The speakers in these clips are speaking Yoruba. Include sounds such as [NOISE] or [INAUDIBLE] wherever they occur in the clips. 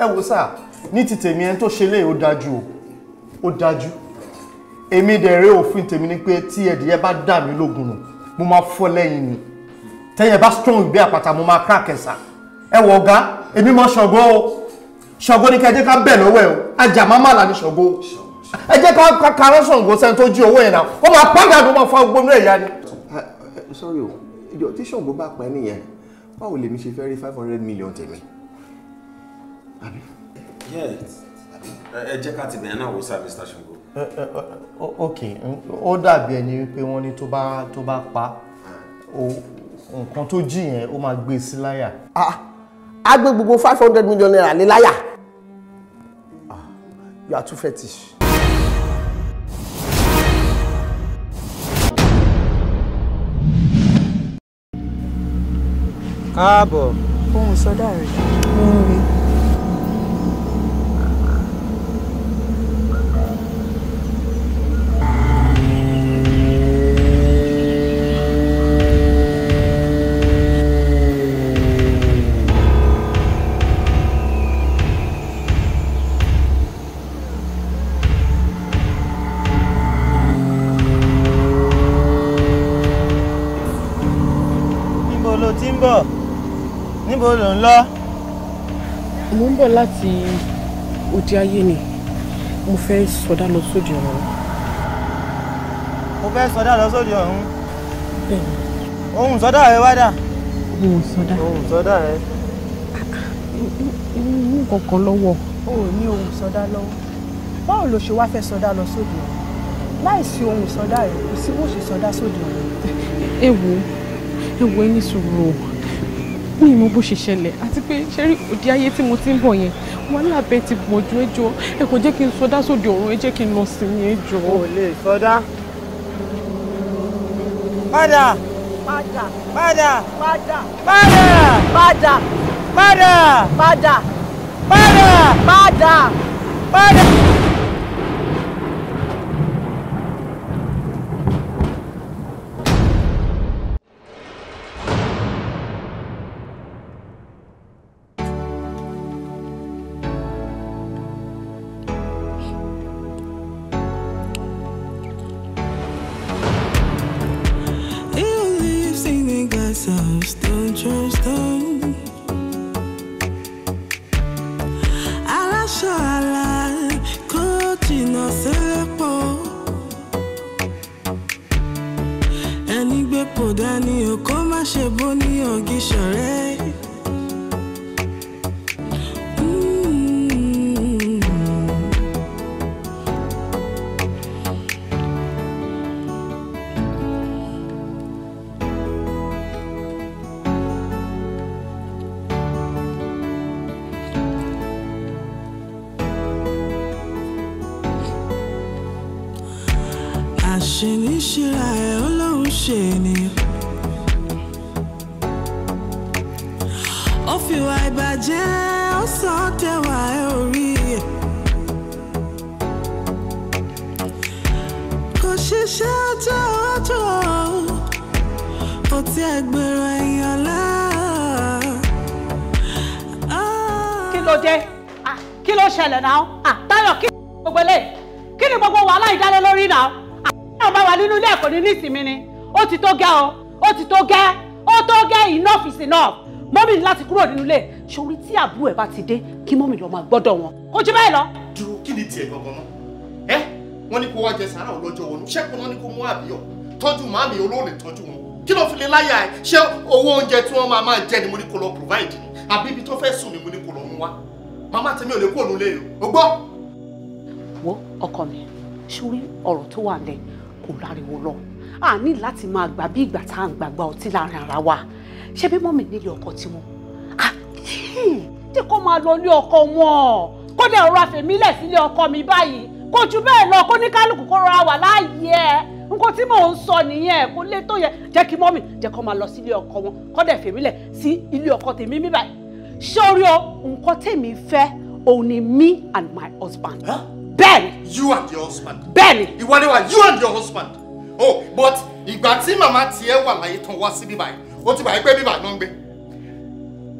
ẹ wo sáà ní ti tèmi ẹni tó ṣe lé ó dájú o ó dájú èmi dẹ̀rẹ́ òfin tèmi ni pé tí ẹ̀dìyẹ bá dà mí lógun nù mo máa fọ́ lẹ́yìn ni tẹ́yẹ bá strong bí àpáta mo máa crack ẹ̀sà ẹ wọ ọ̀gá èmi máa ṣọ̀gbọ́ o ṣọ̀gbọ́ ni kẹjẹ́ ká bẹ̀ lọ́wọ́ ẹ o ajá máa má là ní ṣọ̀gbọ́ ẹ jẹ́ ká karọ́ ṣọ̀gbọ́ sẹ́ni tó jí owó yẹn náà ó máa pàdé àdó máa fọ́ gbóná ẹ̀yà ni. sorry o ìjọ tí ṣọ̀gbọ́ bá pẹ́ nìyẹn báwo lèmi ṣe fẹ́ rí five hundred million tèmi àbí. ẹ jẹ́ ká ti bẹ̀rẹ̀ náà wò sá Mr. ok ó dàbí ẹni wípé wọ́n ní tó bá pa nǹkan tó jí yẹn ó máa gbé e sí láyà. a gbé gbogbo five hundred million naira lé láyà. you are too fetish. káàbọ̀. ohun sọdá rẹ̀ ń rí. níbo lò ń lọ. mo ń bọ̀ láti òde ayé ni mo fẹ́ sọdá lọ sóde ọ̀run. mo fẹ́ sọdá lọ sóde ọ̀run. bẹ́ẹ̀ni. ohun sọdá rẹ wá dà. ohun sọdá. ohun sọdá rẹ. mú kankan lọ́wọ́. o ò ní ohun sọdá lọ́wọ́ báwo lo ṣe wá fẹ́ sọdá lọ sóde ọ̀run láìsí ohun sọdá rẹ kò sí bó ṣe sọdá sóde ọ̀run. ẹ wo ẹ wo ẹni sọ̀rọ̀ o mi ìmọ̀ bó ṣe ṣẹlẹ̀ àti pé ṣẹ́rí òde ayé tí mo ti ń bọ̀ yẹn wọn lábẹ́ ti pọ̀ ju ẹjọ́ ẹ kò jẹ́ kí n sọdá sóde ọ̀run ẹ jẹ́ kí n lọ sí ní ẹjọ́. o lè sọdá. padà. padà. padà. padà. padà. padà. padà. padà. padà. padà. padà. tí ẹ gbèrò ẹ̀yìn ọ̀la. kí ló dé ah, kí ló ṣẹlẹ̀ náà ah, táyọ̀ kí gbogbo lè kí ni gbogbo wàhálà ìdálé lórí náà àwọn ah, bá wà nínú ilé ẹ̀kọ́ ní nísìmí ni ó ti tó gẹ́ ọ ó ti tó gẹ́ ó tó gẹ́ enough is enough mọ́mì ní láti kúrò nínú ilé ṣòrí tí àbúrò ẹ̀ bá ti dé kí mọ́mì lọ́ọ́ máa gbọ́dọ̀ wọn kó jù bẹ́ẹ̀ lọ. dúró kí ni tiẹ̀ gangan náà ẹ wọ́n ní kó wá jẹ sàárà ọlọ́jọ́ wọnú ṣẹ́kùn náà ní kó mú àbíọ̀ tọ́jú màmí olóòlè tọ́jú wọn kí ló fi lè láyà ẹ ṣé owó oúnjẹ tí wọ́n máa máa jẹ ni mo ní kó lọ provide àbí ibi tó fẹ́ sùn ni mo ní kó lọ mú wá màmá tèmi ò lè kúrò nílé yìí o gbọ́. wo ọkọ mi ṣúrí ọ̀rọ̀ tó wà lẹ̀ kò láriwo lọ a ní láti máa gbà bí ìgbà tá à ń gbàgbà ọtí láàrin ara wa ṣé bí mọ́mì nílé ọkọ tiwọn tí kò máa lọ ilé ọkọ wọn kódà ọ̀rọ̀ àfẹ̀mílẹ̀ sílé ọkọ mi báyìí kò jù bẹ́ẹ̀ lọ kó ní kálukú kó rọra wà láàyè ẹ̀ nǹkan tí mò ń sọ nìyẹn kó lé tó yẹ jẹ́ kí mọ́mì jẹ́ kó máa lọ sílé ọkọ wọn kó dẹ̀ fèmí lẹ̀ sí ilé ọkọ tèmi mi báyìí sórí o nǹkan tèmi fẹ́ òun ni me and my husband. bẹ́ẹ̀ni. you and your husband. bẹ́ẹ̀ni. ìwọ ni wa you and your husband. oh but ìgbà tí màmá tiẹ̀ wà láyé tán wá sí bíbá ó ti bàyí pé bíbá náà ń gbé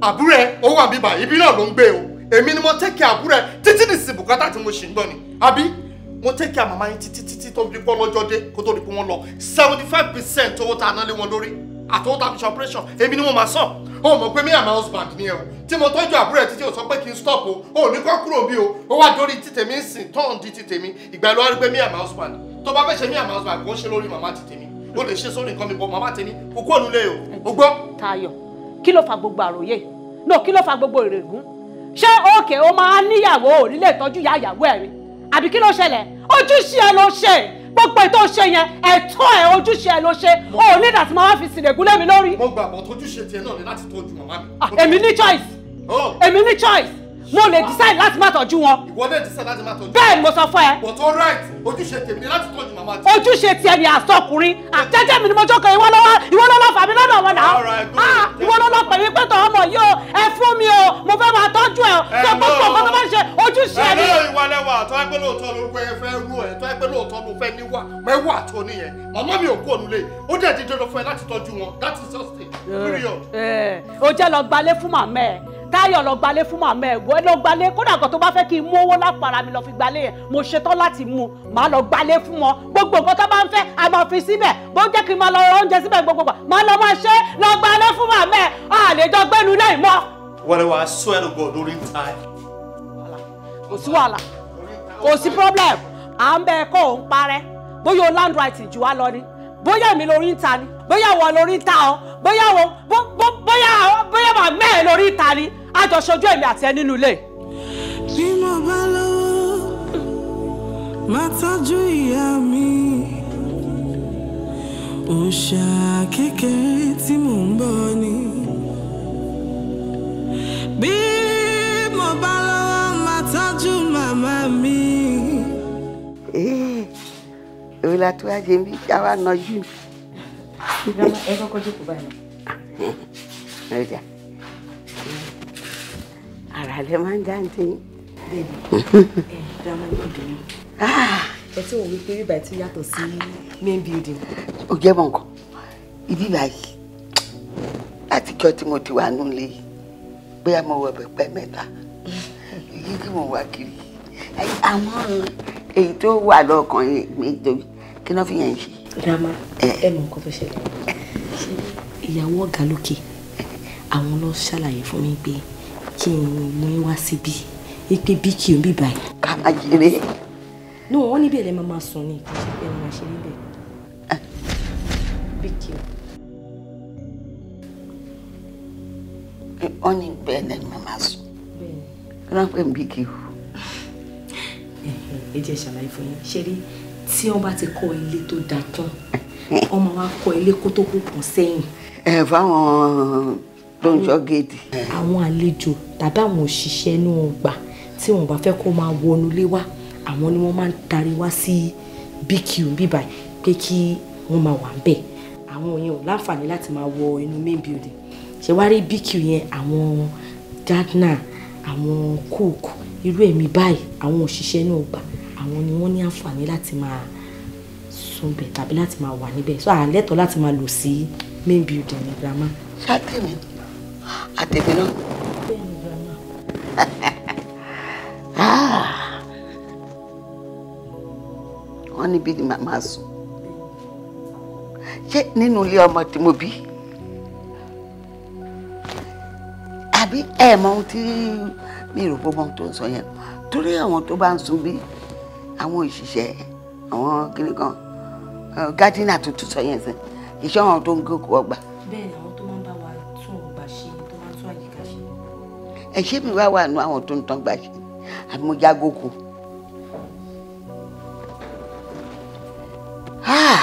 àbúrò ẹ ó wà bíbá ibi náà ló ń gbé o èmi ni mo tẹ́kẹ̀ àbúrò ẹ títí nìsín bùkátà tí mo ṣì ń gbọ́ ni àbí wọ́n take care màmá yín títí títí tó fi pọ́ lọ́jọ́ dé kó tó di pé wọ́n lọ seventy five percent owó tá a ná lé wọn lórí àtọwọ́ tá a fi ṣe operation èmi ni mo máa sàn ó mọ̀ pé mi àmà husband ni ẹ o tí mo tọ́jú àbúrò ẹ̀ títí o sọ pé kí n stop o ò ní kọ́ kúrò bí o ó wá dórí títèmi ń sìn tọ́hún di títèmi ìgbà ìlú wa rí pé mi àmà husband tó bá fẹ́ ṣe mi àmà husband kò ń ṣe lórí màmá títèmi ó lè ṣe sórí nǹkan mi bọ màmá tèmi kò kúrò nílé o o gbọ́. Táyọ̀ kí ló fa gbogbo àròyé náà kí ló fa gbogbo ìrègùn ṣé òkè ó máa níyàwó òrílẹ̀ ìtọ́jú ìyá ìyàwó ẹ̀rin àbí kí ló ṣẹlẹ̀ ojúṣe ẹ ló ṣe gbogbo ètò ṣe yẹn ẹ̀tọ́ ẹ ojúṣe ẹ ló ṣe o ní ìdàtí màmá fi sìnrẹ̀gùn lé mi lórí. mo gbàgbọ́ tójúṣe tiẹ̀ náà ni láti tọ́jú màmá mi. Ah, èmi ní choice oh. èmi ní choice mo lè decide láti má tọ́jú wọn. ìwọ lè decide láti má tọ́jú. bẹ́ẹ̀ ni mo sọ fún ẹ. but all right ojúṣe tèmi ni láti tọ́jú màmá tí. ojúṣe tiẹ̀ ni àsọkùnrin àjẹjẹ mi ni mo jókòó ìwọ lọ́wọ́ ìwọ lọ́wọ́ fàmí lọ́dọ̀ wọn náà. Ah, ìwọ lọ́wọ́ pè mí pé tọ́ ọmọ yìí o ẹ fún mi o mo fẹ́ máa tọ́jú ẹ o sọ pé kò kọ́ tó bá ṣe ojúṣe ni. ẹ lọ́wọ́ ìwà lẹ́wà tó ẹ pé lóòótọ́ lórúkọ ẹ fẹ́ rú ẹ tó ẹ pé lóòótọ́ ló fẹ́ níwà mẹ́wà tó níyẹn màmá mi ò kú òun lé ó dẹ̀ di dandan fún ẹ láti tọ́jú wọn that is just it eh, period. ó eh, jẹ́ lọ gbalé fún màmá táyọ̀ lọ gbalé fún màmá ẹ̀ wọ́n lọ gbalé kódà kan tó bá fẹ́ kí n mú owó lápò mi lọ fi gbalé yẹn mo ṣetán láti mú màá lọ gbalé fún wọn gbogbo nǹkan tó bá ń fẹ́ a fi síbẹ̀ bó jẹ́ kí n máa lọ ra oúnjẹ síbẹ̀ gbogbo màá lọ máa ṣe lọ gbalé fún màmá ẹ̀ a lè jọ gbẹ́nu lẹ́yìn wẹ́rẹ́ wàá sọ ẹnu gbọ́ lórí ta kò sí wàhálà kò sí problem à ń bẹ kó o ń parẹ́ bóyá o land right jù wá lọ ni bóyá mi lórí ń ta ni bóyá wọ lórí ń ta ọ bóyá wọ bóyá bóyá màá mẹ́ẹ̀ lórí ń ta ni àjọṣojú èmi àti ẹ nínú ilé. bí mo bá lówó máa tọ́jú ìyá mi òòṣà kékeré tí mò ń bọ̀ ni. bí mo bá lówó máa tọ́jú màmá mi. Eh òwe la tó wá jẹ bí ká wá nọjú. ẹ kọ́kọ́ jókòó báyìí. ọjà ara lẹ máa ń dáńté. bẹ́ẹ̀ni ẹ dáná ní ìdùnnú. ẹ tí wọn wí pé bíbá ti yàtọ̀ sí main building. ó jẹ́ mọ̀ nǹkan ibi báyìí láti jọ tí mo ti wà nílé yìí bóyá mo wọ bẹ̀pẹ̀ mẹ́ta yìí kí mo wá kiri àwọn èyí tó wà lọ́kàn yẹn méjì kí náà fi yẹn ṣe. grandma ẹ mọ nǹkan tó ṣẹlẹ̀ ṣe ìyàwó ọ̀gá lókè àwọn lọ ṣàlàyé fún mi pé kí n mú yín wá síbí pé bí kí n bí báyìí. kàmáyèrè. no wọn níbẹ̀ lẹ́ máa máa sùn ni kì í ṣe pé ẹ máa ṣe níbẹ̀. bí kí o. wọ́n ní bẹ́ẹ̀ lẹ́nu màmá sùn kí wọ́n pè ń bí kí o. ẹ jẹ́ ṣàlàyé fún yín ṣé rí tí wọ́n bá ti kọ́ ilé tó dáa tán wọ́n máa wá kọ́ ilé kó tó kùkùn sẹ́yìn. ẹ fáwọn tó ń sọ géètì. àwọn àlejò tàbí àwọn òṣìṣẹ́ inú ọgbà tí wọ́n bá fẹ́ kó máa wọnú ilé wa àwọn ni wọ́n máa ń darí wá sí bq bíbá pé kí wọ́n máa wà ń bẹ̀ àwọn yẹn ò láǹfààní láti máa wọ inú main building ṣe wá rí bq yẹn àwọn gardener àwọn cook irú èmi báyìí àwọn òṣìṣẹ́ inú ọgbà àwọn ni wọ́n ní àǹfààní láti máa sunbẹ̀ tàbí láti máa wà níbẹ̀ so àlẹ́tọ̀ láti máa lò sí main building ni grandma. ṣátẹ̀mí àtẹ̀mí náà. bẹ́ẹ̀ [LAUGHS] ah! ni grandma. wọ́n níbi ni màmá sùn ṣé nínú ilé ọmọ tí mo bí àbí ẹ̀ mọ ohun tí mi rò pé mo tó ń sọ yẹn torí àwọn tó bá ń sun bíi àwọn òṣìṣẹ́ àwọn kìnnì kan gádínà tuntun sọ yẹn sẹ iṣẹ́ àwọn tó ń gòkò ọgbà. bẹ́ẹ̀ni àwọn tó máa ń bá wa tún ọgbà ṣe tó máa tún àyíká ṣe. ẹ ṣé mi wá wà nù àwọn tó ń tán gbà ṣe àbí mo já gòkò. Ah!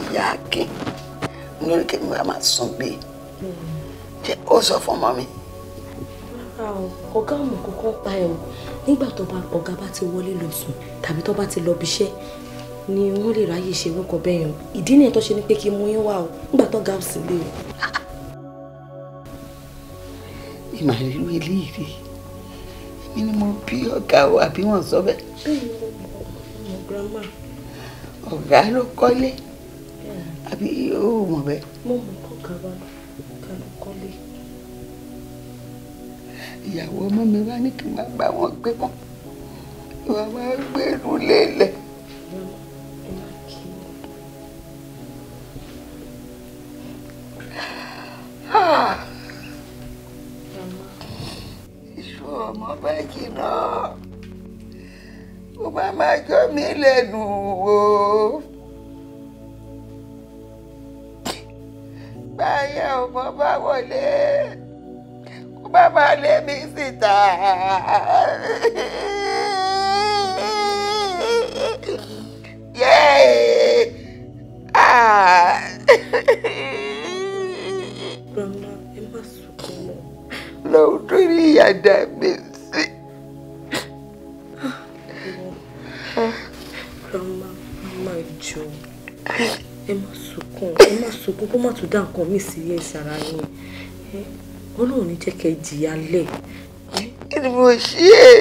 ìyá akin lórí kí n bá máa sùn gbé ó sọ fún ọmọ mi ọ̀gá ọ̀mù kankan pa ẹ̀ o nígbà tó bá ọ̀gá bá ti wọlé lọ sùn tàbí tó bá ti lọ bíṣẹ́ ni wọ́n lè ráyè ṣe orúkọ bẹ́ẹ̀ yẹn ìdí nìyẹn tó ṣe ni pé kí mú yín wá o nígbà tó ga òsì lé o. ìmọ̀ ìrírí eléyìí rí èmi ni mo bí ọ̀gá o àbí wọ́n sọ bẹ́ẹ̀. bẹ́ẹ̀ ọ̀gá ló kọ́lé àbí ó mọ̀ bẹ́ẹ̀. mo mọ̀ kọ́ka wa. ìyàwó ọmọ mi wá ní kí n má bá wọn gbé mọ́ wọn máa gbé inú lélẹ̀. ìṣó ọmọ bá jìnnà ó bá máa jọ mí lẹ́nu o. báyà ọmọ bá wọlé bàbá lé mi síta. Yay! Ah! Grandma, ẹ má sunkún mọ́. Lóòótọ́ ni ìyá dá mi sí. Grandma, má jọ. Ẹ má sunkún, ẹ má sunkún kó má tún dá nǹkan mi sí ẹ̀ sára yín ọlọ́run ní jẹ́ kẹ́ ẹ jìyà lẹ̀. kí ni mo ṣe é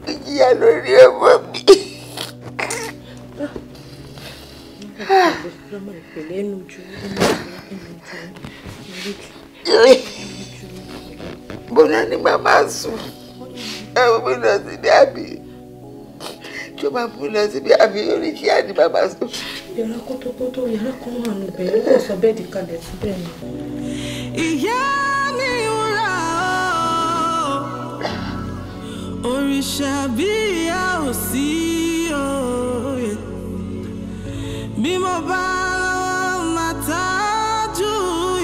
mo jìyà lórí ọmọ mi. lọ́mọ ìpínlẹ̀ ẹnu ju bọ́lá ni màmá sùn ẹ ò bí lọ sí bí àbí tí ó bá bú lọ síbi àbí oríṣi àdì bàbá sọ. yàrá kótókótó yàrá kan wà nù ó sọ bẹ́ẹ̀ di kalẹ̀ síbẹ̀ ni. òrìṣà bí ìyá ò sí òye bí mo bá lọ́wọ́ máa tájú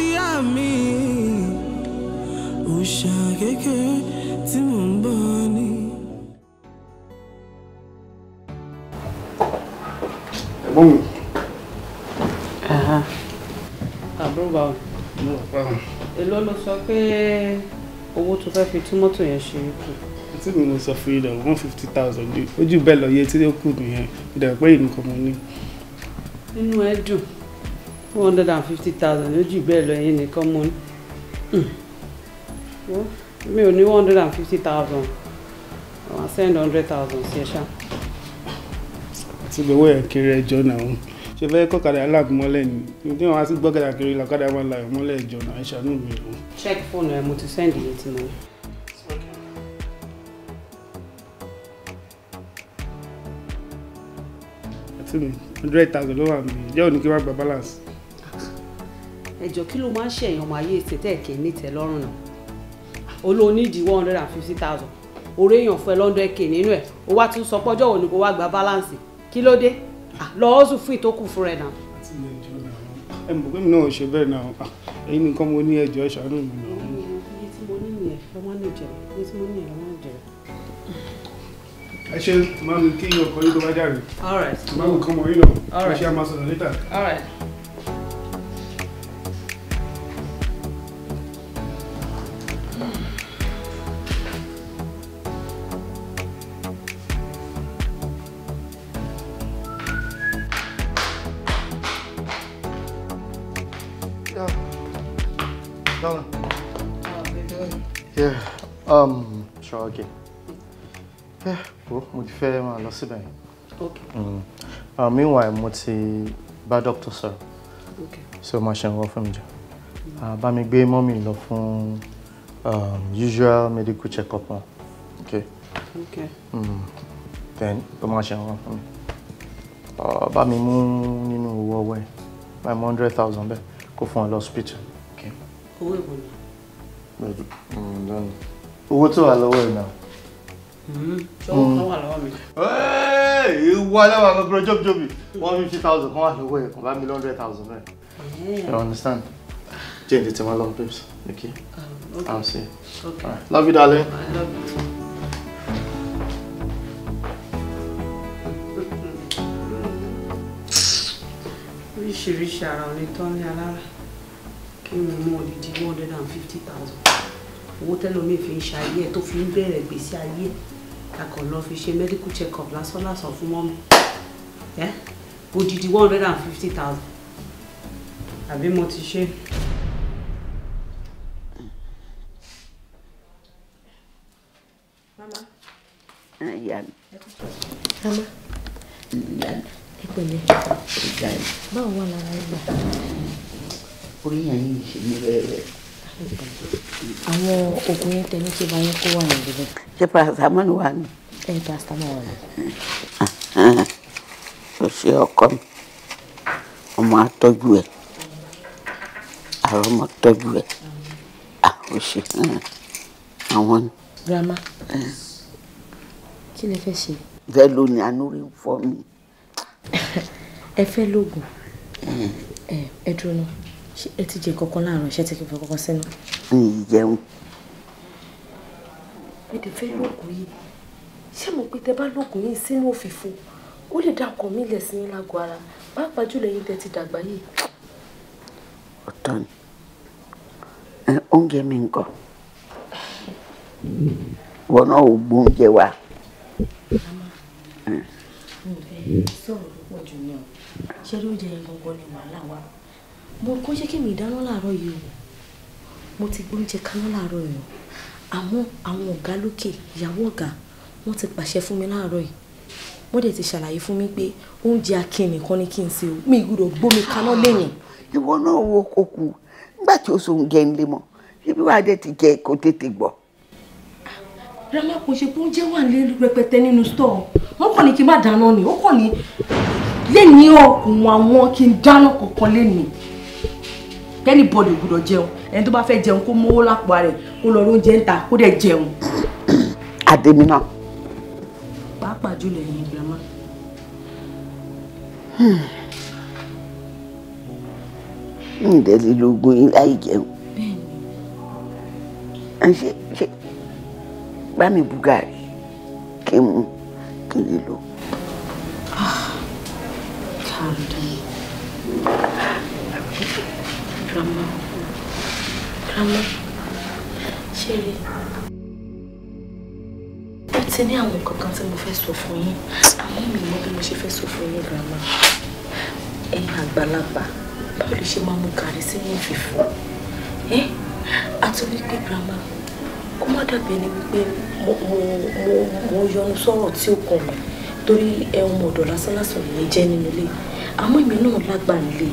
ìyá mi òrìṣà kékeré tí mò ń bọ̀ ni. ẹ̀gbọ́n mi. àbúrò bá wọn. èló ló sọ pé owó tó fẹ́ fi tú mọ́tò yẹn ṣe kù tí mi mo sọ fún yín one fifty thousand ní ojú bẹ́ẹ̀ lọ iye tí ó kù nìyẹn mo dẹ̀ pé ìnìkan mo ní. inú ẹ dùn one hundred and fifty thousand lójú bẹ́ẹ̀ lọ yẹn nìkan mo ní hmm. mi ò ní one hundred and fifty thousand àwọn send hundred thousand sí ẹ ṣá. àti ìgbéwò ẹ̀ kiri ẹjọ́ náà ṣe fẹ́ kọ́kadà aláàgùnmọ́lẹ̀ ni ní wọn á sì gbọ́kadà kiri lọ́kadà wọn láyọ̀ mọ́lẹ̀ ẹjọ́ náà ẹ ṣàánú mi. check phone. ẹ mo ti send iye tí mo ní. àǹtí mi hundred thousand ló wà mí jẹ́ òní kí wàá gba balance. ẹ̀jọ̀ kí ló máa ń ṣèyàn ọmọ ayé tètè kì í nítẹ̀ lọ́rùn náà olóníìdì one hundred and fifty thousand orí èèyàn fún ẹ lọ́ndọ̀ ẹ̀kẹ́ nínú ẹ̀ ó wá tún sọ pọ́jọ́ òní kó wá gba balance kí ló dé lọ́ọ́ sùn fún ìtókù fún rẹ̀ náà. ẹ mọ̀ pé mi náà ò ṣe bẹ́ẹ̀ náà ẹ̀yin nìkan mo ní ẹjọ́ ṣàánú mi náà. iye tí mo ẹ ṣe máa mi kí ọkọ yìí tó bá jáde. all right. máa mi kọ́ mọ all right. ẹ ṣe the níta. all right. fẹ́ máa lọ síbẹ̀ yẹn. okay. Mm. Uh, meanwhile mo ti bá doctor sọ̀rọ̀. okay. so máa ṣe ìwọ fún mi jọ. Uh, bá mi gbé mọ́mì lọ fún um, usual medical check-up wọn. okay. okay. Mm. then ó máa ṣe ìwọ fún mi. Uh, bá mi mú nínú owó ọwọ́ ẹ̀ bá hundred thousand bẹ́ẹ̀ kó fún ọ lọ hospital. owó ìbò ni. Mm, owó tó wà lọ́wọ́ ẹ̀ náà ṣọwọ́ kan wà lọ́wọ́ mi. ìwọ aláwọ̀ àwọn ọmọbìnrin jọ́bìjọ́bì one fifty thousand kan wà lọ́wọ́ ẹ̀ kàn bá mi hundred you understand? jane dey tell my love babes okay? Um, okay. i'll see you. Okay. Right. love you darling. i love you too. oríṣiríṣi ara ò lè tán ní alára kí n mú odidi one hundred and fifty thousand owó tẹ́lómi fi ń ṣayé ẹ̀ tó kakọ̀ lọ fi ṣe medical check up lásán lásán fún mọ́mí odidi one hundred and fifty thousand àbí mo ti ṣe. mama ìyá ah, mi ìyá mi ẹ báwo wà lára ẹ orí yẹn yìí ṣe ní rẹ́rẹ́ àwọn oògùn yẹn tẹ ní kí bá yẹn kó wà ní ìdílé. ṣé paracetamol wà ní. ẹ paracetamol wà ní. o ṣe ọkọ mi ọmọ atọ́jú ẹ̀ àrọ́ ọmọ tọ́jú ẹ̀ o ṣe àwọn. grandma kí lẹ fẹ́ ṣe. bẹ́ẹ̀ ló ní anúrí fọ́ mi. ẹ fẹ́ lóògùn ẹ dúró náà ṣé ẹ ti jẹ kankan láàárọ̀ iṣẹ́ tí kò fẹ́ kankan sínú. mi ì jẹun. ẹ dẹ̀ fẹ́ lóògùn yìí ṣé mo pé tẹ bá lóògùn yìí sínú òfìfo ó lè dá ọkàn lẹ̀ sí lágọ̀ọ́ ara pàápàá jùlọ yín tẹ ti dàgbà yìí. ọ̀tọ̀ ni oúnjẹ mi nǹkan wọn náà ò gbóúnjẹ wa. sọ̀rọ̀ púpọ̀ jù ní ọ ṣé lóúnjẹ yẹn gbọ́ngàn ni wàhálà wa mo kó ṣe kí mi dáná láàárọ̀ yìí o mo ti gbóúnjẹ kaná láàárọ̀ yìí o àmọ́ àwọn ọ̀gá lókè ìyàwó ọ̀gá wọ́n ti pàṣẹ fún mi láàárọ̀ yìí wọ́n dẹ̀ ti ṣàlàyé fún mi pé oúnjẹ akin nìkan ni kí n ṣe o mi gbọ́dọ̀ gbómi kaná lẹ́yìn. ìwọ náà wo okù nígbà tí o sòun jẹ nílé mọ ibi wàá dẹ ti jẹ kó tètè gbọ́. rama kò ṣe pé oúnjẹ wà ní rẹpẹtẹ nínú stọọ wọn kàn ní kí n má dáná ni ó kàn ní lẹ́yìn ọkùnrin àwọn kí n dáná kọ̀ọ̀kan lẹ́yìn kẹ́ni bọ́ọ̀lù gbọ́dọ̀ jẹun ẹni tó bá fẹ́ jẹun kó mówó lápò rẹ̀ kó lọ lóúnjẹ ń ta kó dẹ̀ jẹun. àdèmí náà. pàápàá jùlọ ẹ̀yin grandma. Hmm. ǹdẹ̀ lè lo oògùn yín láì jẹun. bẹ́ẹ̀ni. ṣe ṣe bá mi bú gàrí kí n mú kí n lè lò. grandma grandma ṣeré ó ti ní àwọn nǹkan kan tí mo fẹ́ sọ fún yín àmọ́ mi mọ bí mo ṣe fẹ́ sọ fún yín grandma ẹ̀yin àgbàlagbà báwo lè ṣe máa mú gàrí sínú ìfìfò ẹ́ àti wípé grandma kó má dàbí ẹni wípé mo mo yọnu sọ̀rọ̀ tí ó kàn mí torí ẹ ọmọ ọ̀dọ̀ lásán lásán yìí jẹ́ nínú ilé àmọ́ èmi náà lágbà nílé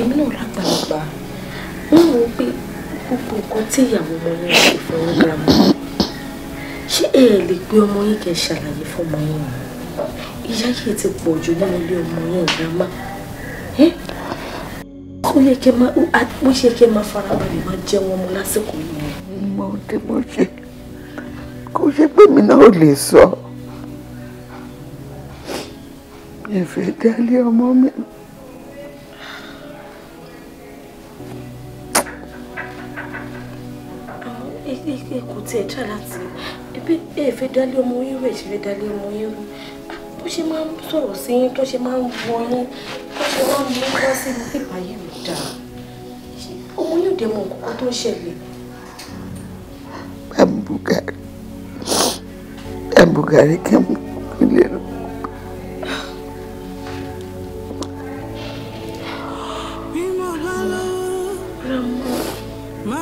èmi náà lágbà nígbà wọ́n rò ó pé gbogbo nǹkan tí ìyàwó ọmọ yẹn ṣe fún yín gbà mọ́ ṣé ẹ lè gbé ọmọ yín kẹ́ ṣàlàyé fọmọ yín o ìyá yìí ti pọ̀ jù nínú ilé ọmọ yẹn grandma ó yẹ kẹ́ máa ó ṣe kẹ́ máa farabalẹ̀ máa jẹ́ wọn ọmọ lásìkò yìí. mo ti mo ṣe kó ṣe pé mi náà ò lè sọ ìfẹ́ dálé ọmọ mi. kò tiẹ̀ dá láti ẹ fẹ́ dálé ọmọ yín rẹ̀ ṣe fẹ́ dálé ọmọ yín rú bó ṣe máa ń sọ̀rọ̀ sí yín tó ṣe máa ń wọ yín tó ṣe máa ń mú wá sí mi pípa yìí ò dáa ọmọ yóò dẹ̀ mọ nǹkan tó ń ṣẹlẹ̀. Bambugari Bambugari kí n lè lọ.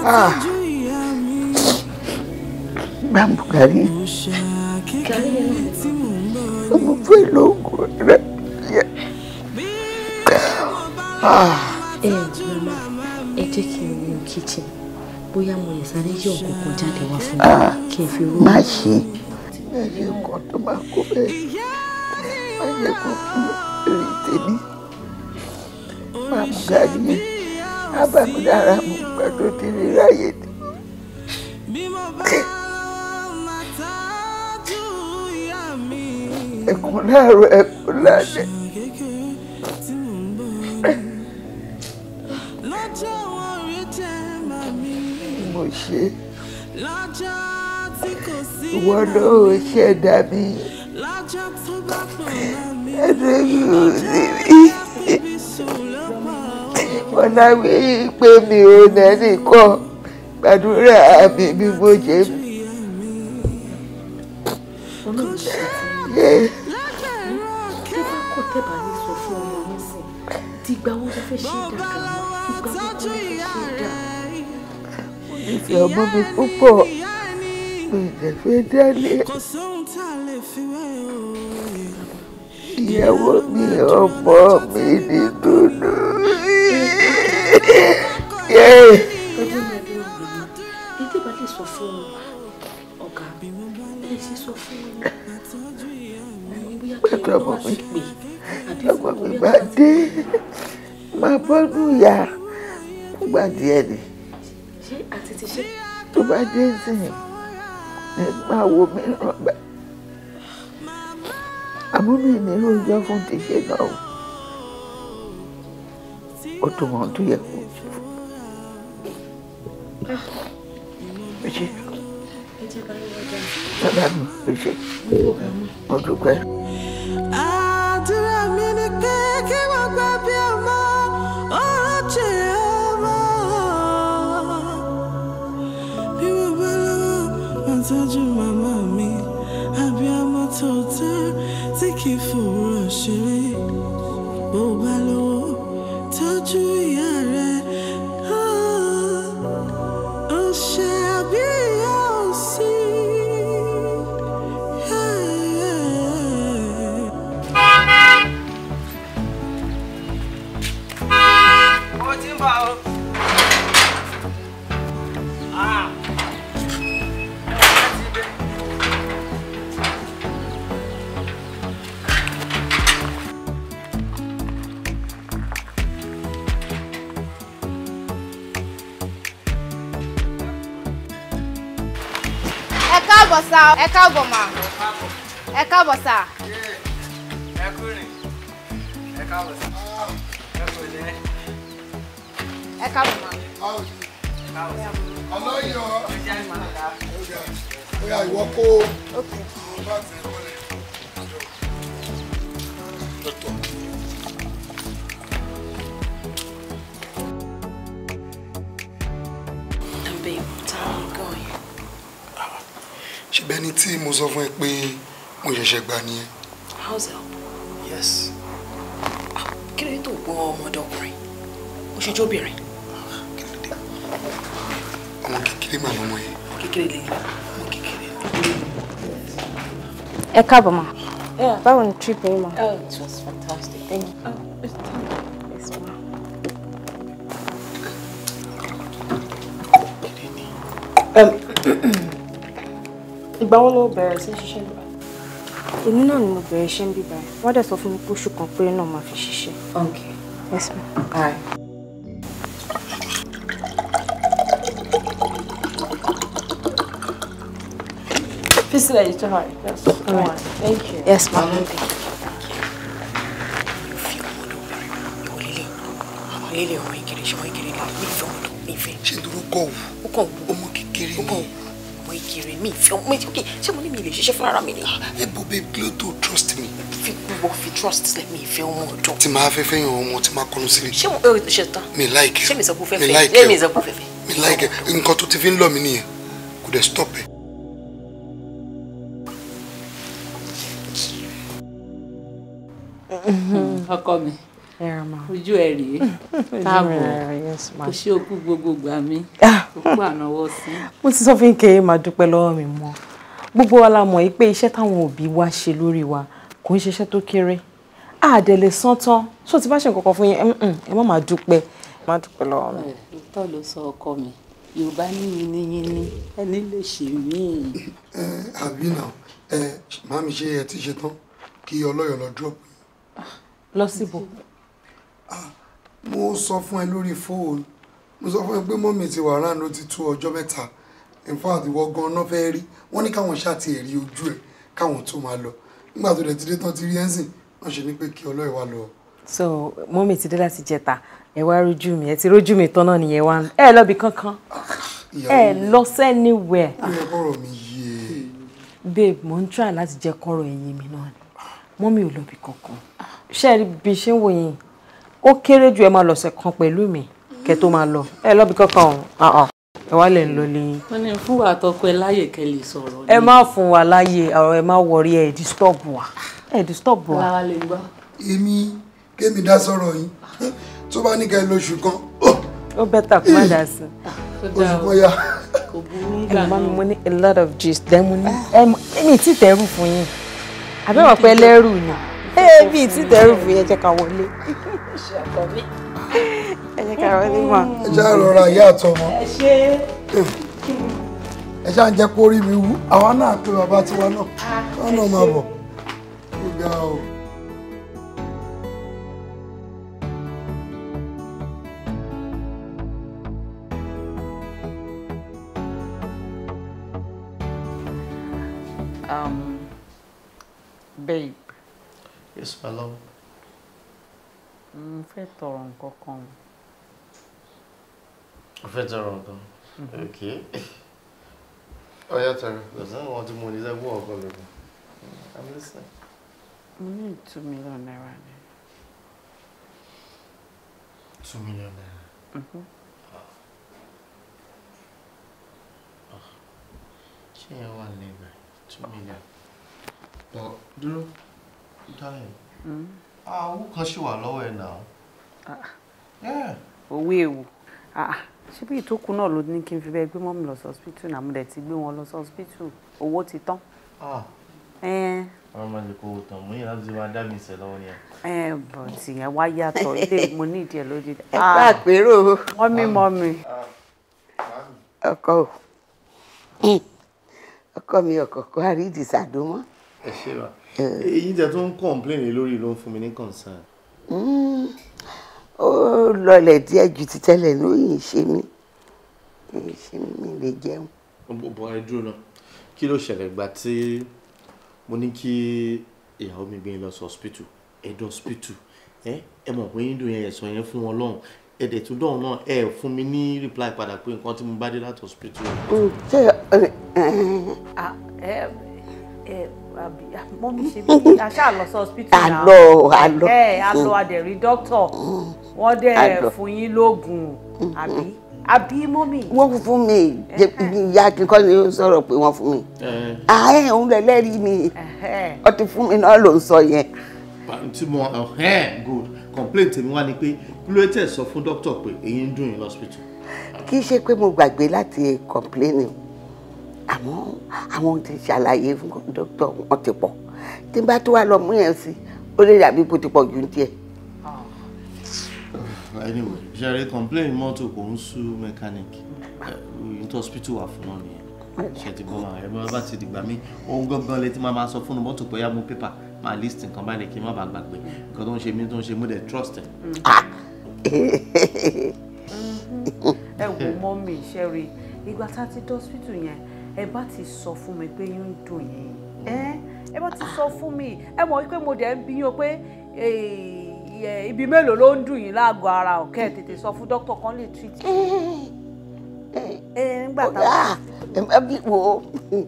Ah gbàmù gàrí ọmọ fún ìlú ogun rẹ yẹ. ẹ ẹ jẹ́ kí n wo kitchen bóyá mo lè sáré yí ọ̀kan kan jáde wá fún mi kí n fi rú. má ṣe ẹ yẹ nǹkan tó máa kó bẹ́ẹ̀ má yẹ kó fún èrè tèmi máa mú gàrí mi dára mú gbàdúrà tèmi ráyè ẹkún láàárọ̀ ẹkún lálẹ́. mo ṣe ìwọ náà ṣẹ̀dá mi ẹ̀dẹ̀ yóò sì rí wọn láwé pé mi ò nẹ́nìkan gbàdúrà mi bí mo ṣe. Yeah. ìgbà wo ló fẹ́ ṣe ìdàgbà ìgbà wo ló fẹ́ ṣe ìdàgbà. ìfẹ́ ọmọ mi púpọ̀ ìdẹ̀fẹ́ dání ìyàwó mi ọmọ mi ní dúdú. pẹ̀lú ọmọ mi ọmọ mi bá dé máa bọ́dún ya, fúgbà díẹ̀ ni. ṣé àti ti ṣe. tó bá dé sìn ẹ máa wo mìíràn gbà. àmọ́ mi ní ròjọ́ fún ti ṣe náà ó tó mọ̀ tó yẹ kó ah. jù. mi ni pé kí wọ́n gbà bí ọmọ. tọ́jú màmá mi abiyamọ tó tẹ́ tí kì í fòwúrọ̀ ṣeré bó bá lówó tọ́jú ìyá rẹ ó ṣe àbí ìyá ò sí. mo ti ń bọ̀ o. káàbọ̀ sá ẹ káàbọ̀ mà ẹ káàbọ̀ sá. ẹ kú rìn ẹ káàbọ̀ sá ẹ kú lẹ. ẹ káàbọ̀ mà. ọlọ́yọ̀ ọ̀yà ìwọ kó o. ṣùgbọ́n ẹni tí mo sọ fún ẹ pé mo ṣẹ̀ṣẹ̀ gbà nìyẹn. house help. yes. Ah, kí ló dé tó gbọ́ ọmọdékùnrin oṣoojóbìnrin. ọmọ kékeré màá lọ́mọ yẹn. ọmọ kékeré lè yẹ ọmọ kékeré. ẹ káàbọ̀ ma báwo ni trip yín ma. oh it was fantastic thank you. Oh, thank you. Yes, ma. Um, [CLEARS THROAT] ìgbà wo ló bẹ̀rẹ̀ sí ṣiṣẹ́ bíbá? èmi náà ni mo bẹ̀rẹ̀ iṣẹ́ bíbá yìí wọ́n dẹ̀ sọ fún mi pé oṣù kan péré náà máa fi ṣiṣẹ́. ok yes ma. bye. Fisila, you don't worry. Yes. All Thank you. Yes, ma'am. Okay. ọmọ ìkiri ṣe ọmọ ìkiri lele mi fẹ́ ọmọ ìfẹ́. Ṣé dúró kọ̀ wù? Ó kọ̀ wù. Ọmọ kékeré ni. Ó kọ̀ wù kiri mi ìfẹ́ ọmọ méjì okay ṣé mo ní mi lè ṣiṣẹ́ fúnra mi ni. Ah, ẹ bọ bẹẹ kí ló tó trust me. fi gbogbo fi trust sílẹ̀ mi ìfẹ́ ọmọ ọ̀dọ́. tí máa fẹ́fẹ́ yan ọmọ tí máa kọnu sílẹ̀. ṣé mo ẹ ṣe tán. mi like. ṣé mi sọ pé fẹ́fẹ́ mi láìkẹ́ mi sọ pé fẹ́fẹ́. like. láìkẹ́ nǹkan tó ti fi ń lọ mi nìyẹn kò dẹ̀ stop ẹ̀. ojú ẹ rèé káàbọ̀ [LAUGHS] kò ṣe òkú gbogbogbà mi ah. òkú ànáwọ́ sí. mo ti sọ fún ike máa dúpẹ́ lọ́wọ́ mi mọ́ gbogbo wa la mọ̀ yìí pé iṣẹ́ táwọn òbí wa ṣe lórí wa kò ń ṣiṣẹ́ tó kéré àdẹ̀lẹ̀ sán tán tó ti bá ṣe nǹkan kan fún yín ẹ má máa dúpẹ́ má dúpẹ́ lọ́wọ́ mi. ìtọ́ eh, ló sọ ọkọ mi yorùbá ní yìnyín ní ẹni lè ṣe mí. ẹ eh, àbí náà ẹ eh, màmí ṣe ẹ ti ṣe kí ọlọ́yọ̀ lọ dúró. Ah, lọ síbò Ah, mo sọ fún ẹ lórí fóònù mo sọ fún ẹ pé mọ́mì ti wà ráàánú ti tó ọjọ́ mẹ́ta in fact ìwọ gan-an fẹ́ rí wọ́n ní káwọn ṣáàtì ẹ̀rí ojú ẹ̀ káwọn tó máa lọ nígbà tó dẹ̀ ti dé tán ti rí ẹ́ńsìn wọ́n ṣe ní pé kí ọlọ́ọ̀ wá lọ. so mọ́mì ti dé láti jẹta ẹ wá rójú mi ẹ ti rójú mi tán náà nìyẹn wá ẹ lọ bí kankan ah, ẹ lọ sẹ́niwẹ̀. ó kọ́rọ̀ mi yé e. babe mo ń try láti jẹ kọ́rọ̀ ẹ̀yìn mi náà ni mọ́mì ò lọ bí kankan ṣé ẹ bí ṣe ń wòye ó kéré jù ẹ máa lọ̀sẹ̀ kan pẹ̀lú mi kẹ tó máa lọ ẹ lọ́bi kankan ọ̀hún ah, ah. ẹ wá lè ń lọ lẹ́yìn. wọ́n ní fún wa tọpẹ láyè kẹ́ lè sọ̀rọ̀ ni. ẹ má fún wa láyè ọ̀rọ̀ ẹ má wọrí ẹ disturb wa ẹ disturb wa. lára lè gbọ́. èmi kémi dá sọ̀rọ̀ yìí tó bá ní ká ẹ lóṣù kan. ó bẹ́tà kó má dà sí. Ah, oṣù kan yá. kò burú gbà náà. ẹ má mi mo ní a lot of gist then mo ní. ẹ mi ti tẹ̀rù fún yín àbẹ́wò pé ẹlẹ́rù ni. ẹbí eh, eh, tí dẹrù fún yẹn ká wọlé. ẹ ká wọlé mà. ẹ ṣáà rọra ìyá àtọmọ ẹ eh, ṣáà ń jẹ́ kó rí mi wú àwa náà pé bàbá tiwa náà wọn náà máa bọ. o. Um, Yes, my love. Mo fẹ́ tọrọ nǹkan kan. Mo fẹ́ tọrọ nǹkan. Mhm. Okay. Ọ̀yá oh, tọrọ. Lọ́sàn án wọn ti mú ní lẹ́gbọ́n ọ̀kan lẹ́gbọ́n. I'm listening. Mo ní two million naira ni. Two million naira. Mhm. Ah. Ah. Ṣé ẹ wà lẹ́gbẹ̀ẹ́? Two million. Bọ̀ dúró. Darling. Mm. Ah, owó kan ṣì wà lọ́wọ́ ẹ̀ Ah. Yeah. Owó èwo. Ah. Ṣebí ìtókù náà ló ní kí n fi bẹ́ẹ̀ gbé mọ́mì lọ sọ́spítù náà mo dẹ̀ ti gbé wọn lọ sọ́spítù. Owó ti tán. Ah. Ẹ́ẹ́. Eh. Wọ́n máa ń lè kó owó tán. Mo yẹn láti máa dá mi ìṣẹ̀ lọ́wọ́ ni ẹ̀. Ẹ eh, bọ̀ tìyẹn wá yàtọ̀ [LAUGHS] ilé mo ní ìdí ẹ̀ lójú. Ẹ bá àpérò. Wọ́n mí mọ́ Eh, èyí tẹ tó ń kọ̀ǹpléènì lórí ló ń fún mi ní concern. Hmm, ó lọlẹ̀ díẹ̀ ju ti tẹ́lẹ̀ ní òyìn ṣe mí èyí ṣe mí lè jẹun. bọ̀ ẹ dúró náà kí ló ṣẹlẹ̀ gba tí mo ní kí ìyàwó mi gbé yín lọ sí hospital ẹ̀dùn hospital ẹ mọ̀ pé yín dùn yẹn ẹ̀sán yẹn fún wọn lọ́hùn ẹ̀dẹ̀ tó dọ̀hún náà ẹ fún mi ní reply padà pé nǹkan tí mo bá dé láti hospital. ṣé ẹ ẹ mọ́ mi ṣe bí aṣáà lọ sí hospital náà àlọ́ àlọ́ ẹ̀ àlọ́ adẹ̀rí dókítọ̀ wọ́n dẹ̀ fún yín lóògùn àbí àbí mọ́ mi. wọ́n fún mi ìyá kíkọ́ ni ó sọ̀rọ̀ pé wọ́n fún mi ààyè ah, òun rẹ̀ lẹ́rìí mi ó ti fún mi náà ló ń sọ yẹn. tí mo good complaint tèmi wá ni pé kí ló tẹ̀ sọ fún dókítà pé èyí ń dùn yín lọ́sibítù. kì í ṣe pé mo gbàgbé láti complain o àmọ́ àwọn ti ṣàlàyé fún dókítà wọn ti pọ̀ tí n bá tó wà lọ mú yẹn sí ó lè dàbí bó ti pọ̀ ju ní tiẹ̀. Ah, anyway jerry complain mọ́tò kò ń sú mechanic into eh, hospital wà fún ọ nìyẹn ṣe ti bọ́ máa ẹ̀rọ bá ti dìgbà mí ohun gangan létí máa máa sọ fún un mọ́tò pé yá mú pépà máa list nǹkan báyìí kí n má bàa gbàgbé nǹkan tó ń ṣe mí tó ń ṣe mú dẹ̀ trust ẹ̀. Ah! ẹ wò mọ́ mi ṣẹ́rí ìgbà tá a ti dọ́sítù yẹn ẹ bá ti sọ fún mi pé yín ń dùn yín ẹ bá ti sọ fún mi ẹ mọ̀ wípé mo dẹ̀ ń bí yín o pé eh, eh, ibi mélòó ló ń dùn yín láàgọ́ ara ọ̀kẹ́ tètè sọ fún dókítà kan lè treat. [LAUGHS] Eh, nígbà táwọn. ẹ bí wo n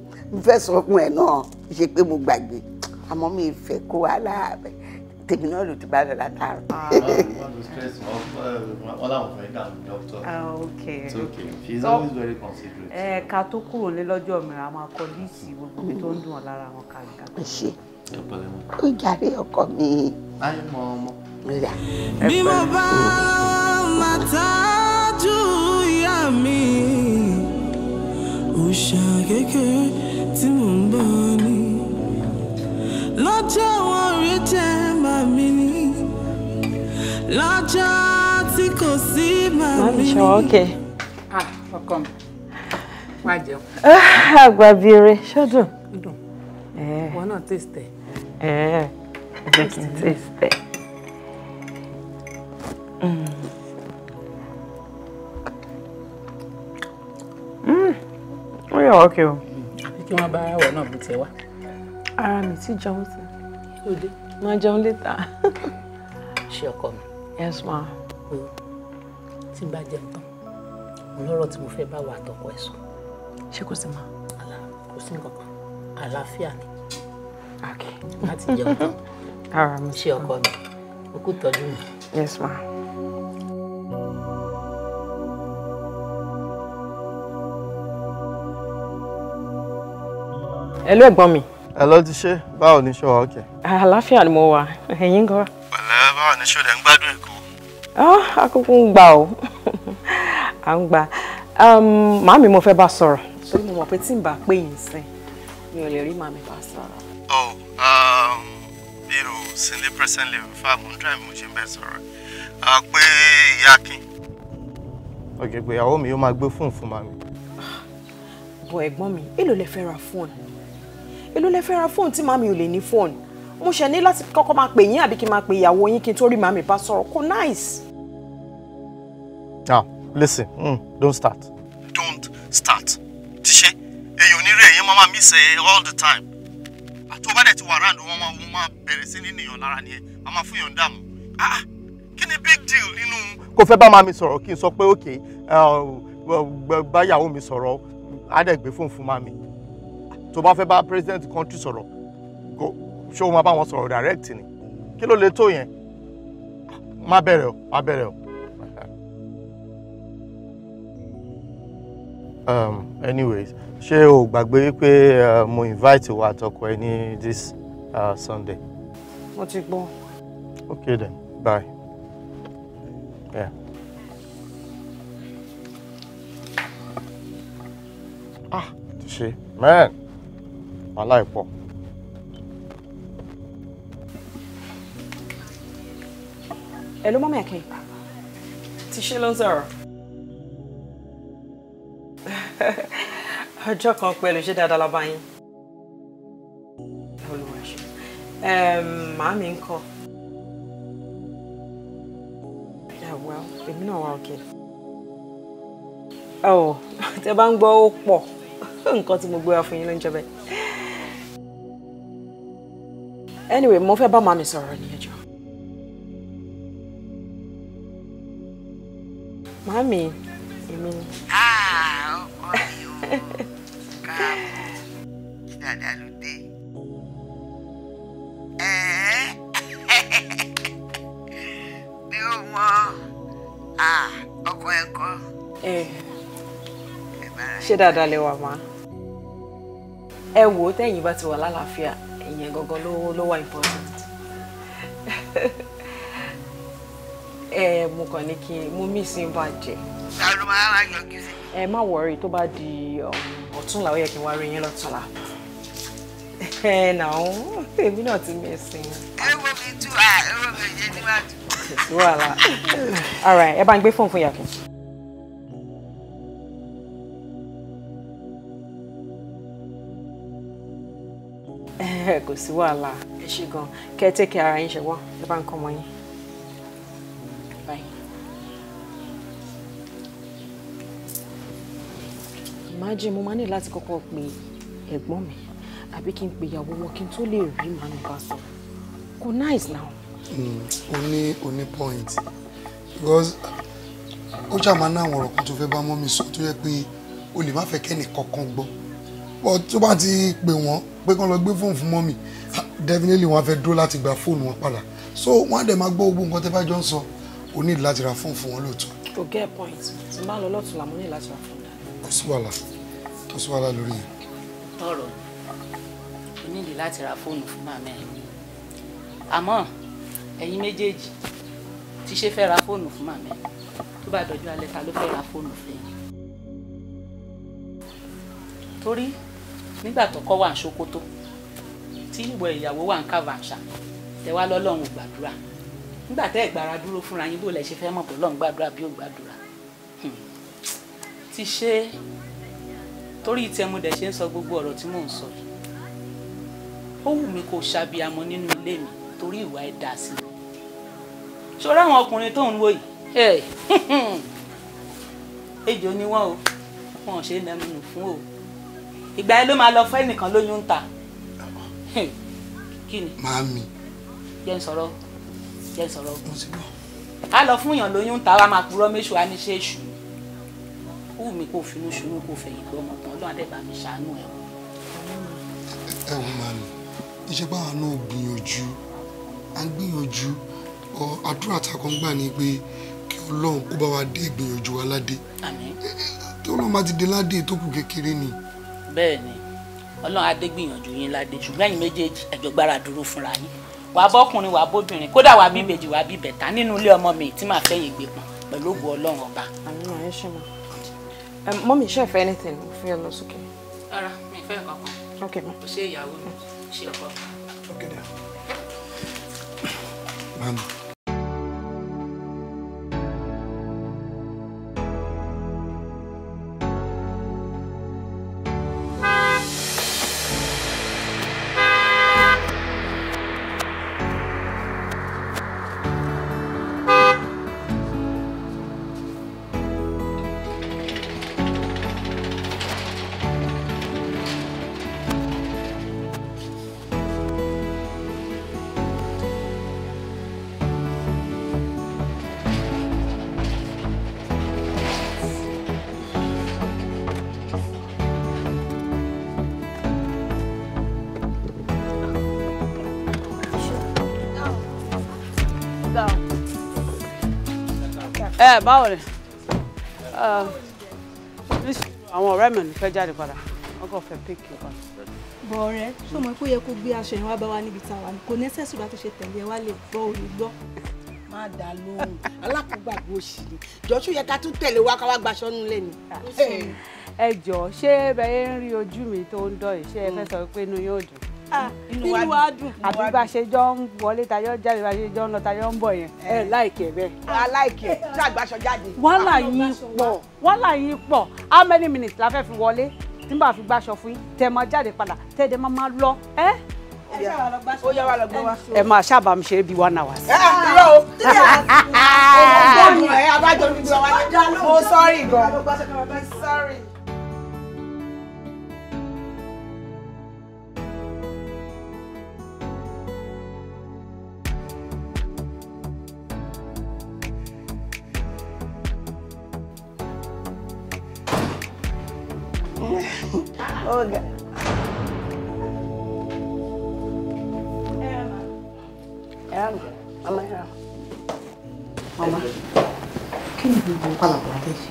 fẹ́ sọ fún ẹ náà ṣe pé mo gbàgbé àmọ́ mi fẹ́ kó wàhálà rẹ̀ tèmi náà ló ti bá rẹ̀ látàrọ. ẹ̀ka tó kúrò lé lọ́jọ́ mìíràn a máa kọ líìsì gbogbo mi tó ń dùn ọ́ lára àwọn kàǹkà. ṣe ó jàre ọkọ mi. báyìí mọ ọmọ. bí mo bá máa tájú ìyá mi òòṣà kékeré tí mò ń bọ̀ ni lọ́jọ́ wọn rí jẹ́ màmí ni lọ́jọ́ tí kò sí màmí ni. ah ọkọ mi wá jẹun. Ah, àgbà bìrè ṣọdún. dùn eh. wọn náà tèstè. ẹ ẹ jẹ kí n tèstè. Mm. Mm. ó yà wá kí o. kí wọ́n bá wọ̀ náà bó ti wá ara mi ti jẹun sí. òde. mo jẹun létà. ṣe ọkọ mi. yes ma. o tí n bá jẹun tán mo lọ́rọ̀ tí mo fẹ́ bá wà àtọkọ ẹ̀ sùn. ṣé kò sí ma. àlà kò sí nǹkan kan àlàáfíà ni. ok. láti jẹun tán. [LAUGHS] ara mi ṣe ọkọ mi o kò tọ́jú mi. yes ma. hello ẹ̀gbọ́n mi ẹ lọ ti ṣe báwo ni ṣó wa ókè. àlàáfíà ni mo wà ẹ̀yin gan. pẹ̀lẹ́ báwo ni ṣó lẹ ń gbádùn èkó. akókó ah, ń gbà ó à ń gbà um, màámi mo fẹ́ bá sọ̀rọ̀ torí mo mọ̀ pé tí n bá pè yín sìn mi ò lè rí màámi bá sọ̀rọ̀. ọ oh, um, mi ò sílé presently fáàmù drive mo ṣe ń bẹ sọ̀rọ̀ pé ìyá akin. ọ̀gẹ̀gbẹ̀ ìyàwó mi yóò máa gbé fóònù fún màámi. Ah, bọ̀ ẹ̀gbọ́n mi èló lẹ fẹ́ ra fóònù èló lẹ fẹ́ fóònù tí màmí ò lè ní fóònù mo ṣe ní láti kọ́kọ́ máa pè yín àbí kí n máa pè ìyàwó yín kí n tó rí màmí bá sọ̀rọ̀ kò nice. now listen mm, don't start. don't start ti ṣe èyí ò ní rí máa miss ẹ all the time àti ọba dẹ̀ ti wà ráàdù wọn máa wọn máa bẹ̀rẹ̀ sí ní nìyàn lára ni ẹ a máa fún yàn dààmú ah kí ni big deal nínú. kò fẹ́ bá màmí sọ̀rọ̀ kí n sọ pé okay uh, báyàwó mi sọ̀rọ̀ á dẹ̀ gbé fóònù fún màmí tó bá fẹ́ bá president country sọ̀rọ̀ kò ṣé o bá wọn sọ̀rọ̀ direct ni kí ló lè tó yẹn má bẹ̀rẹ̀ o má bẹ̀rẹ̀ o. um anyways ṣé o gbàgbé wípé uh, mo invite wa àtọkọ ẹ ní this uh, Sunday. mo ti gbọ́. okay then bye. Yeah. ah ṣe man wàhálà ìpọ̀. ẹ ló mọ́mí ẹ̀kẹ́. ti ṣe ló ń sọ̀rọ̀. [LAUGHS] ọjọ́ kan pẹ̀lú ṣé dáadáa la bá yín. olùwà ṣe ń kọ́. well èmi náà wà òkè. ẹ ò tẹ bá ń gbọ́ ó pọ̀ [LAUGHS] nǹkan tí mo gbé wá fún yín ló ń jẹ bẹ́ẹ̀ anyway mo fẹ́ bá màmí sọ̀rọ̀ ní ẹjọ́. màmí èmi ni. Ah, ọkọ mi ò káàbọ̀ dàda ló dé. mi ò mọ ah, ọkọ ẹ kọ. ṣé dáadáa lè wà má. ẹ wò ó bá ti wà lálàáfíà ìyẹn gangan ló ló wà important ẹ mo kàn ní kí mo mí sí ń bàjẹ́. ta ẹ má wọrí tó bá di um, ọ̀túnla ó yẹ kí n wá rí yín lọ́túnla [LAUGHS] ẹ náà èmi náà ti mí sí. ẹ wo mi tú ẹ wo mi jẹ níwájú. kò sí wàhálà ẹ bá ń gbé fóònù fún yàtọ̀. ẹ kò sí wàhálà ẹ ṣe gan kẹ tẹ kí ara yín ṣe wọn ẹ bá ń kọ́ imagine mo máa ní láti kọ́kọ́ pe ẹ̀gbọ́n mi àbí kí n pe ìyàwó wọn kí n tó lè rí màánù bá sọ nice now. Hmm, o ní o ní point because o ṣáà máa ná àwọn ọ̀rọ̀ kan tó fẹ́ bá mọ́ mi sọ tó yẹ pé o lè má fẹ́ kẹ́nì kankan gbọ́ but tó bá ti pè wọ́n pé kán lọ gbé fóònù fún mọ́mì definitely wọ́n á fẹ́ dúró láti gba fóònù wọn padà so wọ́n á dẹ̀ máa gbọ́ gbogbo nǹkan tẹ́ bá jọ ń sọ o ní láti ra fóònù fún wọn lóòótọ́. to get point tí máa lọ lọ́tún làmú ní láti ra fóònù dá. kò sí wàhálà kò sí wàhálà lórí yẹn. tọrọ o nílò láti ra fóònù fún màmá ẹ àmọ́ ẹ̀yin méjèèjì ti ṣe fẹ́ ra fóònù fún màmá ẹ tó bá dọjú alẹ́ ta ló fẹ́ ra fóònù fún yín nígbà tọkọ wà ní Sokoto tí ìwọ ìyàwó wà ní Kàfàǹṣà tẹ wá lọ́lọ́run ò gbàdúrà nígbà tẹ́ ìgbára dúró fúnra yín bó lẹ ṣe fẹ́ mọ̀ pé Ọlọ́run gbàdúrà bí ò gbàdúrà hmm. ti ṣe torí ìtẹ̀mu dẹ̀ ṣe ń sọ gbogbo ọ̀rọ̀ tí mò ń sọ yìí ó wù mí kó ṣàbíamọ nínú ilé mi torí ìwà ẹ̀ dà sí i ṣọ́ra àwọn ọkùnrin tó ń wò yìí [LAUGHS] ejò ni wọ́n o wọn ò ṣe é nẹnu fún o ìgbà yẹn ló máa lọ fún ẹnìkan lóyún ta kí ni. màámi. jẹ́ ń sọ̀rọ̀ jẹ́ ń sọ̀rọ̀ ká lọ fún yàn lóyún ta wa máa purọ́ méṣù á ní ṣe èṣù wù mí kò finú ṣunú kò fẹ̀yìn pé ọmọ tán ọlọ́run àdẹ́bà mi ṣàánú ẹ̀ wò. ẹ wo màámi iṣẹ́ báwa náà gbìyànjú à ń gbìyànjú àdúrà takọ̀ ń gbà ní pé kí ọlọ́run kó bá wa dé ìgbìyànjú wa ládé kí ọlọ́run má ti dé ládé tó kù kékeré ni bẹ́ẹ̀ ni ọlọ́run adé gbìyànjú yín ládé ṣùgbọ́n ẹ̀yin méjèèjì ẹ̀jọ̀ gbára dúró fúnra yín wà á bọ́kùnrin wà á bóbìnrin kódà wà á bí wà á bí nínú ilé ọmọ mi tí màá fẹ́yìn gbé pọ̀ pẹ̀lú ògùn ọlọ́run ọba. mọ́mí iṣẹ́ ìfẹ́ anything mo fẹ́ lọ sókè. rárá mi ìfẹ́ kankan. ok ma. o ṣe ìyàwó mi ṣe ọkọ. ẹ báwo ni àwọn ọ̀rẹ́ mi ò ní fẹ́ jáde padà wọ́n kàn fẹ́ píkì kan. bọ̀ ọ̀rẹ́ ṣó mọ̀ pé yẹ kó gbé aṣọ yẹn wá bá wa níbi tá a wà ní kò ní sẹ́sùn bá tó ṣe tẹ̀lé ẹ wá lè gbọ́ òní gbọ́. má dà lóhùn alákòógbàgbé òṣì ni jọ́sùn yẹ ká tún tẹ̀lé wa ká wá gbaṣọ́ nílé ni. Ah, eh. ẹ jọ ṣé bẹ́ẹ̀ ń rí ojú mi tó ń dọ̀ yìí ṣé ẹ fẹ́ sọ pé inú yóò dùn inú wa dùn àbí bá ṣe jọ ń wọlé tayọ jáde bá ṣe jọ ń lọ tayọ ń bọ̀ yẹn ẹ láìkẹ bẹ́ẹ̀. aláìkẹ tí àgbàṣọ jáde. wàhálà yín pọ̀ wàhálà yín pọ̀ how many minutes la fẹ́ fi wọlé tí n bá fi gbàṣọ fún yín tẹ máa jáde padà tẹ dẹ máa máa lọ ẹ. ó yá wa lọ gbọ́ wa. ẹ máa ṣáàbà mi ṣe é bí one hour. ẹ ẹ kúrò o tí a ò gbọ́ mi ẹ abájọ mi gbọ́ wa ni mo sọ́ọ̀rì gan-an. Ọ̀gá. Ẹ̀rọ màmá ẹ̀rọ. Màmá, quem ni gbogbo pàlàpọ̀ abẹ́ Se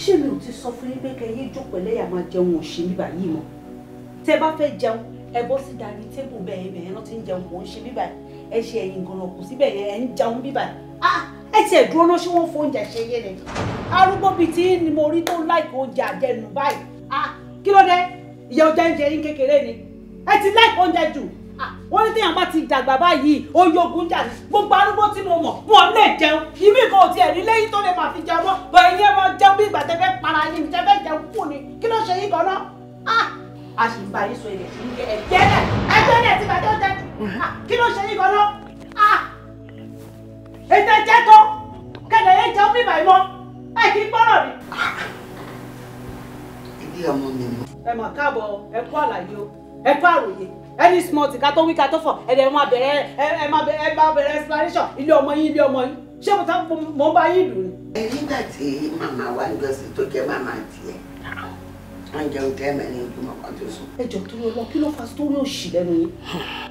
Ṣé mi ò ti sọ fún yín pé kẹ́ yé jókòó ẹlẹ́yà máa jẹun òṣì bíbà yìí mọ́? Tẹ́ bá fẹ́ jẹun, ẹ bọ́ sí dání tébù bẹ́ẹ̀ bẹ́ẹ̀ náà ti ń jẹun é ń ṣe bíbà yìí. Ẹ ṣe ẹ̀yìn gan-an kù síbẹ̀ yẹn ẹ̀ ń jẹun bíbà yìí. Ah! Ẹ tiẹ̀ dúró náà ṣé wọ́n fóúnjẹ ṣe yé ni? Arúgbó Ah, kí ló dé ìyá ọjà ń jẹ yín kékeré ni ẹ ti láì oúnjẹ jù ah, wọ́n ní téèyàn bá ti dàgbà báyìí oyè ogun jà ní gbogbo arúgbó tí mo mọ̀ wọn lè jẹun ìmí kan ò tiẹ̀ rí lẹ́yìn tó lè máa fi jẹun mọ́ bọ̀ ẹ̀yin ẹ̀ máa jẹun bí ìgbà tẹ́ fẹ́ para yín tẹ́ fẹ́ jẹun kù ni kí ló ṣe yín kan náà ah, a sì ń ba yín so ilẹ̀ sí ilé ẹ̀jẹ̀ rẹ̀ ẹgbẹ́ rẹ̀ ti bàjẹ́ ọ̀jẹ̀ kí ló ṣe yín kan náà ètò ẹ̀jẹ̀ tó kẹ̀lẹ́ yẹn jẹun bí ìbàyìí mọ́ ẹ̀ kì í gbọ́rọ̀ ni rí ọmọ mi mọ́. ẹ mà káàbọ̀ ẹ kú àlàyé o ẹ kú àròyé ẹni small ti ká tó wí ká tó fọ̀ ẹ dẹ̀ máa bẹ̀rẹ̀ ẹ máa bẹ̀rẹ̀ explanation ilé ọmọ yín ilé ọmọ yín ṣé mo ta mo bá yín dùn ni. ẹ nígbà tí màmá wa ń gbọ́sí tó jẹ́ màmá tiẹ̀ wọ́n jẹ́ oúnjẹ mẹ́rin ìgbìmọ̀ kan tó sùn. ẹ jọ torí ọlọ kí ló fa sítórí òṣì lẹ́nu yín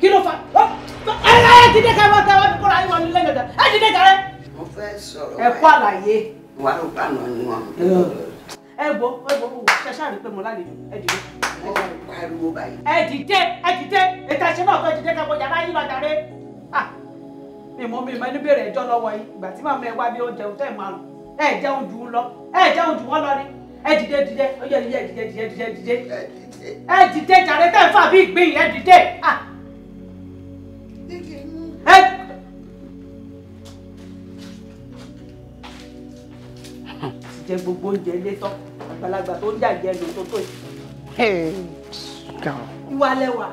kí ló fa ẹ ẹ ti dé kẹrẹ ọtá wọn kó ra ìwọ nílẹ̀ gàdá ẹ ti kẹrẹ. mo fẹ́ sọ̀rọ̀ ẹ kó àlàyé. wàá rò pàmò ni wọn ẹ wo ẹ wo ṣẹṣẹ rí pé mo lálejò ẹ dìde. wọ́n pariwo báyìí. ẹ dìde ẹ dìde ètò àṣẹ náà kọ́ ẹ dìde kẹ́kọ̀ọ́ yàrá yìí lọ́jà rẹ. mi mọ mi mọ ẹni bèrè ẹjọ́ lọ́wọ́ yìí ìgbà tí màmá ẹ wá bí oúnjẹ òtẹ́ márùn ẹ jẹun jù ú lọ ẹ jẹun jù wọ́n lọ ni ẹ dìde dìde ó yẹ ẹ dìde dìde dìde dìde ẹ dìde jàre tẹ́ ń fà bí ìgbín ẹ dìde. jẹ gbogbo oúnjẹ ilé tán àgbàlagbà tó ń jà ìjẹnu tó tó yìí. ìwà lẹwà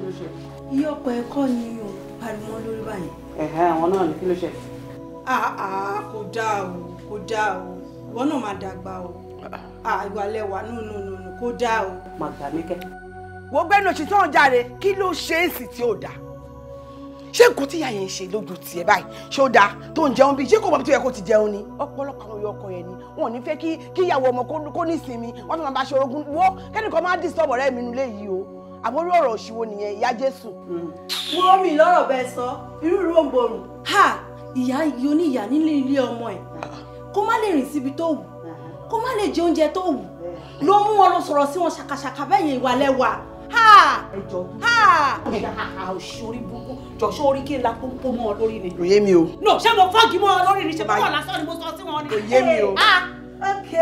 ló ṣe. iye ọkọ ẹkọ ni o pariwo lórí báyìí. ẹhẹ àwọn náà ni kí ló ṣe. Ah, ah, kò dáa o kò dáa o ìwọ náà máa dàgbà o ah. ìwà lẹwà nù kò dáa o. màgbà mi kẹ. wo gbẹ́nu òṣìṣẹ́ ọ̀járe kí ló ṣe é sì tí ò dáa ṣé nǹkan tí ìyá yẹn ń ṣe lójú tiẹ̀ báyìí ṣé ó dáa tó ń jẹun bíi ṣé kò mọ̀ bí tó yẹ kó ti jẹun ni ọ̀pọ̀lọpọ̀ àwọn ìyá ọkọ yẹn ni wọn ò ní fẹ́ kí kí ìyàwó ọmọ kó ní ìsinmi wọn fẹ́ẹ́ máa bá ṣe orogún wo kẹ́nìkan máa disturb ọ̀rẹ́ mi nulẹ̀ yìí o àmórí ọ̀rọ̀ òṣìwò nìyẹn ìyá Jésù. wọ́n mi lọ́rọ̀ bẹ́ẹ̀ sọ irú ìró ń ha ìyá yìí oníyà nílé ilé ọmọ ẹ̀ kó má lè rìn síbi tó wù kó má lè jẹ oúnjẹ tó wù ló mú wọn lọ sọ̀rọ̀ ha ha òṣì orí jọ̀ṣọ́ orí kí n la pọ́npọ́n mọ́ ọ lórí ni. kò yé mi o. no ṣé mo fọ́ọ̀gì mọ́ ọ lórí ni ṣe fọ́ọ̀ lásán ni mo sọ sí wọn ni. kò yé mi o. ah ok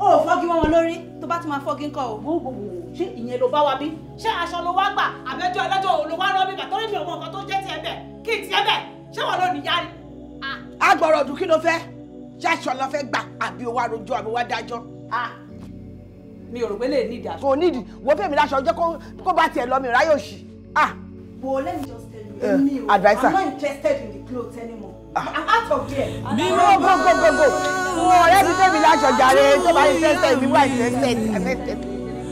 o ò fọ́ọ̀gì mọ́ wọn lórí tó bá ti máa fọ́ọ̀gì ńkọ o. ṣé ìyẹn ló bá wa bí. ṣé aṣọ ló wá gbà àbẹ́jọ́ ẹlẹ́jọ́ ló wá lọ́ bíbà torí mi ò mọ nǹkan tó jẹ́ tiẹ̀ bẹ̀ kí n tiẹ̀ bẹ̀ ṣé wọn ló nìyá ni. agbọ̀rọ̀ ah! ọdún kí ló fẹ́ ṣáṣọ lọ fẹ́ gbà àbí o wá rojọ́ àbí o wá dájọ́ ah! mi ò rò pé lè nídìí aṣọ. kò nídìí wo fèmí láṣọ jẹ́ kó bá tiẹ̀ lọ mi ráyè òṣì. ah lẹ́yìn jọ uh, eh, oh, adviser. I'm not interested in the clothes anymore. Ah. I'm out of here. Go mo oh, go go go go. Mo ọ̀rẹ́ mi fẹ́mi láṣọ jàre tó bá interested eh, mi wá interested affected.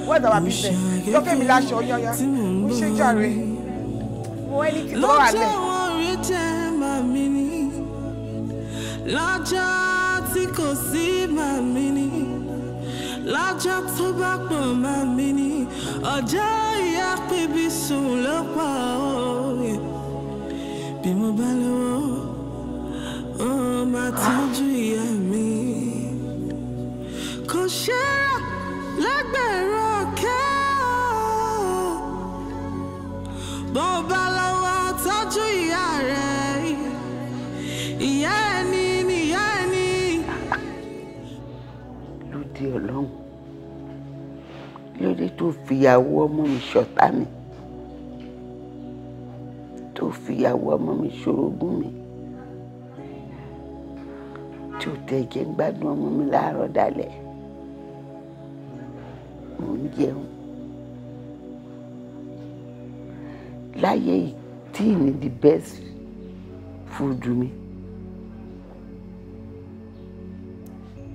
Wọ́n dàbà bí sẹ́, tó fẹ́mi láṣọ yányá. Mo ṣe jàre. Mo ẹni tí mo wà lẹ̀. Lọ́jọ́ orí jẹ́ màmí ni. Lọ́jọ́ tí kò sí màmí ni. Lọ́jọ́ tó bá pọ̀ màmí ni. Ọjọ́ ìyá pèbí sùn ló pa ọ́ bí mo bá lówó ó máa tọ́jú ìyá mi kò ṣe é lágbèrò ọ̀kẹ́ bó bá lọ́wọ́ tọ́jú ìyá rẹ̀ ìyá ẹni níyá ẹni. lóde ọlọ́run lóde tó fìyàwó ọmọ mi ṣọ̀tá mi tó fìyàwó ọmọ mi ṣorogún mi tí ò tẹ́ jẹ́ gbádùn ọmọ mi láàárọ̀ dalẹ̀ mò ń jẹun láyé tíì ní the best food mi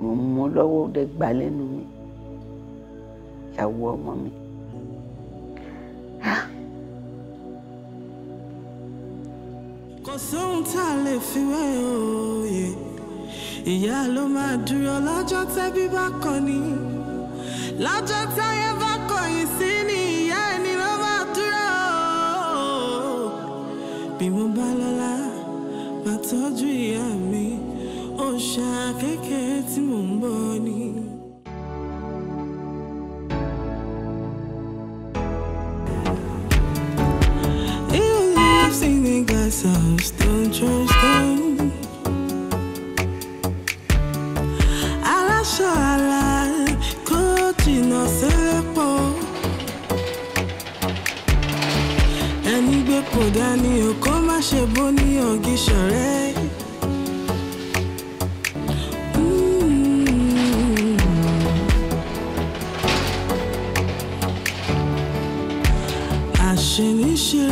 mò ń mú lọ́wọ́ dẹ́gbà lẹ́nu mi ìyàwó ọmọ mi. Ah! kò sóhun tá a lè fi wé òye ìyá ló máa dúró lọ́jọ́ tẹ́bí bá kọ̀ ni lọ́jọ́ táyé bá kọ̀yìn sí ni ìyá ẹni ló máa dúró bí mo bá lọ́lá màá tọ́jú ìyá mi òòṣà kékeré tí mò ń bọ̀ ni. myself don't trust them. Aláṣọ àlá kò jìnnà sẹ́lẹ̀pọ̀. Ẹni gbé kò dání o kó má ṣe bó ní hmm.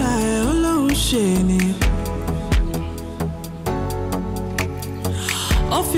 ra ẹ̀ ọlọ́run ṣe ni.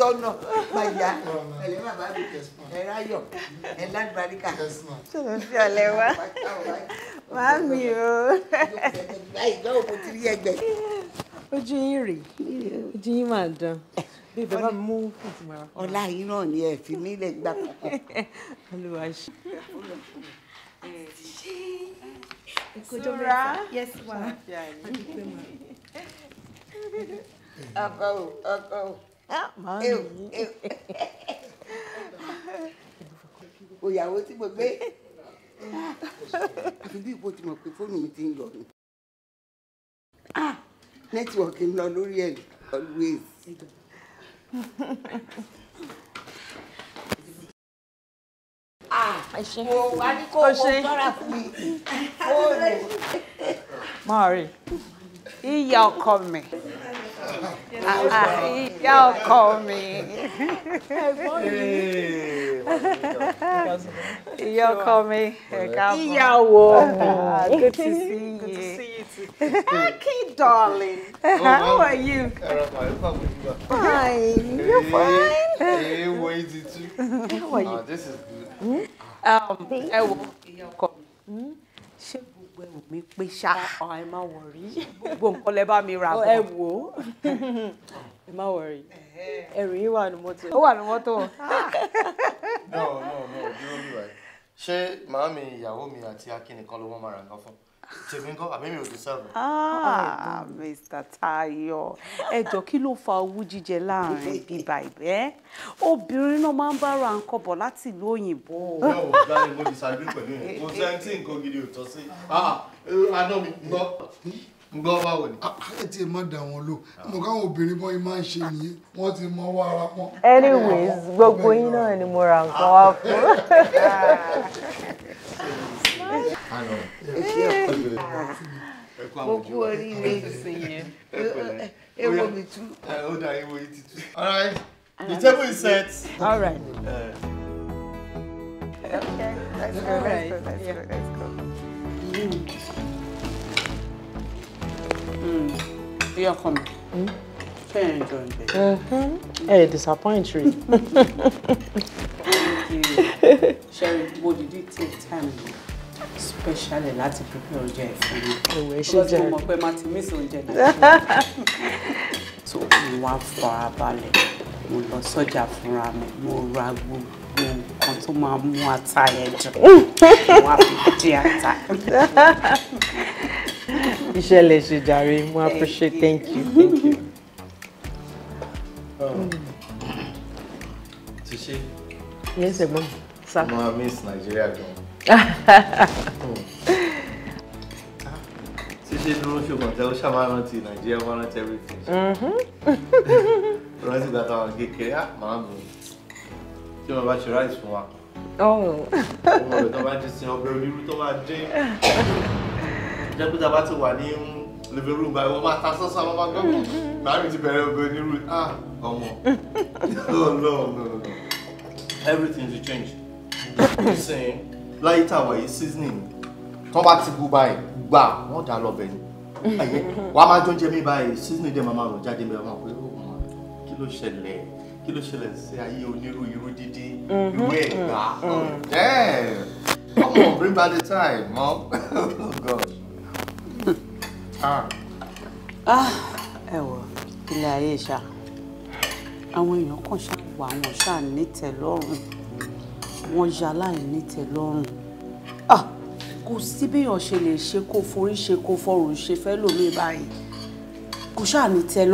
sọ́nà bàjá ẹ̀lẹ́ bàbá mi ẹ̀rá yọ̀ ẹ̀lá ìbáríkà. sọ̀rọ̀ barica ọ̀lẹ́ wa máa mi o. ìgbà òkú ti rí ẹgbẹ́. ojú yín rèé ojú yín máa dán bí bàbá mi mú kùtù mọ́ra. ọlá yìí náà ni ẹ fi nílẹ̀ gbà kankan. olùwà ṣe. Sura. Yes, ma. Ọkọ o, ọkọ o òyàwó [LAUGHS] tí mo gbé àfi bí ipò tí mo pe fóònù mi ti ń lọ ni ah, nẹ́tíwọ̀kì ń lọ lórí ẹ̀ always. Ah, mo wá ní kó o tọ́ra fún mi fóònù. máa rí ìyá ọkọ mi. Y'all call me. Y'all call me. Y'all Good to see you. Good to see you too. Okay, darling. How are you? Fine. You're fine. Hey, wait it How are you? Ah, this is good. Hmm? Um, Y'all call me. Hmm? gbogbo ẹ̀wù mi pé ṣá. Ah, ah, ẹ má wọrí gbogbo nǹkan lẹ bá mi rà oh, bọ̀. ẹ wò ó [LAUGHS] ẹ má wọrí ẹrù yín wà ní mọ́tò. ó wà ní mọ́tò. [LAUGHS] Ah. ṣé màámi ìyàwó mi àti Akin ló wọ́n máa ra nǹkan fún tèmi ńkọ́ àbí mi ò deserve. Ah, ah mr tayo Eh, kí ló fa owú jíjẹ láàrin bíbá ìbẹ obìnrin náà máa ń bára à ń kọbọ láti ìlú òyìnbó. bẹ́ẹ̀ o dáre mo disagree pẹ̀lú yẹn kò sẹ́ni tí nǹkan gidi ò tọ́ sí àná ah, mi gbọ́ gbọ́ báwo ni. ayé ah, tí ẹ má dà wọn lò mo káwọn obìnrin bọ́ yín ma ń ṣe nìyẹn ti mọ wá ara pọ́n. anyways gbogbo yín náà ni mo ra nǹkan wá fún. [LAUGHS] All right, the table is set. All right. okay, let's go, let's go, let's go, let's You're coming. Mm. Very enjoying it. mm Hey, disappoint Thank you. Sherry, what did you take time specially láti prepare oúnjẹ ìfún mi. ẹ̀wọ̀ ẹ ṣe jẹ́ because mo mọ̀ pé má ti miss oúnjẹ nàìjíríà. [LAUGHS] so mo wá farabalẹ̀ mo lọ sọ́jà fúnra mi mo ra gbogbo nǹkan tó máa mú ata yẹn dùn [LAUGHS] mo wá fi dín ata. [LAUGHS] iṣẹ́ lè ṣe jàre mo appreciate thank you thank you. ti ṣe. yẹ́n ṣẹ̀gbọ́n. mo máa miss nàìjíríà gan-an ṣíṣe dúró ṣùgbọ́n tẹ́ ó ṣàmà rántí nàìjíríà wọn rántí everything. Mm-hmm. rántí ìgbà táwọn kékeré ah, á máa mú tí wọn bá ṣe ráìsì fún wa. Oh. ọmọ rẹ tó bá ti sin ọbẹ̀ onírú tó máa dín jẹ́ pé tá a bá ti wà ní living room báyìí wọ́n máa ta sọ́sọ́ wọ́n máa gbọ́ mm-hmm. màámi ti bẹ̀rẹ̀ ọbẹ̀ onírú ah ọmọ no no no no everything is changed láyé tàwa yìí seasoning tán bá ti bu báyìí gbà wọ́n dà lọ bẹ̀rẹ̀ ẹ̀yìn wàá máa jọ jẹ mí báyìí seasoning dẹ̀ máa máa rùn jáde mi ọmọ pé oh, kí ló ṣẹlẹ̀ kí ló ṣẹlẹ̀ sí ayé onírú irú dídí irú mm-hmm. ẹ̀gbá mm-hmm. come on bring back the time mom [LAUGHS] oh god. Ah. Ah, ẹ wọ ilé ayé ṣá àwọn èèyàn kan ṣáà wà ṣáà nítẹ́ lọ́rùn wọ́n ya aláìní tẹ́ lọ́rùn ah, kò sí béèyàn ṣe lè ṣe kó forí ṣe kó fọrùn ṣe fẹ́ lómi báyìí kò ṣáà ní tẹ́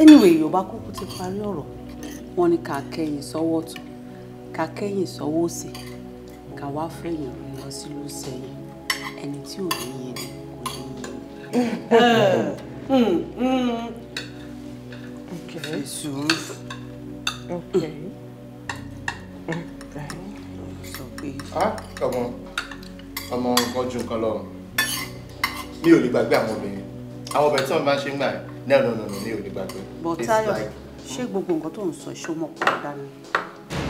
anyway yorùbá kúkú ti parí ọ̀rọ̀ wọ́n ní ká kẹ́yìn sọ́wọ́ tó ká kẹ́yìn sọ́wọ́ òsì ká wá fẹ̀yìn lọ sílùú sẹ́yìn ẹni tí ò ní yẹn kò ní yẹn. Hmm, hmm, hmm. okay. okay sọ pé. ọmọ ọmọ nǹkan ju nǹkan lọ mi ò lè gbàgbé àwọn obìnrin àwọn obìnrin tí wọn bá ń ṣe ń gbà náà nà nà mi ò lè gbàgbé. bọ̀ Táyọ̀ ṣé gbogbo nǹkan tó ń sọ ṣé o mọ̀ pọ̀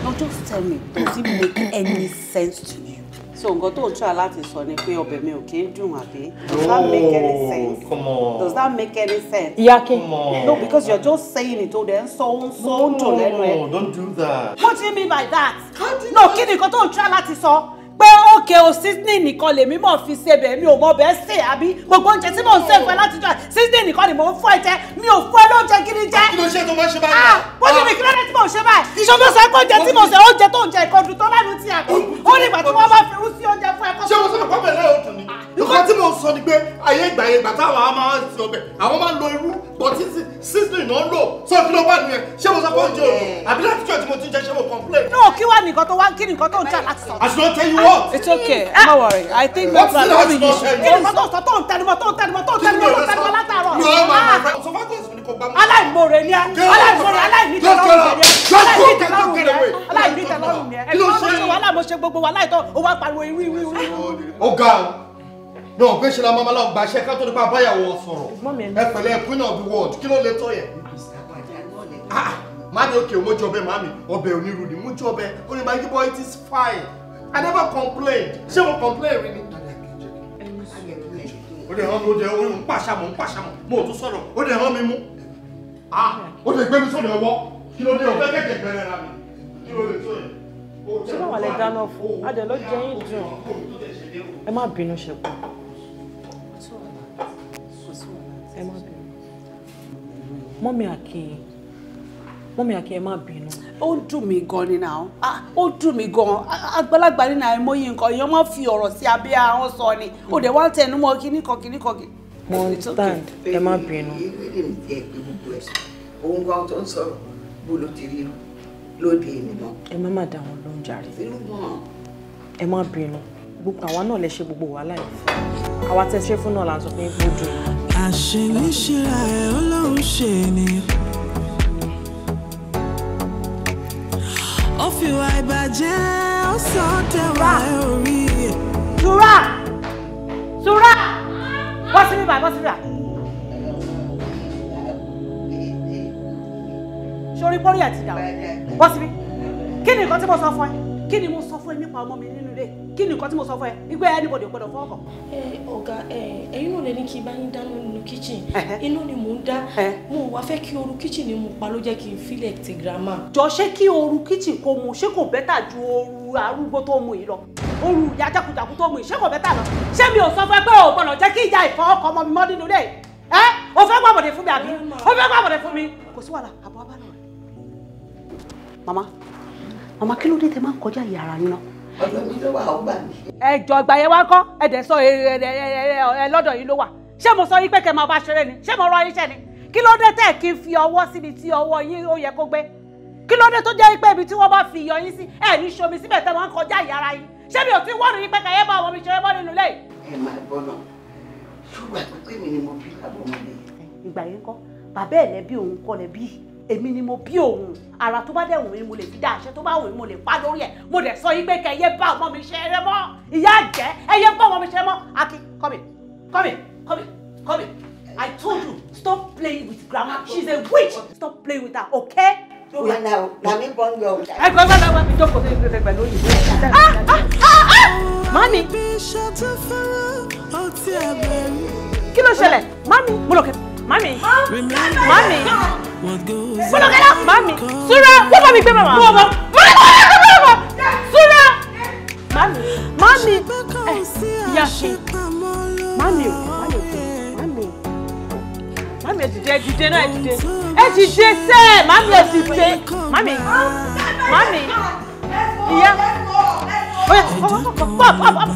no just tell me does it make any sense to you so nǹkan tó ń try láti sọ ni pé ọbẹ̀ mi ò kí ń dùn àbí does that oh, make any sense does that make any sense. yake no because you are just saying it o de n sọ n dùn lẹ́nu ẹ. no don't do that. what do you mean by that. no kí ni nǹkan tó ń try láti sọ òkè o oh, seasoning nìkan lèmi mọ̀ fi ṣe bẹ̀ mi ò mọ bẹ́ẹ̀ sè àbí gbogbo oúnjẹ tí mò ń sè fún ẹ látijọ́ seasoning nìkan ni mò ń fún ẹ jẹ mi ò fún ẹ lóúnjẹ gidi jẹ. kí ló ṣe tó máa ṣe báyìí. ah bó ṣe mi kí lóde tí mò ń ṣe báyìí. ṣé mo sọ pé oúnjẹ tí mo sè oúnjẹ tó ń jẹ ìkọdù tó lánàá ti àkọ́ ó nígbà tí wọ́n bá fi irú sí oúnjẹ fún ẹ kọ́. ṣé mo sọ pé pọ́pẹ́ náà ó dùn ní nǹkan tí mo sọ ni pé ayé ìgbà yẹn ìgbà táwọn àwọn máa ń sọ bẹ àwọn máa ń lo irú but sísun ìná ń lò sọ kí ló wà nìyẹn ṣé mo sọ pé oúnjẹ òòrùn àbí láti ṣọ́ọ̀tì mo ti jẹ ṣé mo complain. no kí wàá nìkan tó wá kí nìkan tó ń tẹ láti sọ. àṣìlọ tell you what. it's okay not worry i think no problem no be you. kí nìkan tó ń sọ tó ń tẹnumọ́ tó ń tẹnumọ́ tó ń tẹnumọ́ tó ń tẹnumọ́ látàárọ̀. Ah! aláìmoore ni aláìmoore aláìní tẹ́lọ́rùn ni ẹ náà pé ṣe la máa lọ gbàṣẹ ká tó nípa báyàwó sọ̀rọ̀ ẹ pẹ̀lẹ́ queen of the world kí ló lè tọ́ yẹn. má ní òkè mojú ọbẹ̀ màmí ọbẹ̀ onírú ni mojú ọbẹ̀ ó ní Maggi boy it is fine I never complained ṣé mo complain rí ni. ó dẹ̀ hàn mi ó dẹ̀ orí ń pàṣà mọ̀ ń pàṣà mọ̀ mo ò tún sọ̀rọ̀ ó dẹ̀ hàn mi mú. ó dẹ̀ gbé mi sọ̀rọ̀ ẹ̀wọ́ kí ló dé o fẹ́ kẹ̀kẹ́ bẹ̀rẹ̀ rà mí kí ló lè tó yẹn ṣé báwa lè dáná fún adẹ ló jẹ yín dùn ẹ má bínú ṣe kù. mọ́mí àkíyè mọ́mí àkíyè má bínú. ó dùn mí gan ni náà ó dùn mí gan àgbàlagbà nínú àìmọye nǹkan èèyàn máa fi ọ̀rọ̀ sí abẹ́ ahọ́n sọ ni ó dẹ̀ wá tẹnu mọ́ kíní kan kíní kan. mo stand ẹ má bínú. òun gan tó ń sọ̀rọ̀ bó ló ti rí lóde ìnìmọ̀. ẹ má má dá wọn lóhùn jàre ẹ má bínú gbogbo àwa náà lè ṣe gbogbo wàhálà yìí àwa tẹ ṣe fún náà là ń sọ pé gbódùn àṣeníṣìra ẹ̀ ọlọ́run ṣe ni. ó fi wá ìbàjẹ́ ó sọ ọ́ dẹ̀wà ẹ̀ orí ẹ̀. Zura Zura bọ́ sí mi báyìí bọ́ sí mi báyìí. sori bọ́ọ̀lù àti ìdààmú bọ́ sí kí ni nǹkan tí mo sọ fún ẹ kí ni mo sọ fún ẹ nípa ọmọ mi nínú ilé kí ni nǹkan tí mo sọ fún ẹ wípé anybody gbọ́dọ̀ fọ ọkọ. ọ̀gá ẹ̀yin náà lẹni kí n bá yín dáná nínú kíchìn iná ni mò ń dá mo wá fẹ́ kí ooru kíchìn ni mo pa ló jẹ́ kí n fílẹ̀ ti girama. jọ ṣé kí ooru kíchìn kò mu ṣé kò bẹ́tà ju ooru arúgbó tó mu yìí lọ ooru ìyá jákujàku tó mu yìí ṣé kò bẹ́tà lọ ṣé mi ò sọ fún ẹ pé o gbọ́dọ̀ jẹ́ kí ìyá ìfọ ọkọ ọmọ mi mọ́ nínú dẹ̀ ẹ́ o fẹ́ gbàbọ̀dé fún mi àbí o fẹ́ gbàbọ̀dé fún mi kò sí wàhálà àbọ̀ abá náà. mama mama kí ló dé tẹ máa ń kọjá ìyàrá yín náà ọ̀dọ̀ mi ló wà ó gbà mí. ẹjọ ìgbà yẹn wá kọ ẹ dẹ sọ ẹ lọ́dọ̀ yìí ló wà ṣé mo sọ yín pé kẹ máa bá ṣeré ni ṣé mo rọ yín ṣẹ ni kí ló dé tẹ kí n fi ọwọ́ síbi tí ọwọ́ yín ó yẹ kó gbé kí ló dé tó jẹ́ pé ibi tí wọ́n bá fi iyọ̀ yín sí ẹ ní ṣomi síbẹ̀ tẹ máa ń kọjá ìyára yín ṣé mi ò tí wọ́n rí pé kẹ yẹ bá ọmọ mi ṣeré bọ́ nínú ilé. ẹ máa gbọ́ náà ṣùgbọ́n pípé mi ni mo bí lábọ̀ mọ́lẹ̀. ìgbà yẹn kọ́ bàbá ẹ̀ lẹ́bí òun kọ́ lẹ́bí yìí èmi ni mo bí òun ara tó bá dẹ̀ wù mí mo lè fi dá àṣẹ tó bá wù mí mo lè pa lórí ẹ̀ mo dẹ̀ sọ yín pé kẹ ẹyẹ bá ọmọ mi ṣe ẹrẹ mọ́ ìyá àjẹ́ ẹyẹ bá ọmọ mi ṣe mọ́ Akin come in come in I told you stop playing with grandma she's a witch stop playing with her okay. Oya na o, na mi bọ́ ń lọ. Ẹ gbọ́dọ̀ bá wa jókòó sí ìgbésẹ̀ pẹ̀lú òyìnbó. Mami. Kí ló ṣẹlẹ̀? Mami, mo lọ kẹ́. Mami. Mami. Bọ́lọ̀kẹ́lá. Mami. Sura, Wọ́n bá mi gbé màmá. Wọ́n bá. Mami kò yẹ kó gbé màmá. Súra. Mami. Mami. Ẹ eh, yà Mami o. Mami o. Mami. Mami ẹ dìde ẹ dìde náà ẹ dìde. Ẹ dìde sẹ́. Mami ẹ dìde. Mami. Mami. Ìyá. Oya. Pop pop pop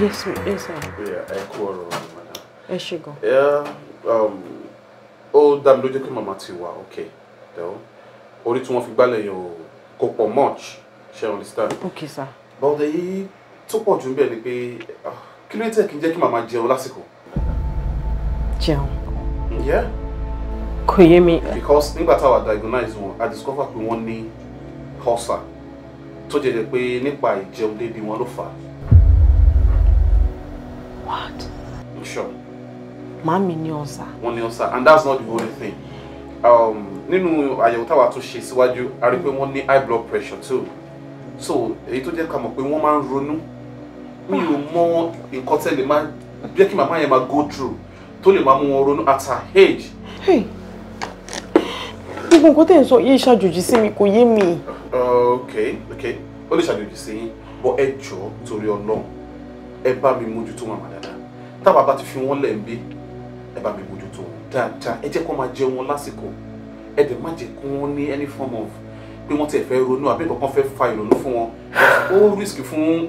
Yes, yes, sir. Ẹ kú ọ̀rọ̀ madam. Ẹ go. Yeah. Um. Oh, damn! lójú you màmá ti wà Okay. Orí tí wọ́n fi gbálẹ̀ yẹn you. kò pọ̀ much. She understand? Okay, sir. But yìí tó pọ̀ jù ń bẹ̀ ni pé ah, kí ló ń tẹ̀ kí n jẹ́ kí Yeah because nígbà I diagnose wọn I discovered pé wọ́n ní tó jẹjẹ pé nípa ìjẹun débi wọn ló fà á. What? I'm sure. Màmí ní ọ̀sà. Wọ́n ní ọ̀sà and that's not the only thing. Um, nínú àyẹ̀wò táwa tún ṣe síwájú a rí pé wọ́n ní high blood pressure too. So èyí tó jẹ́ ká mọ̀ pé wọ́n máa ń ronú. Mi ò mọ nǹkan tẹ́lẹ̀ máa jẹ́ kí màmá yẹn máa go through tó lè máa mú wọn ronú at her age. Hey gbogbo nǹkan tẹ̀ ń sọ yìí ṣàjòjì sí mi kò yé mi. ok ok ó lè ṣàjòjì sí yín bọ ẹ jọ torí Ọlọ́run ẹ bá mi mójútó màmá dáadáa táwa bá ti fi wọn lẹ̀ ń bí ẹ bá mi mójútó wọn dáadáa ẹ jẹ́ kó máa jẹ wọn lásìkò ẹ dẹ̀ má jẹ́ kó wọ́n ní any form of pé wọ́n ti fẹ́ ronú àbí nǹkan fẹ́ fa ìrònú fún wọn ó risk fún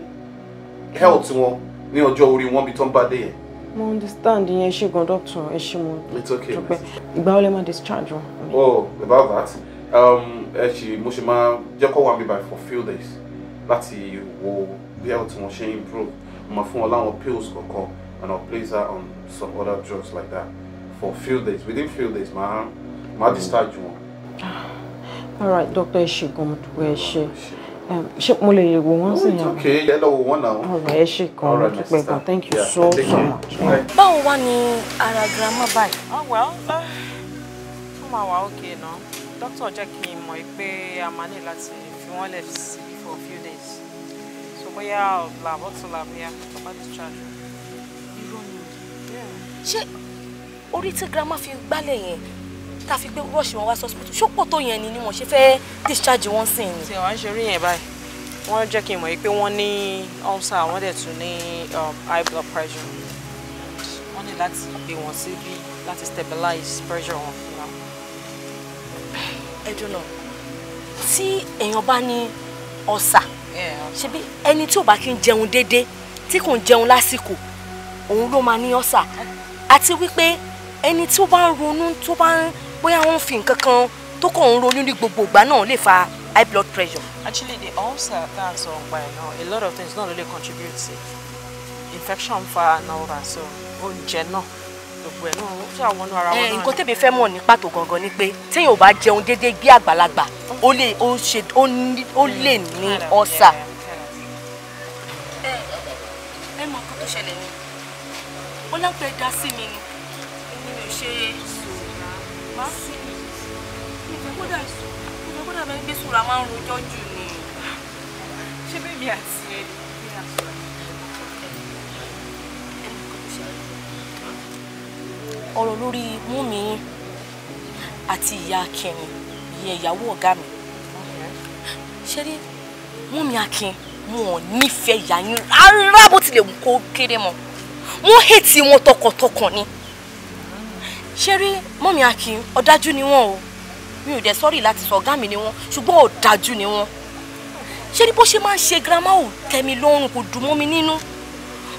health wọn ní ọjọ́ orí wọn bí tó ń bá dé yẹn mo understand yẹn ṣe gan doctor ẹ ṣe mo dúpẹ́ ìgbà wo lè máa discharge wọn. oh about that um, ẹ ṣì mo ṣe máa jẹ́ kó wà mí by for few days láti wo bí health wọn ṣe improve mo máa fún wọn láwọn pills kọ̀ọ̀kan and I'll place her on some other drugs like that for few days within few days máa máa mm. discharge wọn. [SIGHS] all right doctor ẹ ṣe gan mo dúpẹ́ ẹ ṣe. Um, ṣé mo lè wò wọ́n sí yàn. ok ẹ lọ wò wọ́n náà. ọ̀rọ̀ ẹ ṣe kan ọ̀rọ̀ dúpẹ́ gan thank you so so much. báwo wá ni ara grandma báyìí. oh well uh, ó máa wà ókè náà dókítà jẹ́ kí n mọ̀ pé a máa ní láti fi wọ́n lẹ̀ síbi for a few days so bóyá ọ̀la bọ́tùlà bóyá bàbá ti ṣáájú. irọ́ ni ṣé orí tí grandma fi gbálẹ̀ yẹn tá a fi gbé rush wọn wá hospital ṣọ́pọ̀ tó yẹn ni ni wọ́n ṣe fẹ́ discharge wọn sí ni. tí wọ́n ń ṣe rí yẹn báyìí wọ́n jẹ́ kí n mọ̀ pé wọ́n ní ulcer wọ́n dẹ̀ tún ní um, high blood pressure wọ́n ní láti gbé wọn síbí láti stabilize pressure wọn fún wa. ẹ dùnà tí èèyàn bá ní ulcer ṣebí ẹni tí ò bá kí ń jẹun déédéé tí kò ń jẹun lásìkò òun ló máa ní ulcer àti wípé ẹni tó bá ń ronú tó bá ń bóyá wọ́n fi nǹkan kan tó kàn ń ronú ní gbogbo ìgbà náà lè fa high blood pressure. actually the ulcer that's sọ ọgbà ẹ̀ náà a lot of things náà ló contribute to infection fa náà so oúnjẹ náà gbogbo ẹ̀ náà ó ṣe àwọn ọ̀nà ara wọn eh, náà. nǹkan tèmi fẹ́ mọ̀ ní pàtó gangan ni pé téèyàn ò bá jẹun déédéé bí àgbàlagbà ó lè ní ọ̀sà. Hmm, eh, eh, ẹ mọ̀ nǹkan tó ṣẹlẹ̀ ni ó dá sí mi ni èmi ò ṣe é má fi mí ìfẹ́ kódà ìfẹ́ kódà bẹ́ẹ̀ gbé sùúrà ni ṣé bèbí àti ẹ ní àṣọ ọ̀rọ̀ lórí mú mi àti ìyá akẹni ìyẹn ìyàwó ọ̀gá mi ṣé rí mú mi akin wọn ò nífẹ̀ẹ́ ìyá yín rárá bó tilẹ̀ wù kó kéré mọ́ wọ́n hẹ́ẹ̀tì wọn tọkàntọkàn ni ṣé rí mọ́mí akin ọ̀dájú ni wọ́n o mi ò dẹ̀ sọ́rí láti sọ ọ̀gá mi ni wọ́n ṣùgbọ́n ọ̀dájú ni wọ́n ṣé ní bó ṣe máa ń ṣe girama ò tẹ́mi lọ́rùn kò dùn mọ́ mi nínú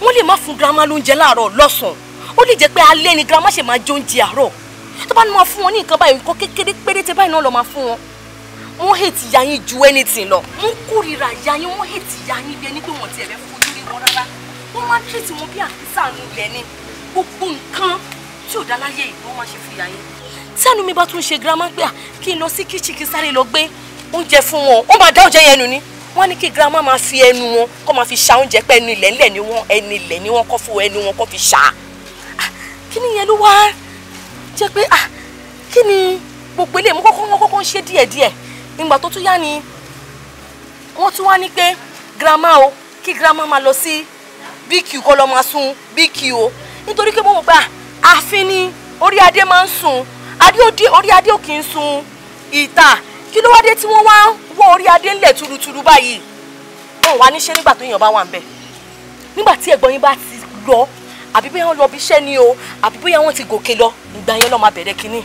wọ́n lè má fún girama lóúnjẹ láàárọ̀ lọ́sàn-án ó lè jẹ́ pé alẹ́ ni girama ṣe máa jóúnjẹ àárọ̀ tó bá ní máa fún wọn ní nǹkan báyìí nǹkan kékeré péréte báyìí náà lọ máa fún wọn wọ́n hètì ya ju anything lọ wọ́n kórìíra ya yín wọ́n hètì ya yín bí ẹni pé wọ́n ti ẹ̀rẹ́ fojú rí wọn rárá wọ́n máa ń tírètì wọn bí àkísà nulẹ̀ ni gbogbo nǹkan tí ò dá láyé ìgbó máa ṣe fìyà yín tí àánú mi bá tún ṣe girama gbé à kí n lọ sí kíchì kí sáré lọ gbé oúnjẹ fún wọn ó máa dá oúnjẹ yẹn nù ni wọ́n ní kí girama máa fi ẹnu wọn kó máa fi ṣa oúnjẹ pẹ́ ẹnu ilẹ̀ ńlẹ̀ ni wọ́n ẹnu ilẹ̀ ni wọ́n kọ́ fún ẹnu wọn kó fi ṣa kí ni yẹn ló wá jẹ́ pé à kí ni gbogbo ilé mú kọ́kọ́ wọn kọ́kọ́ ń ṣe díẹ̀díẹ̀ ìgbà tó tún yá ni wọ́n tún wá ní pé girama o kí girama máa lọ sí bq kọ́ lọ́ máa sun bq o nítorí pé mo mọ̀ pé à àfin ni orí adé máa ń sun orí adé ò kì í sun ìta kí ló wá dé tí wọ́n wá wọ́ orí adé ńlẹ̀ turuturu báyìí wọn ò níṣẹ́ nígbà tó yàn bá wà ń bẹ̀ nígbà tí ẹ̀gbọ́n yín bá ti lọ àbí bóyá wọ́n lọ bí iṣẹ́ ni o àbí bóyá wọ́n ti gòkè lọ ìgbà yẹn ló máa bẹ̀rẹ̀ kínní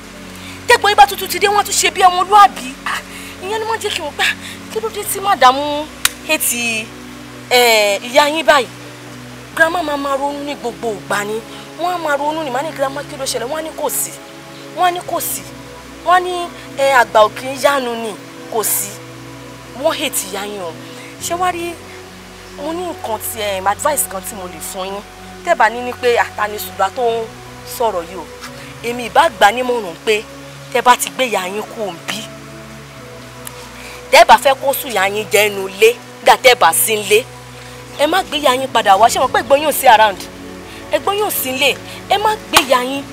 tẹ́gbọ́n yín bá tuntun ti dé wọ́n tún ṣe bí ọmọ olúwàbí ìyẹn ni wọ́n jẹ́ kí wọ́n gbà kí ló dé tí màdàmú ètì ìyá yín báyìí grandma máa máa ronú ní gbogbo ìgbà ni wọ́n á máa ronú ni màá ní girama kí ló ṣẹlẹ̀ wọ́n á ní kò sí wọ́n á ní kò sí wọ́n á ní àgbà òkè yánu ni kò sí wọ́n hètì yáyan o ṣé wá rí mo ní nǹkan ti advice kan tí mo lè fún yín tẹ́bà ní ni pé àtanisùgbà tó ń sọ̀rọ̀ yìí o èmi ìbá gbà nímọ̀ràn pé tẹ́ ti gbé ìyá yín kú òǹbí tẹ́bà fẹ́ kó sùn ìyá jẹ́ inú ilé gbà tẹ́bà sí ilé ẹ má gbé ìyá padà wá ṣé wọn pẹ́ gbóyún sí around ẹ̀gbọ́n yóò sí ilé ẹ má gbé ya yín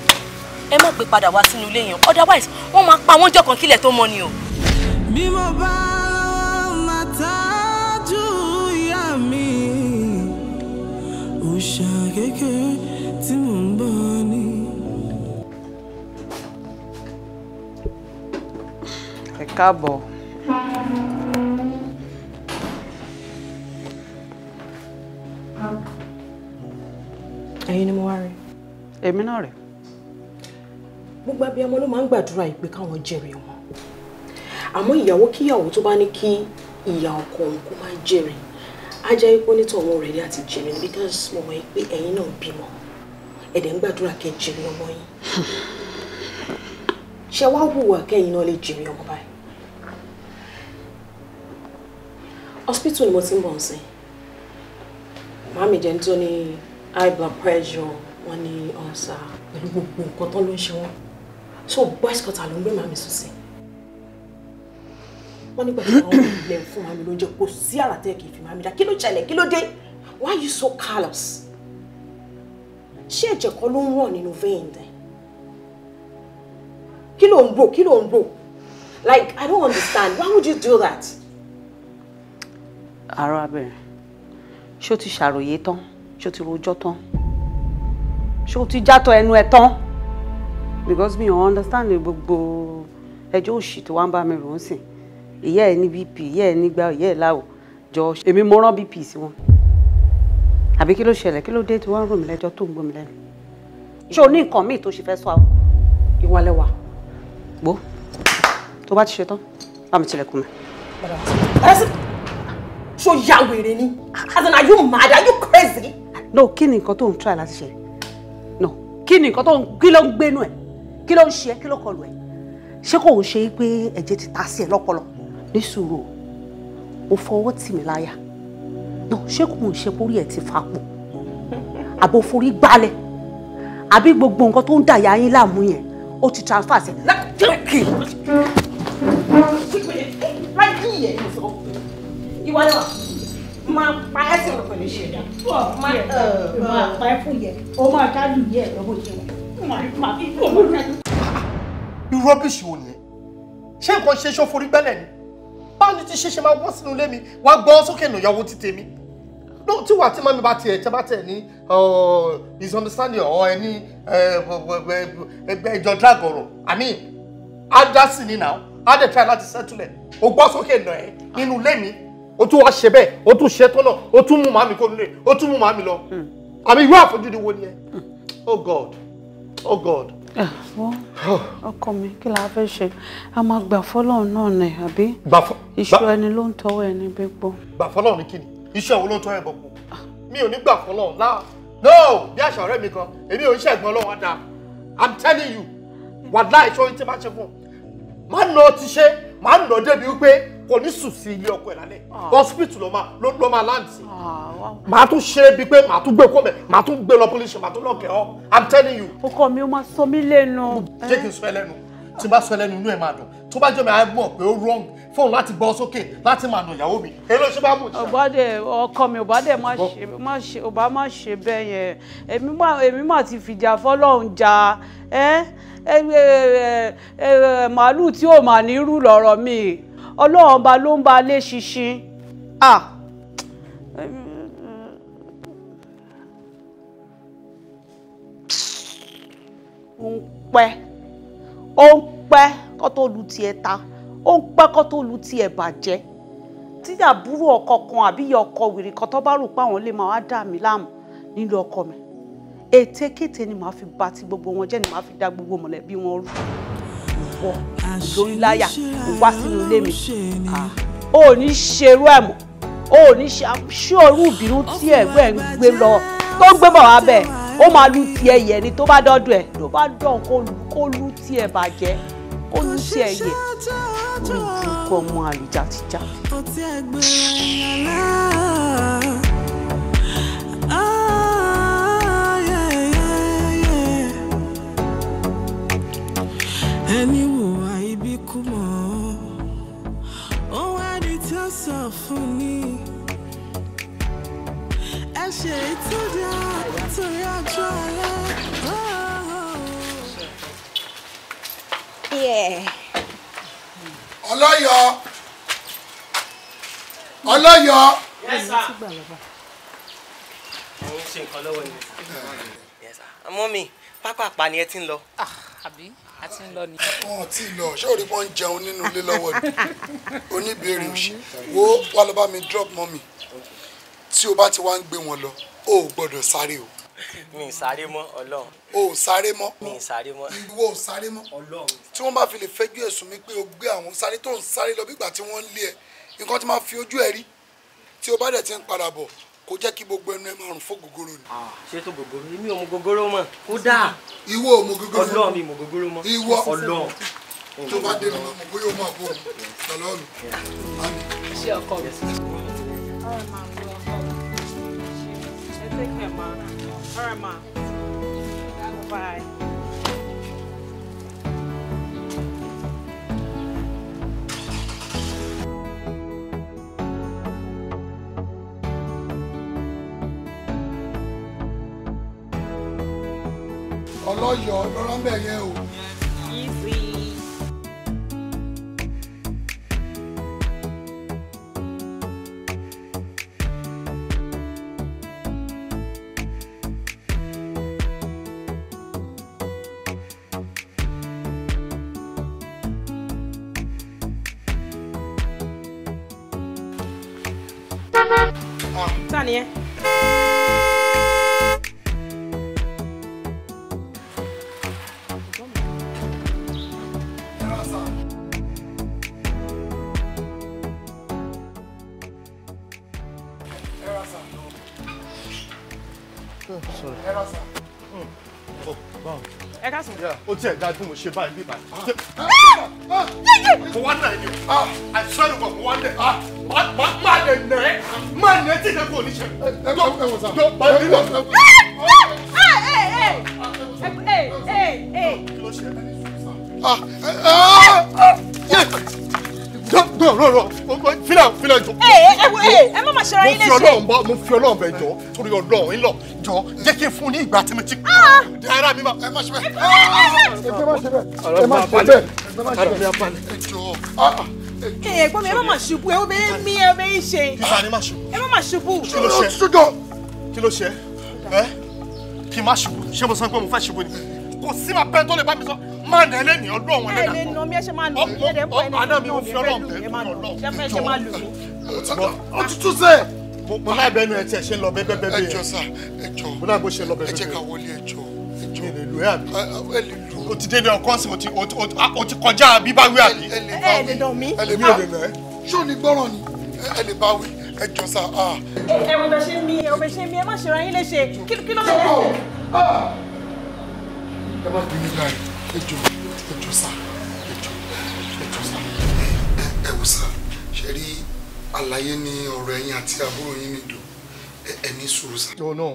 ẹ má gbé padà wá sínú ilé yẹn otherwise wọ́n máa pa wọ́n jọ̀kan kílẹ̀ tó mọ́ ni o. bí mo bá máa tájú ìyá mi òòṣà kékeré tí mò ń bọ̀ ni. ẹ káàbọ̀. ẹ̀yin ni mo wá rí. èmi náà rè. gbogbo abiyamọ ló máa ń gbàdúrà ìpè káwọn jèrè wọn àmọ́ ìyàwó kíyàwó tó bá ní kí ìyá ọkọ òun kó máa jèrè á jẹ́ ipò nítorí ọmọ rẹ̀ láti jèrè ní because mo mọ̀ pé ẹ̀yin náà bímọ ẹ̀dẹ̀ ń gbàdúrà kẹ́ jèrè ọmọ yín ṣé wá hùwà kẹ́yìn náà lè jèrè ọmọ báyìí hospital ni mo ti ń bọ̀ ń sìn màmí jẹ́ ń tó ní high blood pressure wọ́n ní ulcer pẹ̀lú gbogbo nǹkan tó ló ń ṣe wọ́n so boys quarter ló ń gbé màmí sùn sí wọ́n nígbà tí wọ́n lè fún màmí lóúnjẹ kò sí àràtẹ́ kì í fi màmí dá kí ló ṣẹlẹ̀ kí ló dé why you so callous ṣé ẹ̀jẹ̀ kan ló ń ràn nínú vein dẹ̀ kí ló ń bò kí ló ń bò like i don't understand why would you do that. àrò abẹ́rẹ́ ṣó ti ṣàròyé tán ṣé o ti rojọ́ tán ṣé o ti jàtọ̀ ẹnu ẹ tán because mi ò understand gbogbo ẹjọ́ òṣì tó wá ń bá mi rò ó sìn ìyá ẹ ní bp ìyá ẹ nígbà ìyá ẹ láwò jọ èmi mo rán bp sí wọn àbí kí ló ṣẹlẹ̀ kí ló dé tí wọ́n ń rò mí lẹ́jọ́ tó ń gbọ́ mi lẹ́nu ṣé o ní nǹkan míì tó ṣe fẹ́ sọ àwọn ìwọlẹ́wà gbó tó bá ti ṣe tán bá mi tilẹ̀kùn mi. ṣó ya wèrè ni as in are you mad are you crazy no kí ni nǹkan tó ń try láti ṣe no kí ni nǹkan tó ń kí ló ń gbénu ẹ kí ló ń ṣe kí ló kọlù ẹ ṣé kò ń ṣe pé ẹ̀jẹ̀ ti ta sí ẹ lọ́pọlọ ní sùúrù o fọwọ́ tì mí láyà no ṣé kò ń ṣe pórí ẹ ti fa pò àbò forí gbálẹ̀ àbí gbogbo nǹkan tó ń dà yà yín láàmú yẹn ó ti transfer sí lákìkì. ìwà náà máa pa ẹ́ sì kò ní ṣe dá. máa pa ẹ́ fún yẹ o máa dájú yẹ lọ́wọ́ ṣe wọ́n. irú rọ́bìṣì wo nìyẹn ṣé nǹkan ṣe ṣó forí gbẹ́lẹ̀ ni báwo ni ti ṣe ṣe máa wọ́ sínú ilé mi wá gbọ́ sókè nìyàwó ti tèmi tí wàá tí mọ́mi bá tiẹ̀ tẹ́ bá tẹ̀ ní misunderstanding ọ̀ ẹni ẹjọ́ drag ọ̀rọ̀ i mean á dá sí ni now á dẹ̀ try láti settle o gbọ́ sókè nà ẹ́ nínú ilé mi o tún wá ṣe bẹ́ẹ̀ o tún ṣe tọ́nà o tún mú màmí kó nílé o tún mú màmí lọ hmm. àmì ìwé àfojúdi wo nìyẹn hmm. oh god oh god. Eh, wọ́n ọkọ mi kí la fẹ́ ṣe a máa gbà fọ́lọ́run náà nì àbí iṣu ẹni ló ń tọwọ́ ẹni bí gbọ́. gbà fọ́lọ́run ní kíni iṣu ẹ̀wọ̀n ló ń tọwọ́ ẹ̀ bọ̀ kú ah. mi ò ní gbà fọ́lọ́run láà no bí àṣà ọ̀rẹ́ mi kan èmi ò ń ṣẹ̀gbọ́n lọ́wọ́ dá i'm telling you wàdá ìṣòro tí máa ṣe fún un máa nà ọ ti ṣe máa nà ọ débi wípé kò ní sùn sí ilé ọkọ ẹ̀ lálẹ́ ah. hospital ló máa ló máa land sí. Ah, màá tún ṣe bíi pé màá tún gbé kó mẹ́ màá tún gbé lọ police màá tún lọ́ọ̀kẹ́ ọ́ i'm telling you. ọkọ mi ó máa sọ mí lẹ́nu. jẹ́ kí n sọ ẹ lẹ́nu tí n bá sọ ẹ lẹ́nu inú ẹ̀ máa dùn tó bá jẹ́ mi àìmọ̀ pé ó wrong fóun láti gbọ́ sókè láti máa nà ìyàwó mi èyí ló ṣe bá mú ìṣá. ọ̀bádẹ ọkọ mi ọ̀bádẹ má ṣe ọba má ṣe bẹ́ẹ̀ yẹn èmi má èmi má ti fìjà fọlọ́run jà ẹ́ màálù tí ò mà ní rú lọ́rọ̀ mi ọlọ́run ọba ló ń ba lé ṣinṣin ah ó ń pẹ́ ó ń pẹ́ kó tó lu tiẹ̀ ta ó ń pẹ́ kó tó lu tiẹ̀ bàjẹ́ tí àbúrò ọkọ kan àbí ìyá ọkọ wèrè kan tó bá rò pé àwọn lè máa wá dà mí láàmú nílò ọkọ mi ètekéte ni màá fi bà ti gbogbo wọn jẹ́ ni màá fi dá gbogbo mọ̀lẹ́bí wọn rú ìwọ dorí láyà kò wá sínú ilé mi ó ah, ní ṣerú ẹ̀ mọ́ ó ní ṣòro ìbínú tí ẹ̀gbẹ́ ń gbé lọ tó ń gbé bọ̀ wá bẹ́ẹ̀ ó máa lu tiẹ̀ yẹ ni tó bá dọ́dún ẹ̀ tó bá dán kó lu tiẹ̀ bàjẹ́ ó ní sí ẹyẹ orí burúkú ọmọ àlùjá ti já. ẹni ọlọ́yọ̀ ọlọ́yọ̀. àmọ́ mi pápá àpá ni ẹ ti ń lọ. Ah, àbí a ti ń lọ ni. wọn ò tí ì lọ ṣé òde wọn ń jẹun nínú ilé lọ́wọ́ ni oníbèrè òsì wo wà lọ bá mi drop mọ́ mi tí o bá ti wá ń gbé wọn lọ o ò gbọ́dọ̀ sáré o mi ì sáré mọ́ ọlọ́run. o ò sáré mọ́. mi ì sáré mọ́. ìwọ sáré mọ́. ọlọ́run. tí wọ́n bá fi lè fẹ́jú ẹ̀sùn mi pé o gbé àwọn sáré tó ń sáré lọ bígbà tí wọ́n ń lé ẹ nǹkan tí máa fi ojú ẹ rí tí o bá dẹ̀ ti ń padà bọ̀ kò jẹ́ kí gbogbo ẹnu ẹ máa rùn fún gògóró ni. Ah, ṣé tó gògóró èmi ò mu gògóró mọ́ kódà. ìwọ ò mu gògóró mọ́. ọlọ́run mi mu gògóró mọ́. ìwọ ọlọ́run tó bá dé nínú ọmọ bóyá ó All right, Ma. Bye. ọlọ́yọ̀ lọ́rọ́ ń bẹ̀ yẹn o. sa nìyẹn. ẹ ká sùn. o tiẹ̀ da bí mo ṣe báyìí bí báyìí. Ah! Ah! Ah! mo wá náà ni i swear to God mo wá náà máa lè nà ẹ́ gbogbo ẹ̀nà etí ìdẹ́kù oníṣẹ́. ẹ wọ sá ẹ wọ sá. Gbọ̀n rọ̀ rọ̀ fílẹ̀ fílẹ̀ jọ. Ẹ ẹ wo ẹ ẹ má ma ṣe ara yín léṣe. Mo fi Ọlọ́run bá mo fi Ọlọ́run bẹ jọ torí Ọlọ́run ń lọ jọ jẹ́ kí n fún ní ìgbà tí mo ti kú. Dára mi ma ẹ má ṣe bẹ́ẹ̀. Ẹ má ṣe bẹ́ẹ̀. Ẹ má ṣe bẹ́ẹ̀. Ẹ má ṣe bẹ́ẹ̀. Ẹ jọ ẹ̀gbọ́n mi ẹ má má ṣubú ẹ ó bẹ mí ẹ bẹ yín ṣe. ìfà ni má ṣubú. ẹ má má ṣubú. kí ló ṣe kí ló ṣe ẹ kí má ṣubú ṣé mo sọ pé mo fẹ́ ṣubú ni kò sí máa pẹ́ tó lè bá mi sọ máa nà ẹlẹ́ni ọdún ọ̀wọ́n ẹlẹ́dà kan. ẹ lè nà mí ẹ ṣe máa lù mí ẹ dẹ̀ pọ̀ ẹni tó mi fẹ́ lù mí ẹ máa lù mí ẹ ṣe máa lù mí. òtútù sẹ. mo náà bẹnu ẹ tiẹ̀ ṣe ń lọ bẹ́ẹ̀ bẹ́ẹ̀ bẹ́ẹ̀. ẹ jọ̀ọ́ sà ẹ jọ̀ọ́ mo náà bó ṣe lọ bẹ́ẹ̀ bẹ́ẹ̀. ẹ jẹ́ ká wọlé ẹ jọ̀ọ́ ẹ jọ̀ọ́. ẹ lè lù ẹ àbí. ẹ lè lù o ti délé ọkọ sí o ti kọjá bíbáwí àbí. ẹ lè dán mi. ẹ lè mi ò lè mẹ ṣó ni gbọ́ràn ni ẹ lè bá wí ẹ jọ sá. ẹ wo bẹ ṣe mi ẹ wo bẹ ṣe mi ẹ má ṣe ra yín léṣe kí ló lè lè. ẹ má bínú láì ẹ jọ ẹ jọ sá ẹ jọ ẹ jọ sá. ẹ wò sá ṣe rí àlàyé ni ọ̀rọ̀ ẹ̀yin àti àbúrò yín nìdó ẹ ní sùúrù sá. no no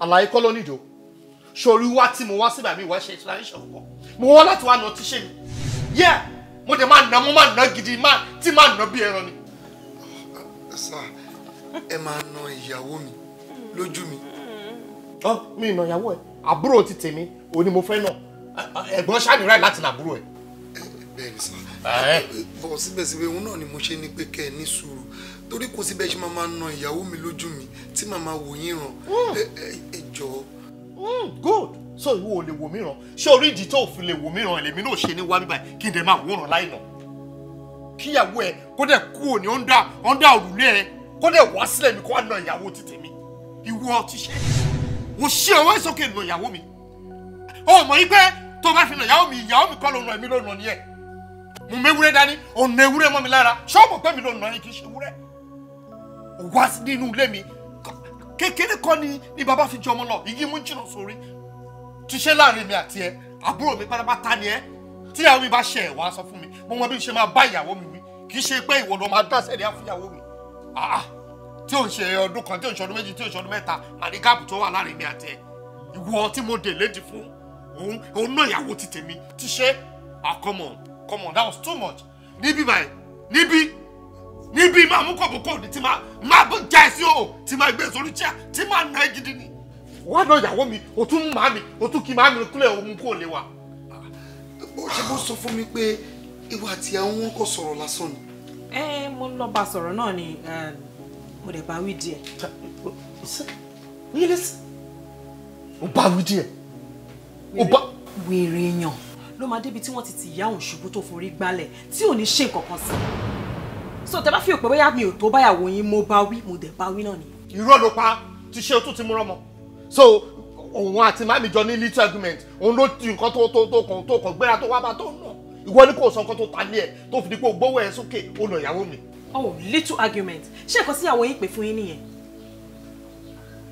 àlàyé kọ́ ló nìdó sori wá tí mo wá síbẹ̀ àmì ìwà ṣe explanation kan mo wá láti wá nà ọtí ṣe ni yẹ mo dẹ̀ máa nà mo máa nà gidi tí máa nà bí ẹran ni. Uh, sà ẹ máa nà ìyàwó mi lójú mi. ọ mi ìnà ìyàwó ẹ àbúrò ti tèmi òun ni mo fẹ́ nà ẹ̀gbọ́n ṣáàní ráì láti nà àbúrò ẹ. bẹ́ẹ̀ni sà bọ síbẹ̀síbẹ̀ òun náà ni mo ṣe ni pé kẹ ẹ ní sùúrù torí kò síbẹ̀ ṣe máa máa nà ìyàwó mi lójú mi tí màá máa wò yín ràn hmm. ẹ jọ̀ọ́. Mm, good so ìwọ ò lè wò mí ràn ṣé orí ìdí tó fi lè wò mí ràn ẹlẹ́mi náà ṣe ní wá bíbá kí n dẹ̀ máa wòran láìnà kíyàwó ẹ kó dẹ̀ kú òní ọ̀ndà ọ̀ndà òrùlé ẹ kó dẹ̀ wá sílẹ̀ mi kó wá na ìyàwó ti tèmi ìwọ ti ṣe wò ṣe ọwọ́ ìsókè na ìyàwó mi ó mọ̀ yí pé tó bá fi na ìyàwó mi ìyàwó mi kọ́ ló na èmi ló na nìyẹn mo mewúrẹ́ dání ọ̀nà ewúrẹ́ mọ́ mi lára ṣọ́ọ̀bù pé mi ló na yín kì í ṣe ewúrẹ́ wá nínú ilé mi kékeré kọ́ ni ni bàbá fi jọmọ lọ igi mú jìnnà sórí ṣiṣẹ́ láàrin mi àti ẹ àbúrò mi pátápátá ni ẹ tí àwọn mi bá ṣe ẹ̀ wá sọ fún mi mo mọ bí n ṣe máa bá ìyàwó mi wí kì í ṣe pé ìwọ ló máa dá sẹ́ẹ̀dì àfúyàwó mi àá tí ò ń ṣe ọdún kan tí ò ń ṣe ọdún méjì tí ò ń ṣe ọdún mẹ́ta àní gáàpù tó wà láàrin mi àti ẹ ìwọ tí mo dè lédi fún òun òun náà ìyàwó ti tèmi ti ṣe ah come on come on that was too much níbí báyìí níbí níbi máa mú kòbókò ní tí máa bó já ẹ sí o tí máa gbé e sórí chair tí máa na gidi ni. wọ́n náà yàwó mi o tún máa mi o tún kí máa mi kúlẹ̀ òun kò lè wa. bó ṣe bó sọ fún mi pé ìwà àti àwọn wọn kò sọ̀rọ̀ lásán ni. ẹ mo lọ bá sọ̀rọ̀ náà ni mo dẹ̀ bá wí díẹ̀. ní sí. o bá wí díẹ̀. o bá. wèrè èèyàn ló máa débi tí wọ́n ti tì yá òun ṣubú tó forí gbálẹ̀ tí ò ní ṣe nǹkan kan sí i so tẹ bá fi òpè bóyá mi ò tó báyàwó yín mo bá wí mo dẹ̀ bá wí náà nìyẹn. irọ́ ló pa ti ṣe otún ti múrọ́ mọ́ so òun àti màmí jọ ní little argument òun ló ti nǹkan tó tó tó kàn tó kàn gbéra tó wá bá tó nà ìwọ ni kò sọ nǹkan tó ta ní ẹ tó fi di pé o gbówó ẹ sókè o nà ìyàwó mi. oh little argument ṣé nǹkan sí ìyàwó yín pè fún yín nìyẹn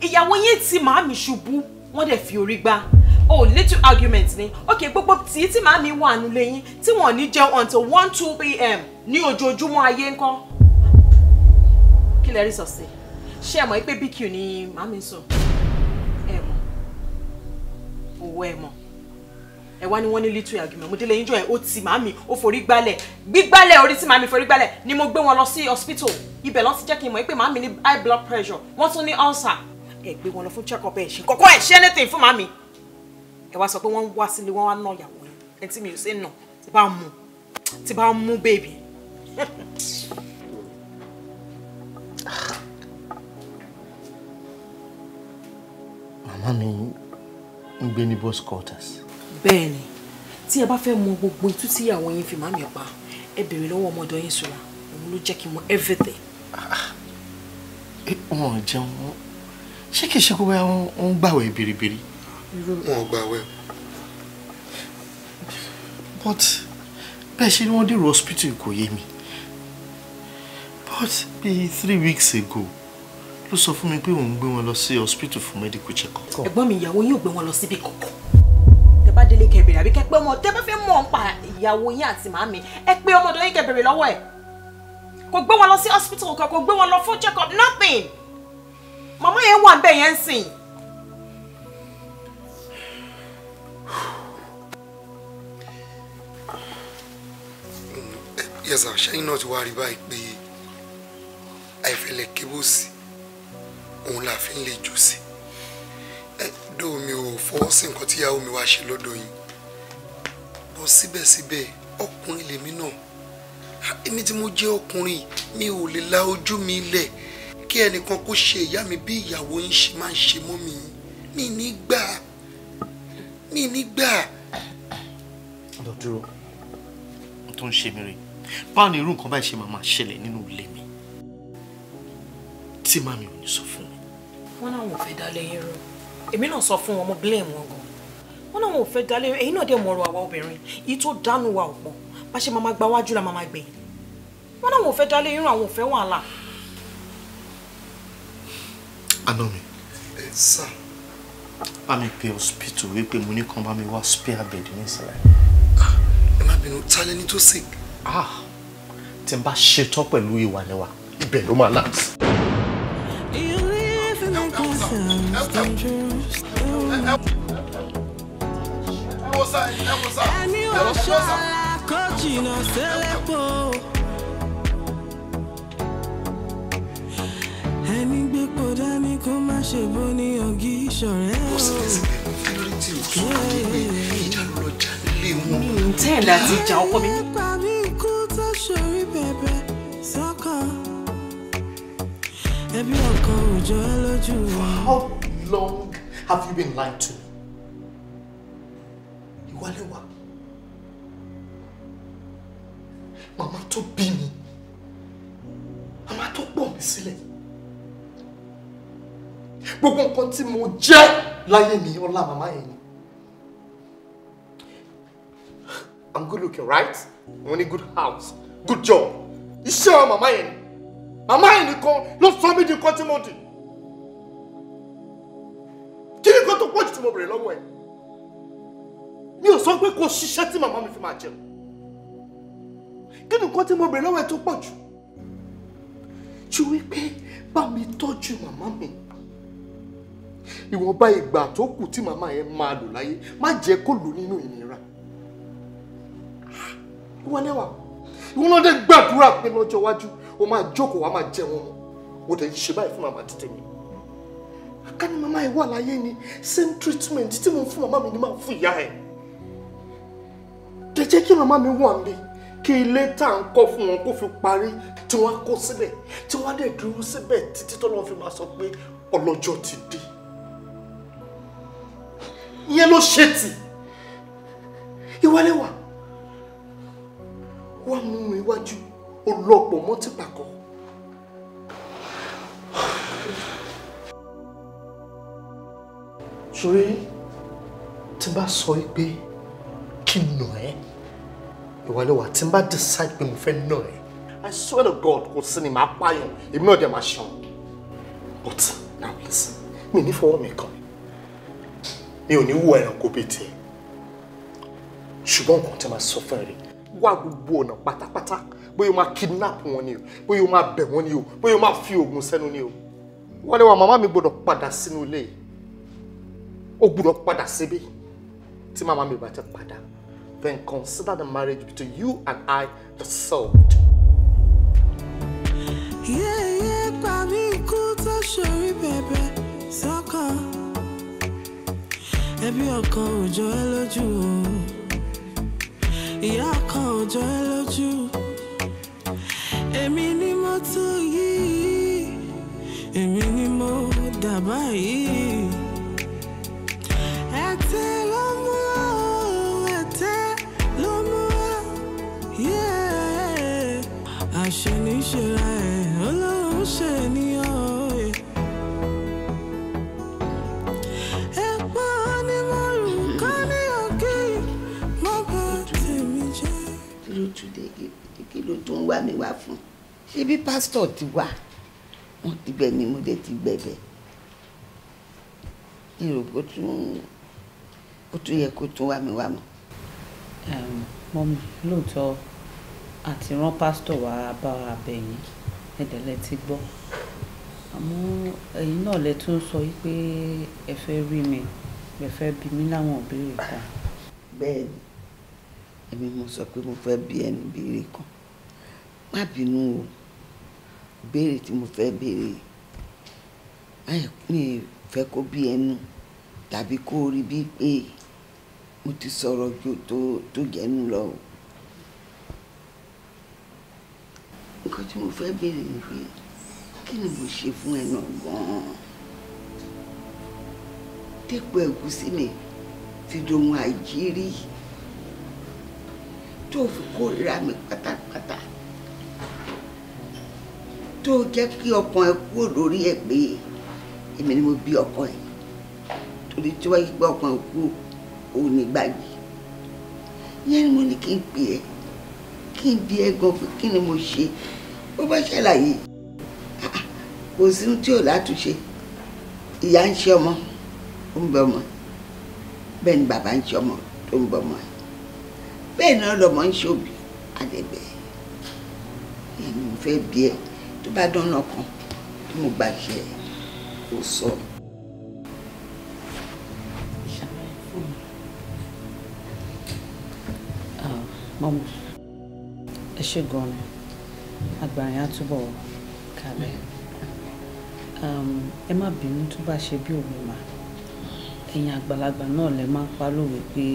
ìyàwó yín ti màmí ṣubú wọ́n dẹ̀ fi orí gbá oh little argument ni ok gbogbo tí tí màá mi wà nílé yín tí wọ́n ní jẹun until one two pm ní ojoojúmọ́ ayé ńkọ́ kí lẹ rí sọ sí ṣé ẹ mọ̀ pé bq ni màá mi sùn ẹ mọ̀ owó ẹ mọ̀ ẹ wá ní wọ́n ní little argument mo délé yín jọ ẹ o ti màá mi ó forí gbálẹ̀ gbígbálẹ̀ orí tí màá mi forí gbálẹ̀ ni mo gbé wọn lọ sí hospital ibẹ̀ lọ́n ti jẹ́ kí n mọ̀ pé màá mi ní high blood pressure wọ́n tún ní ulcer ẹ gbé wọn lọ fún check up ẹ ṣe kọ́kọ́ ẹ ṣe anything fún màmí ẹ wá sọ pé wọ́n wá sílé wọ́n wá ná ìyàwó yín ẹ tí mi ò ṣe nà tí bá mú tí bá mú bèbí. màmá mi ń gbé ní boss quarters. bẹ́ẹ̀ni tí ẹ bá fẹ́ mọ gbogbo itú tí ìyàwó yín fi màmí pa ẹ béèrè lọ́wọ́ ọmọdé yín sọ̀rọ̀ òun ló jẹ́ kí n mọ everything. Ah, ah. wọn ò jẹun ṣé kìí ṣe gbogbo àwọn ń gbàwẹ̀ bèrèbèrè. wọn ò gbàwẹ̀. but bẹ́ẹ̀ ṣe ni wọ́n dèrò hospital kò yé mi but bíi three weeks ago ló sọ fún mi pé òun gbé wọn lọ sí hospital fún medical check up. ẹ̀gbọ́n mi ìyàwó yóò gbé wọn lọ síbi kankan tẹ bá délé kẹbẹrẹ àbí kẹpẹ ọmọ tẹ bá fẹ́ mọ̀ nípa ìyàwó yín àti màámi ẹ pé ọmọdé yín kẹbẹrẹ lọ́wọ́ ẹ kò gbé wọn lọ sí hospital kan kò gbé wọn lọ fún check up nothing màmá yẹn wà bẹ́ẹ̀ yẹn ń sìn. yẹsà ṣẹ́yìn náà ti wá rí báyìí pé àìfẹlẹ kébòsì òun là fi ń lè jù sí dó mi ò fọwọ́ sí nǹkan tíyàwó mi wá ṣe lọ́dọ̀ yìí bọ́ síbẹ̀síbẹ̀ ọkùnrin lèmi náà èmi tí mo jẹ́ ọkùnrin mi ò lè la ojú mi lẹ̀ kí ẹnìkan kó ṣe ìyá mi bí ìyàwó yín ṣe máa ń ṣe mọ́ mi mi nígbà mi nígbà. lọ dúró mo tó ń ṣe mi rè báwo ni irú nǹkan báyìí ṣe máa máa ṣẹlẹ̀ nínú ilé mi tí màmí ò ní sọ fún mi. wọn náà wọn fẹ́ dalẹ̀ yín rọ èmi náà sọ fún wọn mo blame wọn gan wọn náà wọn ò fẹ́ dalẹ̀ èyí náà dẹ̀ mọ̀ ọ̀rọ̀ àwa obìnrin èyí tó dánú wa ò bá ṣe máa máa gba wájú la máa máa gbẹ̀yìn wọn náà wọn ò fẹ́ dalẹ̀ yín rọ àwọn ò wàhálà àná mi. ẹ sà. bá mi pe hospital wípé mo ní kàn bá mi wá spare bed nísìlẹ̀. ẹ má bínú ta lẹni tó Ah, tí n bá ṣetán pẹ̀lú ìwà níwà ibẹ̀ ló máa láti. ẹni ò ṣọ́ra kó jìnnà sẹ́lẹ̀ pọ̀. ẹni gbé pọ̀ dání kó má ṣe bó ní ọ̀gí ìṣọ̀rẹ́ o. síbẹ̀síbẹ̀ kí lórí tí o tún wá ní ìjà ló lọ jà lé wọn. tẹ́ ẹ̀ láti jà ọkọ mi. nípa bí ikú tó ṣorí bẹ̀bẹ̀ sọ́kàn ẹbí ọkàn òjò ẹ lójú wọn. How long have you been lying to me? Ìwálẹ́wà màmá tó bí mi màmá tó pọ̀ mí sílẹ̀ gbogbo nǹkan tí mo jẹ́ láyé mi ọlá màmá yẹn ni i'm good looking right mo ní good house good job iṣẹ́ wa màmá yẹn ni màmá yẹn nìkan ló sọ mí di nǹkan tí mo dì kí ni nǹkan tó pọ̀ jù tí mo bèrè lọ́wọ́ ẹ̀ mi ò sọ pé kò ṣiṣẹ́ tí màmá mi fi máa jẹun kí ni nǹkan tí mo bèrè lọ́wọ́ ẹ̀ tó pọ̀ jù ju wípé bá mi tọ́jú màmá mi ìwọ̀nba ìgbà tó kù tí màmá yẹn máa lò láyé má jẹ́ kó lò nínú ìnira ìwọ lẹ́wà ìwọ náà dé gbàdúrà pé lọ́jọ́ iwájú o máa jókòó wa máa jẹ wọn mọ́ o dẹ̀ ṣe báyìí fún màmá títẹ̀ mi akáni màmá yẹn wà láyé ni same treatment tí mo fún màmá mi ni máa fún ìyá ẹ̀ dẹ̀ kí màmá mi wà mí kí ilé tá à ń kọ́ fún wọn kó fi parí tí wọ́n á kó síbẹ̀ tí wọ́n á dẹ̀ dúró síbẹ̀ títí tọ́lọ́ fi máa sọ pé ọlọ́jọ́ ti dé ìyẹn ló ṣe tì ìwálẹ́wà wà mú iwájú olóòpọ̀ mọ́tìpàkọ́. sórí tí n bá sọ pé kí n nà ẹ́ ìwálẹ́wà tí n bá decide pé mo fẹ́ nà ẹ́ I swear to God kò sí ni màá pààyàn èmi náà dẹ̀ máa ṣan but now listen mi ní fọwọ́ mi kàn mi ò ní wo ẹranko bíi tiẹ̀ ṣùgbọ́n nǹkan tí máa sọ fún ẹ rè wá gbogbo ọ̀nà pátápátá bóyá o máa kidnap wọn ni o bóyá o máa bẹ̀ wọ́n ni o bóyá o máa fi oògùn sẹ́nu ni o wọ́n lé wa màmá mi gbọ́dọ̀ padà sínú ilé yìí ó gbọ́dọ̀ padà síbí tí màmá mi bá ti padà then consider the marriage between you and I the salt. yẹ́ẹ̀yẹ́ gbà kú tó ṣòrí bẹ̀bẹ̀ sọ́kàn ẹbí ọkàn ò jọ ẹ́ lójú o ìyá kan ò jọ ẹ́ lójú èmi ni mo tó yìí èmi ni mo dà báyìí ẹ̀tẹ́ ló mú ọ́ ẹ̀tẹ́ ló mú ọ́ kí ló tó ń wá mi wá fún ibi pásítọ̀ ti wá wọn ti bẹ̀ mí mo dé ti gbẹ̀bẹ̀ èrò kó tún kó tún yẹ kó tún wá mi wá mọ́. mọ́mí lóòótọ́ àti rán pásítọ̀ wá bá wa bẹ̀ yín ẹ̀dẹ̀lẹ̀ ti gbọ́ àmọ́ ẹ̀yin náà lẹ tún sọ pé ẹ fẹ́ rí mi ẹ fẹ́ bí mi láwọn ìbéèrè kan. bẹ́ẹ̀ni èmi mo sọ pé mo fẹ́ bí ẹni béèrè kan má bínú o béèrè tí mo fẹ́ béèrè mi fẹ́ kó bí ẹnu tàbí kó rí bí pé mo ti sọ̀rọ̀ ju tó jẹ́nu lọ o. nǹkan tí mo fẹ́ béèrè ni pé kí ni mo ṣe fún ẹ gan-an tẹ́pọ̀ ẹ̀gúsí mi ti dohun àìjírí tó fi kórìíra mi pátápátá tó jẹ́ kí ọkàn ẹ kúrò lórí ẹ pé èmi ni mo bí ọkọ ẹ torí tí wọ́n yí pé ọkàn ẹ kú òun ní gbàgbé yẹn ni mo ní kí n pè ẹ kí n bí ẹ gan fún kí ni mo ṣe bó bá ṣàlàyé kò sí ohun tí ò látúnṣe ìyá ń ṣe ọmọ ó ń bẹ ọmọ bẹ́ẹ̀ ni bàbá ń ṣe ọmọ tó ń bẹ ọmọ bẹ́ẹ̀ náà lọmọ ń ṣe òbí àdẹ̀bẹ̀ èmi ò fẹ́ bí ẹ tó bá dáná kan tí mo gbàgbé ẹ kò sọ. mọ́mú ẹ ṣe gan-an ni agbàrin á túbọ̀ kalẹ̀ ẹ má bínú tó bá ṣe bí òun mà ẹ̀yin àgbàlagbà náà lè máa pa lówe pé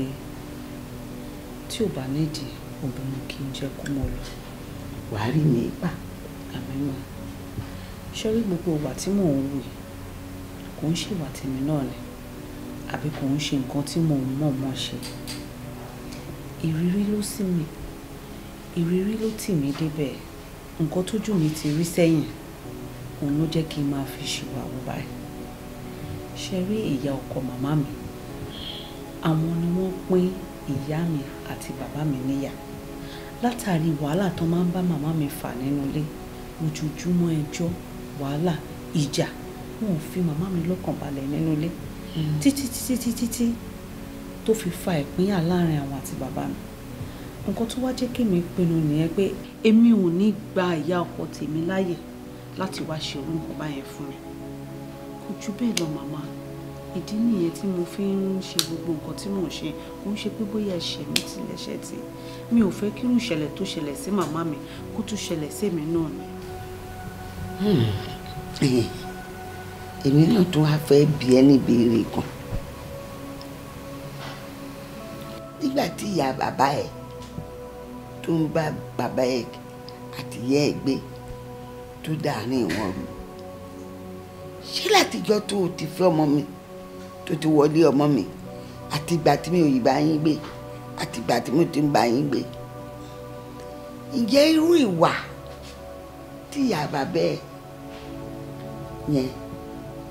tí ò bá nídìí obìnrin kì í jẹ́ kó mọ́ lọ. wàá rí mi pa àmìmọ́ ṣé rí gbogbo ìwà tí mò ń wù kò ń ṣèwà tèmi náà ni àbí kò ń ṣe nǹkan tí mò ń mọ̀ọ́mọ̀ ṣe ìrírí ló sì mí ìrírí ló tì mí débẹ̀ nǹkan tójú mi ti rí sẹ́yìn òun ló jẹ́ kí n máa fi ṣìwàwù báyìí ṣe rí ìyá ọkọ màmá mi àwọn ni wọ́n pín ìyá mi àti bàbá mi níyà látàrí wàhálà tó máa ń bá màmá mi fà nínú ilé ojoojúmọ́ ẹjọ́ wàhálà ìjà wọn ò fi màmá mi lọ́kàn balẹ̀ nínú ilé mm. títí títí títí tí tó fi fa ìpínyà láàrin àwọn àti bàbá mi nǹkan tó wá jẹ́ kí mi pinnu nìyẹn pé èmi ò ní gba ìyá ọkọ tèmi láyè láti wá ṣe irú nǹkan báyẹn fún mi kò jù bẹ́ẹ̀ lọ màmá ìdí nìyẹn tí mo fi ń ṣe gbogbo nǹkan tí mò ń ṣe kò ń ṣe pé bóyá ẹ̀ṣẹ̀ mi tilẹ̀ ṣẹ̀ tí mi ò fẹ́ kírú ìṣẹ̀lẹ̀ tó ṣẹlẹ̀ sí màmá mi kó tún ṣẹlẹ̀ sí èmi náà ni Hmm. Eh, èmi náà tún wá fẹ́ bí ẹni béèrè kan nígbà tí ìyá bàbá ẹ̀ tó ń bá bàbá ẹ̀ àti ìyá ẹ̀ gbé tó dàárín wọn rú ṣé látijọ́ tó o ti fẹ́ ọmọ mi tó ti wọlé ọmọ mi àti ìgbà tí mi ò yìí bá yín gbé àti ìgbà tí mo ti ń bá yín gbé ǹjẹ́ irú ìwà tí ìyá bàbá ẹ̀ yẹn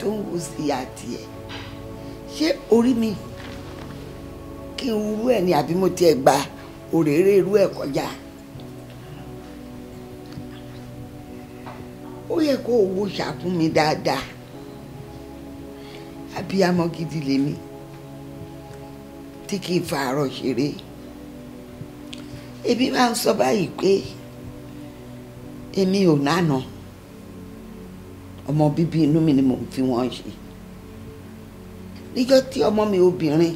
tó ń wo sí adìẹ ṣé orí mi kí n rú ẹ ní àbí mo tiẹ̀ gba òréré irú ẹ kọjá ó yẹ kó o wo ṣàkún mi dáadáa abiyamọ gidi lèmi tí kì í fa àárọ̀ ṣeré ebi máa ń sọ báyìí pé èmi ò nánà ọmọ bíbí inú mi ni mò ń fi wọ́n ṣe níjọ́ tí ọmọ mi obìnrin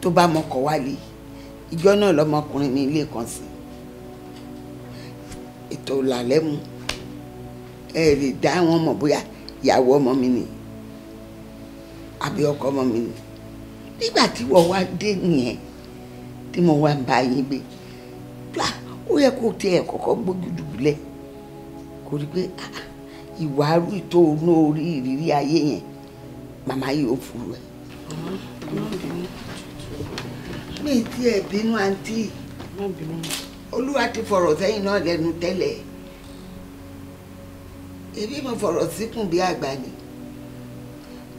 tó bá mọkọ̀ wálé ìjọ́ náà lọ́mọkùnrin ní ilé kan sí ètò làlẹ́mu ẹ lè dá wọn mọ̀ bóyá ìyàwó ọmọ mi ni àbí ọkọ ọmọ mi ni nígbà tí wọ́n wá dé nìyẹn tí mo wá ń bá yín gbé ó yẹ kó tiẹ̀ kọ́kọ́ gbójú dùbúlẹ̀ kò rí pé ah ìwárú ìtò onú orí ìrírí ayé yẹn màmá yóò furu ẹ. mi ti ẹ̀ bínú àǹtí olúwa ti fọ̀rọ̀ sẹ́yìn náà lẹ́nu tẹ́lẹ̀ èmi mo fọ̀rọ̀ síkùn bí àgbà ni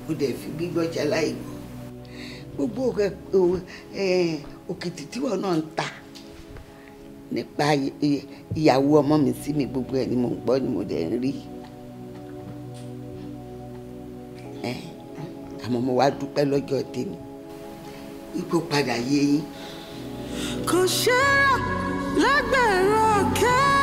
mo dẹ̀ fi gbígbọ́ ṣaláì gbọ́ gbogbo òkìtì tíwọ́ náà ń ta nípa ìyàwó ọmọ mi sí mi gbogbo ẹ̀ ni mo ń gbọ́ ni mo dẹ̀ ń rí i. àmọ́ mo wá dúpẹ́ lọ́jọ́ tèmi ipò padà yé yín. kò ṣe lágbèrò kẹ́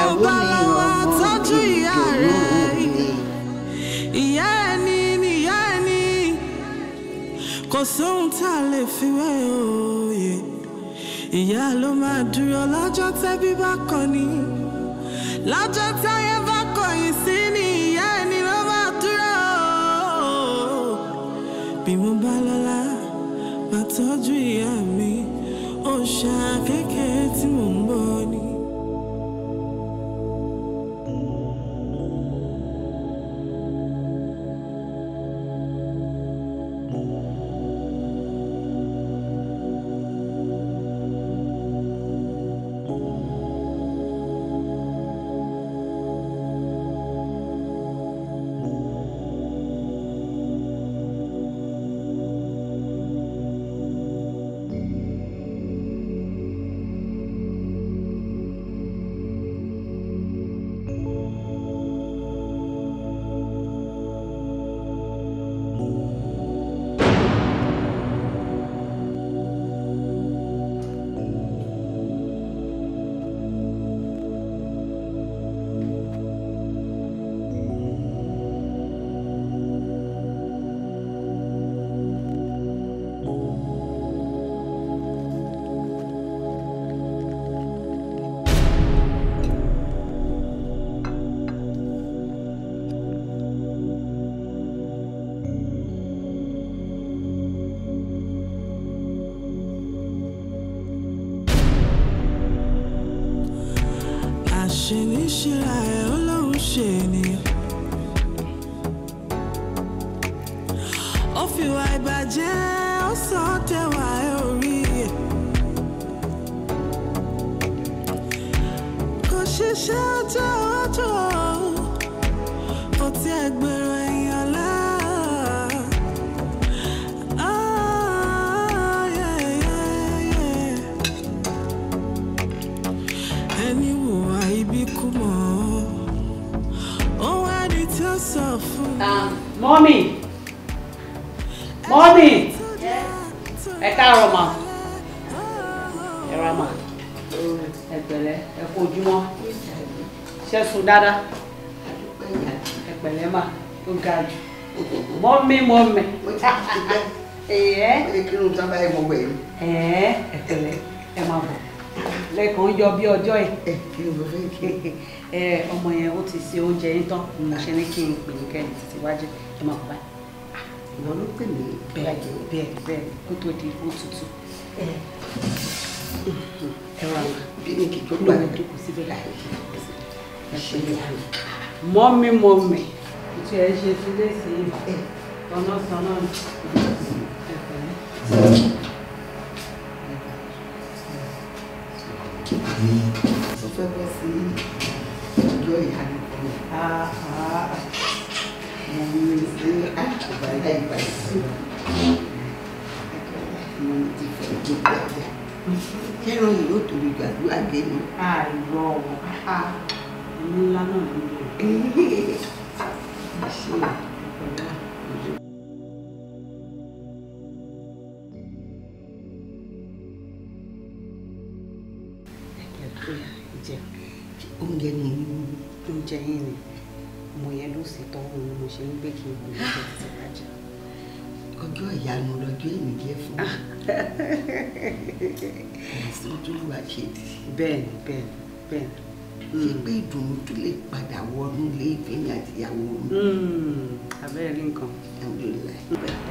ọ́ bó bá wà tọ́jú ìyá rẹ̀ ìyá ẹni níyá ẹni kò sóhun tá a lè fi wé òye ìyá ló máa dúró lọ́jọ́ tẹ́bí bá kọ́ ni lọ́jọ́ tẹ́bí. bí mo bá lọ́lá máa tọ́jú ìyá mi ó ṣá kékeré tí mò ń bọ̀ dada ẹ̀pẹ̀lẹ́ mà ó ga jù mọ́mí mọ́mí. ẹ̀ẹ́ kí ló ń sábà yẹ gbogbo ẹ̀rù. ẹ̀ẹ́ ẹ̀pẹ̀lẹ́ ẹ máa bọ̀ lẹ́kàn ń jọ bí ọjọ́ ẹ̀ ọmọ yẹn ó ti ṣe oúnjẹ yín tán mo ṣe ní kí n pè ní kẹ́ni títí wájú ẹ máa bọ̀ báyìí. ìwọ ló pè mí bẹ́ẹ̀ bẹ́ẹ̀ bẹ́ẹ̀ kó tó di ikú tutù ẹ wà bí mi kì í tó gbà mí dúkùú síbẹ̀ láì mọ́mí mọ́mí tí ẹ ṣe ti lé sí ọ̀nà sọ́nà fẹ́ bọ́ sí ọjọ́ ìhànìkan mo ní sí àkùbáyà ìbàdí mo ti fẹ́ tó gbàgbà kẹrin gbàdúrà gẹ́nu. àìrọ̀ ọ̀hún inú ńlá náà ló ń oúnjẹ ni ló jẹ yín ni mo yẹ ló sì tọ́ ohun mo ṣe ń gbé kí n wọ ìjọ títí rájà. ọjọ́ ìyanu lọ́jọ́ èmi jẹ́ fún mi. [LAUGHS] ẹ̀sìn tó ṣe dì. bẹ́ẹ̀ni bẹ́ẹ̀ni bẹ́ẹ̀ni pípé ìdùnnú tó lè padà wọnú ilé ìfẹ́ mi àti ìyàwó mi. Hmm, abẹ́rẹ́ rí nǹkan.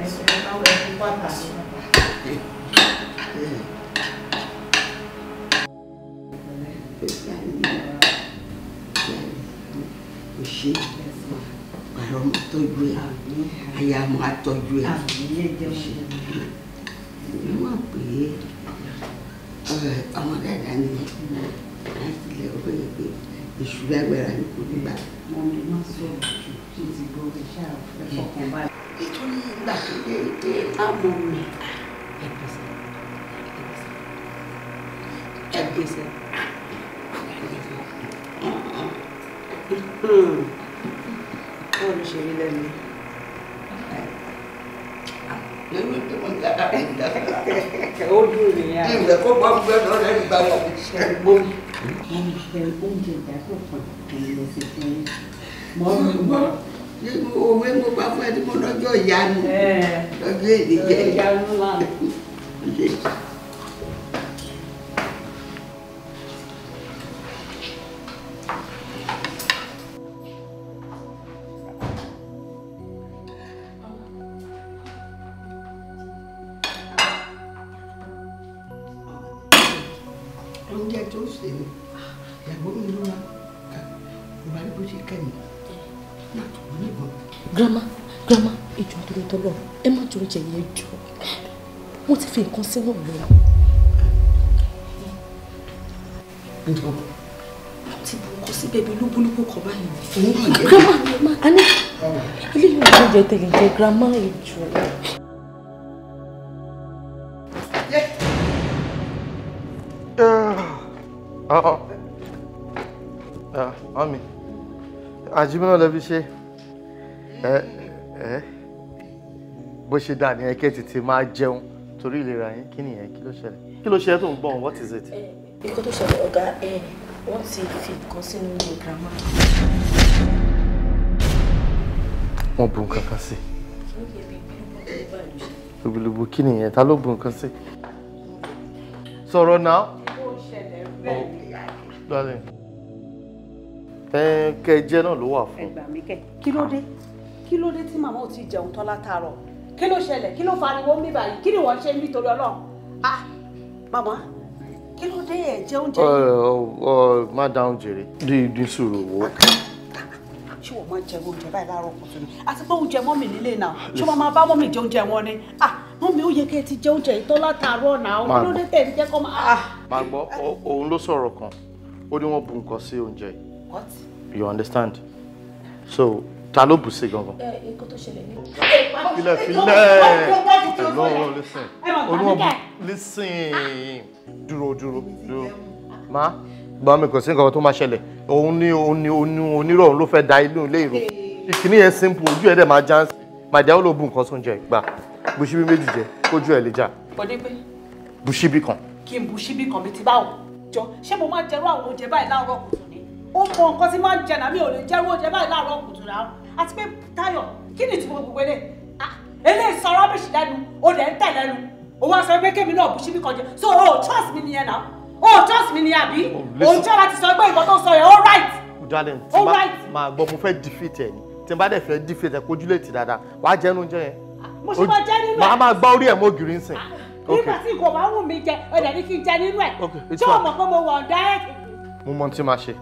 ẹ̀sùn báwo ẹ̀ fún pàtàkì. ṣe pàrọ̀ mọ́ tọ́jú ẹ̀ àyà mọ́ àtọ́jú ẹ̀ ṣe wọ́n pè é àwọn dáadáa ni ìpìlẹ̀ ọkọ yẹ pé èṣù lágbára mi kò nígbà. wọn lè má sọ ọjọ tó ti gbọ́ ẹṣẹ àfọkànbalẹ̀. nítorí ìgbà tó dé dé àmọ́ mi. méjì mo bá fún ẹ tí mo lọ́jọ́ ìyanu lọ́jọ́ èdè jẹ́ ìyanu lánàá. fi nǹkan sínú mi. àti burúkú sí bẹ́ẹ̀ bí lúbúlúbú kan báyìí. grandma grandma ani ilé yóò jẹ́ jẹ́ tẹ̀lé jẹ́ grandma ìjọ. Ah, ah, ah. Mami, àjímọ́ lẹ́bi ṣe ẹ ẹ bó ṣe dà ní ẹ̀kẹ́ tètè máa jẹun torí ìlera yín kí nìyẹn kí ló ṣẹlẹ̀ kí ló ṣẹlẹ̀ tó ń gbọ́n what is it. Eh, eh, nǹkan tó ṣẹlẹ̀ ọ̀gá eh, wọ́n ti fi nǹkan sínú ilé girama. wọ́n bu nǹkan kan sí. lùbìlùbù kí nìyẹn ta ló bu nǹkan sí. sọ̀rọ̀ náà. ó ṣẹlẹ̀ bẹ́ẹ̀ oh, ni kẹjẹ náà ló wà fún. ẹgbà mi kẹ kí ló dé kí ló dé tí màmá ò ti jẹun tán látàárọ̀ kí ló ṣẹlẹ̀ kí ló fariwo ń bí báyìí kí ni wọ́n ṣe ń bí torí ọlọ́run ah màmá kí ló dé ẹ̀ jẹ oúnjẹ. ọ ọ má dáhùn jèrè ní sùúrù wo. ṣé wọ́n máa ń jẹ oúnjẹ báyìí láàárọ̀ kùtù ni àti pé oúnjẹ mọ́mì nílé náà ṣé wọ́n máa bá mọ́mì jẹ oúnjẹ wọn ni ah mọ́mì ó yẹ kẹ́ ẹ ti jẹ oúnjẹ ìtọ́ látàárọ̀ náà kí ló dé tẹ̀ ń jẹ́ kọ́ máa. Ah. Ah. màá gbọ́ òun ló sọ̀rọ̀ kan ó ní wọ́n bu nǹkan sí oúnjẹ. what. you understand so ta ló bù sí gangan. èkó tó ṣẹlẹ̀ ní. filẹ̀ filẹ̀ hello listen olúwa listen dúró dúró dúró má gbọ́n mi kò sí nǹkan tó máa ṣẹlẹ̀ òun ni òun ni onírọ̀ òun ló fẹ́ da inú ilé ìró ìkíní yẹn simple ojú ẹ̀ dẹ̀ máa já sí màdìá ó ló bu nǹkan tó ń jẹ gbà bùsíbí méjì jẹ kójú ẹ̀ lè jà. bọ́dé pé. bùsíbí kan. kí n bùsíbí kan mi ti bá wò jọ ṣé mo máa jẹrú àwọn oúnjẹ báyìí láàárọ̀ kùtù ni ó mọ nǹkan tí máa ń jẹ náà mi ò lè jẹrú oúnjẹ báyìí láàárọ̀ kùtù náà àti pé Táyọ̀ kí ni ìtumọ̀ gbogbo ẹlẹ́ eléyìí sọ rọ́bìṣì lẹ́nu o dẹ̀ ń tẹ̀ lẹ́nu o wá sọ pé kémi náà bùṣí mi kọjá so o trust mi nìyẹn náà o trust mi nìyẹn àbí oh, o jẹ́ láti sọ pé ìwọ tó sọ yẹn all right oh, darling tí bá máa gbọ́ mo fẹ́ defeat ẹ̀ ni tí bá dẹ̀ fẹ́ defeat ẹ̀ kojú lè ti dáadáa wàá jẹ́nu jẹ́ yẹn. mo ṣe máa jẹ́ nínú ẹ̀. màá máa gbá orí ẹ̀ mọ́ ògiri ń sìn. nígbà tí kò bá wù mí jẹ ọ̀dà ní kí n jẹ nínú ẹ̀ tí o mọ̀ pé mo wọ̀ ọ̀dà ẹ̀. mo mọ ohun tí màá ṣe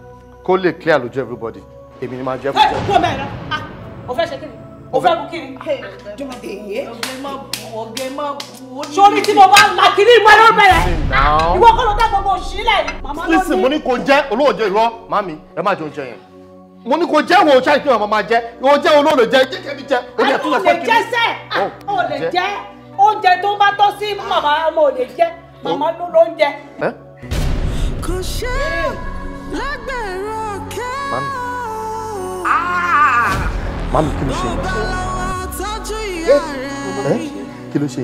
kó lè clear lójú everybody èmi ni màá jẹ́ fún jẹ́ o fẹ́ ṣe kí o fẹ́ bu kí sori tí mo bá la kiri ìmọ̀ ló bẹ̀rẹ̀ ìwọ kọ́ ló gbogbo òṣìlẹ̀ ni. listen mo ní kò jẹ́ olóòjẹ́ irọ́ màmí ẹ má jẹun jẹ yẹn mo ní kò jẹ́ wo ṣáà kí wọn máa jẹ o jẹ́ olóòlò jẹ jẹ́ kẹ́mi jẹ o lè tún lọ sẹ́kìrì. a ò lè jẹ́ sẹ́ lè jẹ́ oúnjẹ tó bá tọ́ sí màmá ọmọ lè jẹ́ màmá ló ló ń jẹ. kò ṣe é lágbèrè òkè mami kí ló ṣe ẹ kí ló ṣe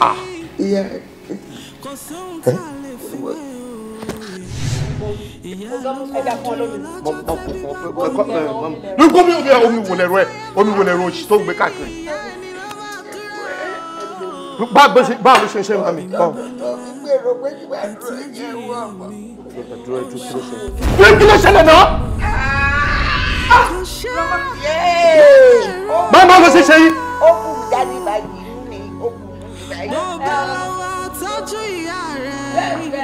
ah ìyá ẹ lórúkọ mi omi omi wò lẹ́rọ ẹ omi wò lẹ́rọ oṣù tó ń gbé káàkiri báwo ló ṣe ń ṣe mami báwo. kí ló ṣẹlẹ̀ náà bá bá bó ṣe ṣe yìí. ó kù jáde báyìí inú ni ó kù mú mi báyìí. mo bá lọ́wọ́ tọ́jú ìyá rẹ̀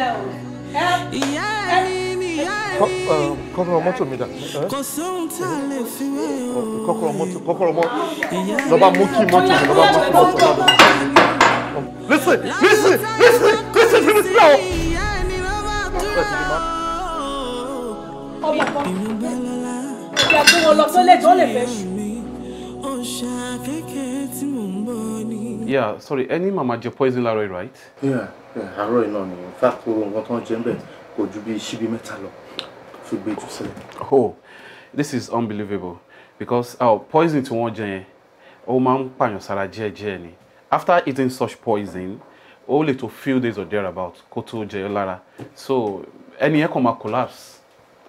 ìyá ẹni ni ìyá ẹni. kọ́kọ́rọ́ mọ́tò mi dà. kò sóhun tá a lè fi wé o. kọ́kọ́rọ́ mọ́tò kọ́kọ́rọ́ mọ́tò lọ́ba mú kí mọ́tò mi lọ́ba mú kí mọ́tò mi. listen listen listen listen to this now. ọmọ kan lọ kó wọn lọ sólè tó lè fẹ́ ṣù. Yeah, sorry, any mama jẹ poison láàárọ̀ yìí, right? Yeah, yeah, àárọ̀ yìí náà ni. In fact, gbogbo nǹkan tó ń jẹ ń bẹ̀ kò ju bíi ṣíbí mẹ́ta lọ. Fi gbé jù sílẹ̀. Oh, this is unbelievable because our oh, poison tí wọ́n jẹ yẹn, ó máa ń pààyàn sára jẹ́ẹ̀jẹ́ẹ̀ ni. After eating such poison, ó lè tó few days or thereabout kó tó jẹyọ lára. So, ẹni yẹn kàn máa collapse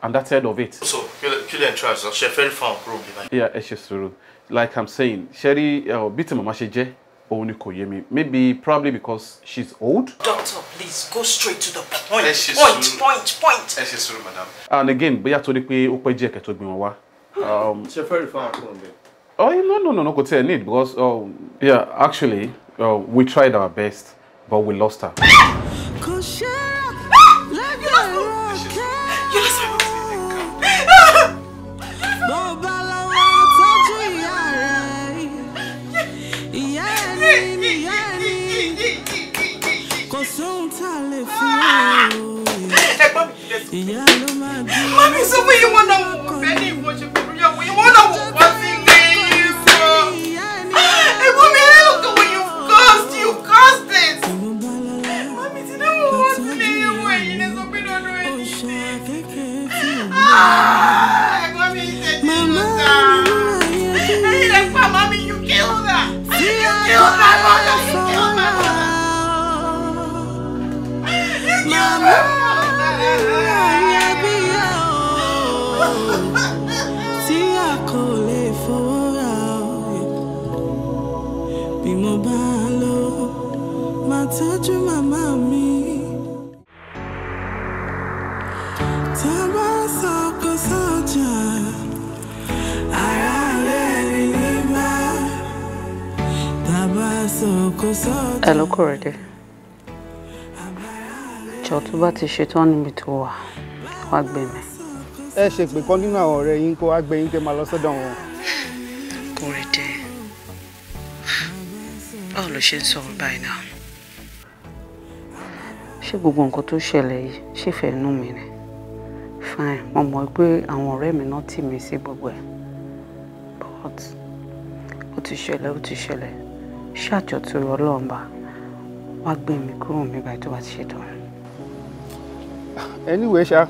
and that's end of it. so kílẹ̀ ń tra ṣe ṣe fẹ́ẹ́ fa òkúrò yeah it's just true. like i'm saying ṣẹ́rí bí bit of ṣe jẹ́ òun ni maybe probably because she's old. doctor please go straight to the point point point point. ẹ ṣe sùúrù madam. and again bóyá torí pé ó pẹ́ díẹ̀ kẹ́tọ́ gbé wọn wá. ṣe fẹ́ẹ́ fa òkúrò oh no no no no kò tiẹ̀ need because um, yeah actually uh, we tried our best but we lost her. kò ṣe é lẹ́gbẹ̀ẹ́ sóhun tá a lè fi ah! ẹ̀gbọ́n mi ìyá ló máa gbé. mọ́mí sọ fún yín wọ́n náà wò wọ́n fẹ́ ní ìwọ̀n ṣe Kòrédé jọ tó bá ti ṣetán níbi tó wà wá gbé mi. ẹ ṣe pé kan nínú àwọn ọ̀rẹ́ yín kó wá gbé yín kẹ́ máa lọ sọ́dọ̀ wọn. Kòrédé báwo ló ṣe ń sọ̀rọ̀ báyìí náà ṣé gbogbo nǹkan tó ṣẹlẹ̀ yìí ṣèfẹ́ inú mi ni fine mo mọ̀ pé àwọn ọ̀rẹ́ mi náà tì mí sí gbogbo ẹ̀ but ó ti ṣẹlẹ̀ ó ti ṣẹlẹ̀ ṣáàjọ tó rọ ọlọ́run bá wá gbé mi kúrò mi tó bá ti ṣetán. anyway ṣá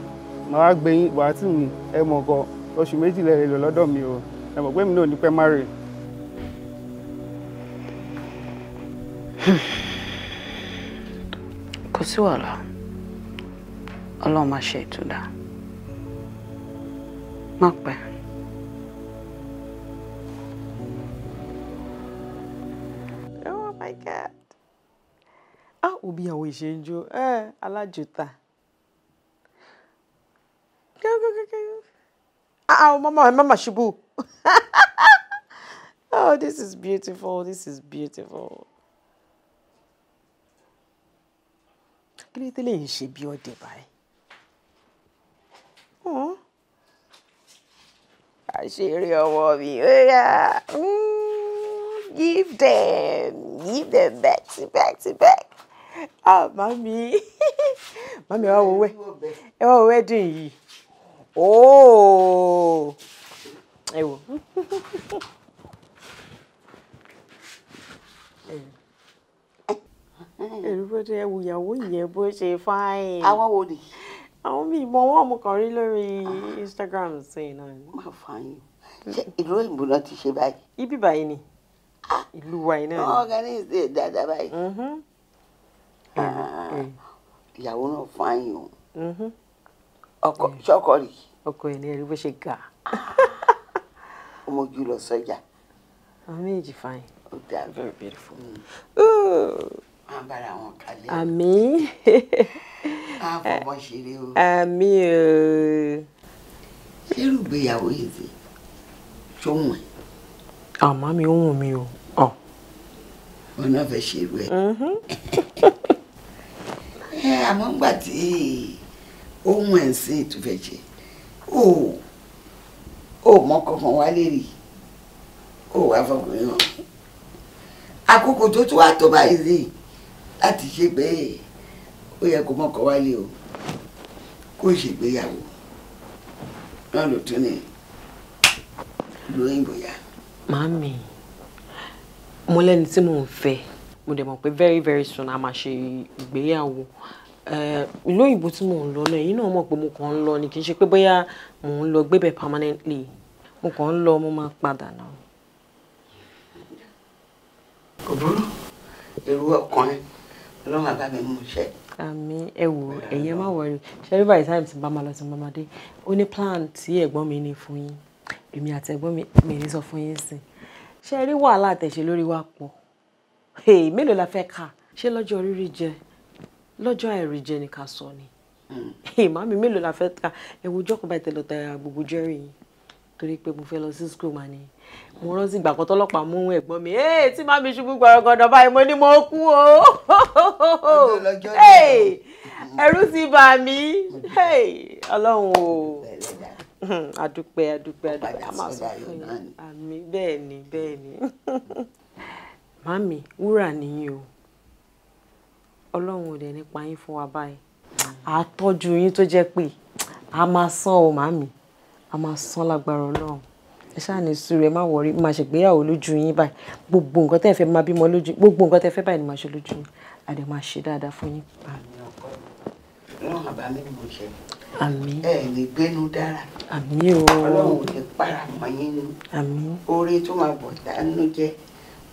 màá wá gbé yín wàá tì mí ẹ mọ̀ gan oṣù méjì lẹ́rẹ̀ẹ́ lọ lọ́dọ̀ mi o ẹ mọ̀ pé mi náà ní pẹ́ má rè. kò sí wàhálà ọlọ́run máa ṣe ìtúdà má pẹ́. wo bí àwọn ìṣe ẹ alájòta ah, oh, mama mama ṣubú [LAUGHS] oh this is beautiful this is beautiful kí ló dé lè ń ṣe bí ọdẹ báyìí hmm? àṣírí ọmọ mi óyá hmm, give them give them back to back to back. [LAUGHS] ah mami [LAUGHS] mami ẹ wá wo wẹ ẹ wá wo wedding yìí ooo oh. ẹ wò èrúbọdé [LAUGHS] ẹ wò ìyàwó ìyẹn bó ṣe fáìn. àwọn wo ni. àwọn mi ìmọ̀ wọn mo kàn rí lórí Instagram sẹ́yìn náà. má fààyàn ṣe ìlú òyìnbó náà ti ṣe báyìí. ibi báyìí ni ah. ìlú wa yìí náà. wọ́n organize dáadáa báyìí. Mm-hmm. Mm-hmm. ìyàwó náà fáyìn o mm-hmm. ọkọ mm. ṣọkọ rí. ọkọ yẹn ni ẹrí bó ṣe ga. [LAUGHS] ọmọ ojú lọ sọjà. àwọn méjì fáyìn. ó dáa very beautiful. Mm. máa bára wọn kalẹ̀. àmín. [LAUGHS] máa fọwọ́ ṣeré o. [LAUGHS] àmín o. ṣé ìgbéyàwó yìí ti ṣóhun ẹ̀. àmọ́ ah, mi ò wù mí o. wọn oh. náà fẹ́ ṣerú ẹ̀. Mm-hmm ẹ àmọ́ ńgbà tí ohun ẹ̀sìn ìtúfẹ̀jẹ̀ ò ò mọ kankan wálé rí ò wá fọkùnrin hàn àkókò tó tún wá tó báyìí rí láti ṣe pé ó yẹ kó mọ́kọ wálé o kó ṣègbéyàwó náà ló tún ní lóyìnbó yá. màámi mo lẹ́ni tí mò ń fẹ́ mo dẹ̀ mọ̀ pé very very soon a máa ṣe ìgbéyàwó Eh, ìlú òyìnbó tí mò ń lọ náà èyí náà mọ̀ pé mo kàn ń lọ ni kì í ṣe pé bóyá mò ń lọ gbébẹ̀ permanently mo kàn ń lọ mo máa padà náà. kò burú èrò ọkàn ẹ ọlọ́run àbá mi mú iṣẹ́. àmì ẹ wò ẹ̀yẹ má wọrí ṣẹ́rí by the time tí bá máa lọ sí bàmá dé ó ní plan tí ẹ̀gbọ́n mi ní fún yín èmi àti ẹ̀gbọ́n mi ní sọ fún yín sí ṣẹ́rí wàhálà àtẹ̀ṣe lórí wa pọ̀ mélòó la fẹ́ kà ṣé lọ́jọ́ orí rí jẹ́ lọ́jọ́ àìríjẹ ni ká sọ ni hmm. [LAUGHS] màmí mélòó la fẹ́ ta ẹ̀wọ̀n ojú ọkọ̀ báyìí tẹ̀lé ọ̀tá gbogbo jẹ́rìí yìí torí pé mo fẹ́ lọ sí school màá ni mo rántí ìgbà kan tọ́lọ́pàá mú ẹ̀gbọ́n mi ee tí màmí ṣubú gbọ̀rọ̀gọ̀dọ̀ báyìí mo ní mo kú o ẹ̀rù sì bà mí ọlọ́run o [LAUGHS] adúpẹ́ adúpẹ́ adúpẹ́ a máa sọ fún yín bẹ́ẹ̀ ni bẹ́ẹ̀ ni [LAUGHS] màmí wúrà nìyí o ọlọ́run ò dẹ̀ nípa yín fún wa báyìí àtọ́jú yín tó jẹ́ pé a máa san o màmí a máa san lágbára ọlọ́run ẹ ṣáà ní sùúrù ẹ má wọrí máa ṣègbéyàwó lójú yín báyìí gbogbo nǹkan tẹ́ ẹ fẹ́ máa bímọ lójú gbogbo nǹkan tẹ́ ẹ fẹ́ báyìí ni máa ṣe lójú yín a dẹ̀ máa ṣe dáadáa fún yín. àmín ẹ lè gbénu dára àmín o ọlọ́run ò lè para mọ́ yín nínú oore tó máa bọ̀ dánú jẹ́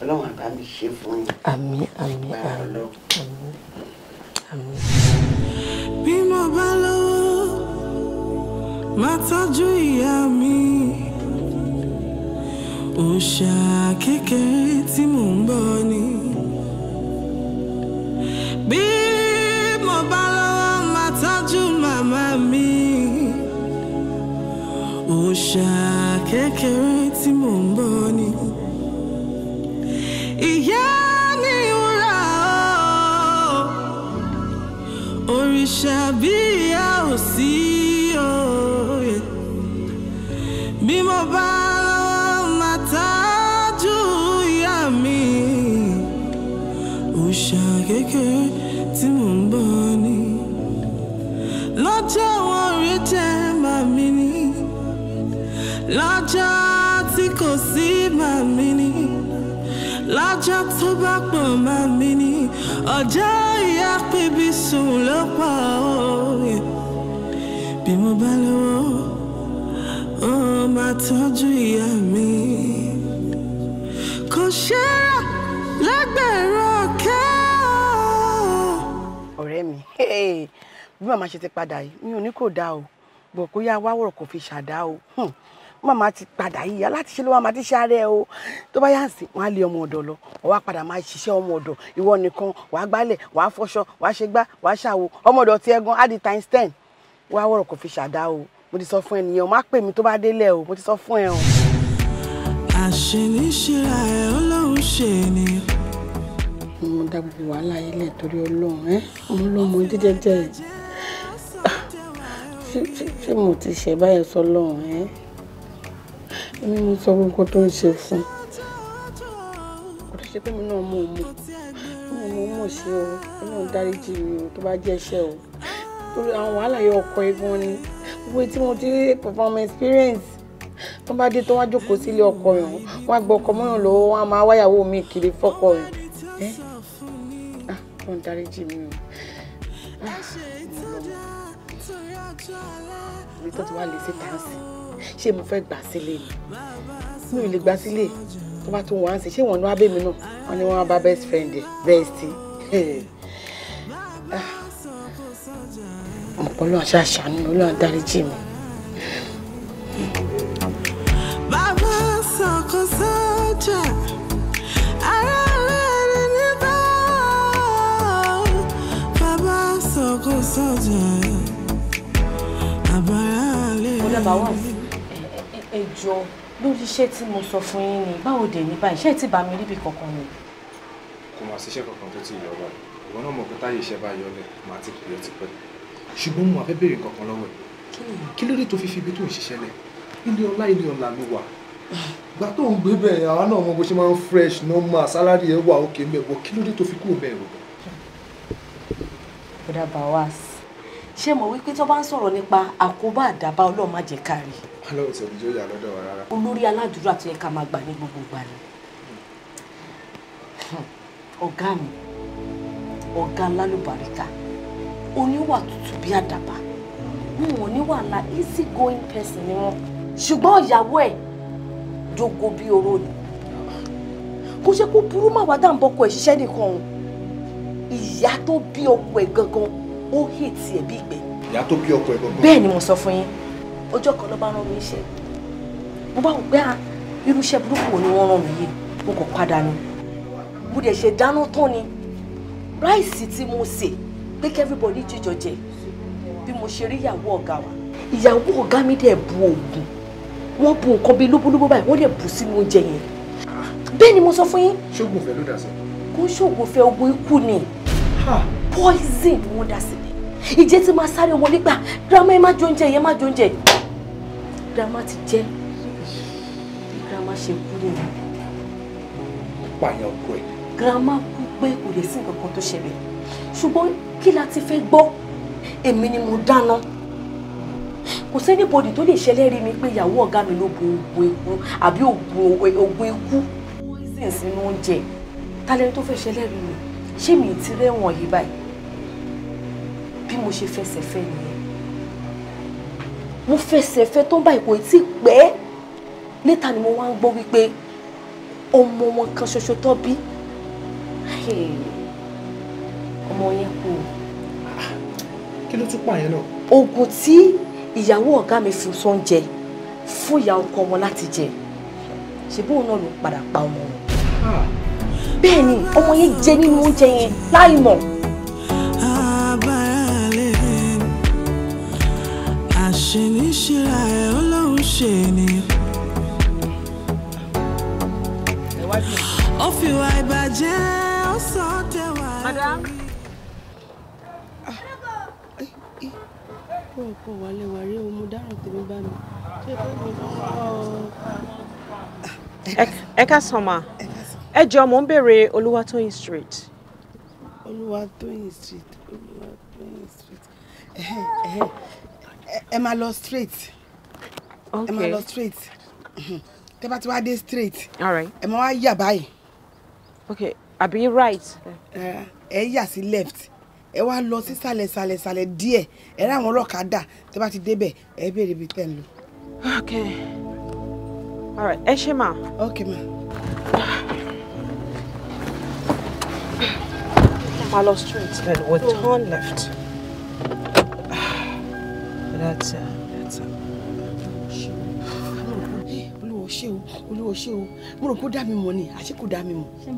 ọlọ́run àbá mi ṣe fún yín. àmín àmín àmín àmín. bí mo bá lówó máa tọ́jú ìyá mi òòṣà kékeré tí mò ń bọ̀ ni. bí mo bá lówó máa tọ́jú màmá mi òòṣà kékeré tí mò ń bọ̀. ṣàbí ìyá ò sí òye bí mo bá lọ́wọ́ máa tájú ìyá mi òòṣà kékeré tí mò ń bọ̀ ni lọ́jọ́ wọn rí jẹ́ màmí ni lọ́jọ́ tí kò sí màmí ọjọ́ tó bá pọ̀ máa mi ní ọjọ́ ìyá pébi sùn ló òye bí mo bá lówó ó máa tọ́jú ìyá mi kò ṣe é lágbẹ̀rọ kẹ́ ọ́. ọ̀rẹ́ mi bí màmá ṣe ti padà yìí mi ò ní kò dáa o bọ̀ kó yá wáwọ̀rọ̀ kò fi ṣàdá o. Hmm màmá ti padà yíya láti ṣe ló máa ti ṣàárẹ̀ o tó bá yà ń sìn wọn á lé ọmọ ọ̀dọ̀ lọ ọ padà máa ṣiṣẹ́ ọmọ ọ̀dọ̀ ìwọ nìkan wàá gbálẹ̀ wàá fọṣọ wàá ṣe gbá wàá ṣàwo ọmọ ọ̀dọ̀ tiẹ̀ gan á times ten wàá wọ̀rọ̀ kò fi ṣàdá o mo ti sọ fún ẹnìyàn má pè mí tó bá délẹ̀ o mo ti sọ fún ẹ o. àṣeníṣera ẹ ọlọ́run ṣe ni. mo dá gbogbo wàhálà yìí lẹ̀ torí ọlọ́run ẹ ọlọ́mọ èmi mo sọ gbogbo tó ń ṣe fún kò tó ṣe pé mi náà mọ òmu mo mọ mọ ṣe o ó náà dáríjì mi o tó bá jẹ́ iṣẹ́ o torí àwọn wàhálà yẹ ọkọ egun ni gbogbo tí mo ti rí perform experience tó bá dé tó wá jókòó sílé ọkọ rẹ̀ wọ́n á gbọ́ ọkọ mọ́yàn lọ́wọ́ wọ́n á máa wáyàwó mi kiri fọ́kọ rẹ̀ ẹ́ ah tó ń dáríjì mi o ah mo lọ ibi tó ti wá lè ṣe tàǹsì ṣé mo fẹ́ gbà sílé ni mi ò lè gbà sílé tó bá tó wọ́n á sí ṣé wọ́n ní wá bẹ́ẹ̀ mi náà wọ́n ní wọ́n á bá best friend ẹ̀ bẹ́ẹ̀sì. Ah. ọlọ́run ṣàṣàánú ọlọ́run dáríjì mi. bàbá sọkò sọ́jà ara rẹ̀ ní bá bàbá sọkò sọ́jà ẹ jọ lórí iṣẹ́ tí mo sọ fún yín ni báwo dẹ̀ ní báyìí iṣẹ́ ti bá mi ríbi kankan ni. kò máa ṣiṣẹ́ kankan tó ti yọ báyìí ìwọ náà mọ̀ pé táyé iṣẹ́ bá yọlẹ̀ màá ti pè é tipẹ́ ṣùgbọ́n mo àfẹ́ béèrè kankan lọ́wọ́ ẹ̀ kí ló dé tó fi fi ibi tó ń ṣiṣẹ́ lẹ̀ ilé ọlá ilé ọ̀la ló wà. [LAUGHS] ìgbà tó ń gbé bẹ́ẹ̀ àwa náà mọ bó ṣe máa ń fresh normal salary ẹ̀ wà òkè mẹ́wọ̀ kí ló dé tó fi kúrò bẹ́ẹ̀ rò. bọ́dà sí ṣé mọ̀ wípé tó bá ń sọ̀rọ̀ nípa àkóbá àdábá ọlọ́run má jẹ́ kárí. ọlọ́run tẹ̀lé yóò yà lọ́dọ̀ wa rárá. olórí aládùúrà tó yẹ ká máa gbà ní gbogbo ìgbà ni. Hmm. ọ̀gá mi ọ̀gá lálùbáríkà oníwà tútù bí àdàbà wọn ò ní wàhálà easy going person ni wọn ṣùgbọ́n ìyàwó ẹ̀ jogo bí oró ni kò ṣe kó burú má wá dáǹbọ̀kọ̀ ẹ̀ ṣiṣẹ́ nìkan o ìyá tó bí ọkọ ẹ̀ gangan ó hì tí ẹbí ìgbẹ́. ìyá tó bí ọkọ ẹ gbọgbọ. bẹ́ẹ̀ ni mo sọ fún yín ọjọ́ kan ló bá rán mi iṣẹ́ mo bá wò pé ah, irú iṣẹ́ burúkú wo ni wọ́n rán mi yìí mo kàn padà ni mo dẹ̀ ṣe dáná tán ni ráìsì tí mo sè pé kí everybody jíjọ jẹ bí mo ṣe rí ìyàwó ọ̀gá wa ìyàwó ọ̀gá mi dẹ̀ bu oògùn wọ́n bu nǹkan bíi lóbólóbó báyìí wọ́n dẹ̀ bù sínú oúnjẹ yẹn bẹ́ẹ̀ ni mo sọ fún yín. ṣoògùn fẹ́ ló dà sí. kó ṣoògùn fẹ́ ogun ikú ni poison ni wọ́n dà sí ìjẹ́ tí máa sáré wọlé gbà girama ẹ má jẹ oúnjẹ ìyẹn má jẹ oúnjẹ girama ti jẹ girama ṣe kú ni. pààyàn ọkọ ẹ. girama kú pé kò lè sí nǹkan kan tó ṣẹlẹ̀ ṣùgbọ́n kí la ti fẹ́ gbọ́ èmi ni mo dáná kò sẹ́nìbọ̀dì tó lè ṣẹlẹ̀ rí mi pé ìyàwó ọ̀gá mi ló bu oògùn ikú àbí oògùn ikú poison sínú oúnjẹ ta lẹni tó fẹ́ ṣẹlẹ̀ rí mi ṣé mi ì ti rẹ́wọ̀n yìí báyìí bí mo ṣe fẹsẹ̀ fẹ́ nìyẹn mo fẹsẹ̀ fẹ́ tó bá ìkò tí pẹ́ níta ni mo wá ń gbọ́ wípé ọmọ wọn kan ṣoṣo tó bí ọmọ yẹn kú. kí ló tún pààyàn náà. oògùn tí ìyàwó ọ̀gá mi fi sọ ń jẹ fún ìyá ọkọ wọn láti jẹ ṣebí òun náà ló padà pa ọmọ wọn. Ah. bẹ́ẹ̀ ni ọmọ yẹn jẹ nínú oúnjẹ yẹn láì mọ̀. ṣe ní ṣíra ẹ̀ ọlọ́run ṣe ó fi wá ìbàjẹ́ ó sọ ọ́ tẹ̀wá ẹ̀ ẹ ká sàn mà ẹ jọ mò ń béèrè Olúwatóyìn street. Olúwatóyìn street Olúwatóyìn street ẹ máa lọ straight ẹ máa lọ straight [CLEARS THROAT] tẹ bá ti wá dé straight ẹ máa wá yà báyìí. ok àbí right. ẹ yà sí left ẹ wá lọ sí sàlẹ̀ sàlẹ̀ sàlẹ̀ díẹ̀ ẹ ráwọn ọlọ́kadà tẹ bá ti débẹ̀ ẹ béèrè ibi tẹ̀ ń lọ. ok all right ẹ ṣe máa. ok ma. Malo Street, then we turn left dáadáa. olúwo ṣé o olúwo ṣé o mo rò kó dá mi mọ̀ ni àṣé kò dá mi mọ̀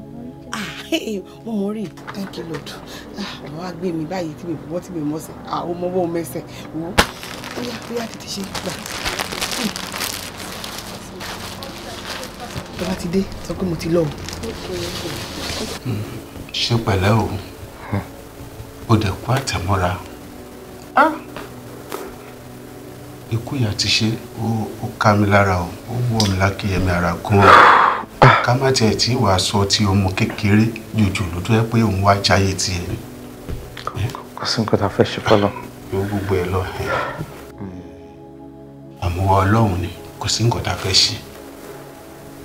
mo mọ̀ rí thank you lord àwọn agbé mi báyìí tí mi bọ́ tí mi mọ̀ sẹ̀ àwọn ọmọ ọwọ́ mẹsẹ̀ wò ó yá ó yá tètè ṣe gbà. tó bá ti dé sọ pé mo ti lọ o. ṣe pẹ̀lẹ́ o ó dẹ̀ kú àtẹ̀mọ́ra. ah ikú ìyá ti ṣe ó ká mi lára o ó wọ̀ mí lákìyẹmí ara gan-an ká má tiẹ̀ tí wàá sọ ti ọmọ kékeré jòjòló tó yẹ pé òun wá jáyé tiẹ̀ ni. kò sí nǹkan tá a fẹ́ ṣe fọlọ́. yóò gbogbo ẹ lọ ẹ àmúwá ọlọ́run ni kò sí nǹkan tá a fẹ́ ṣe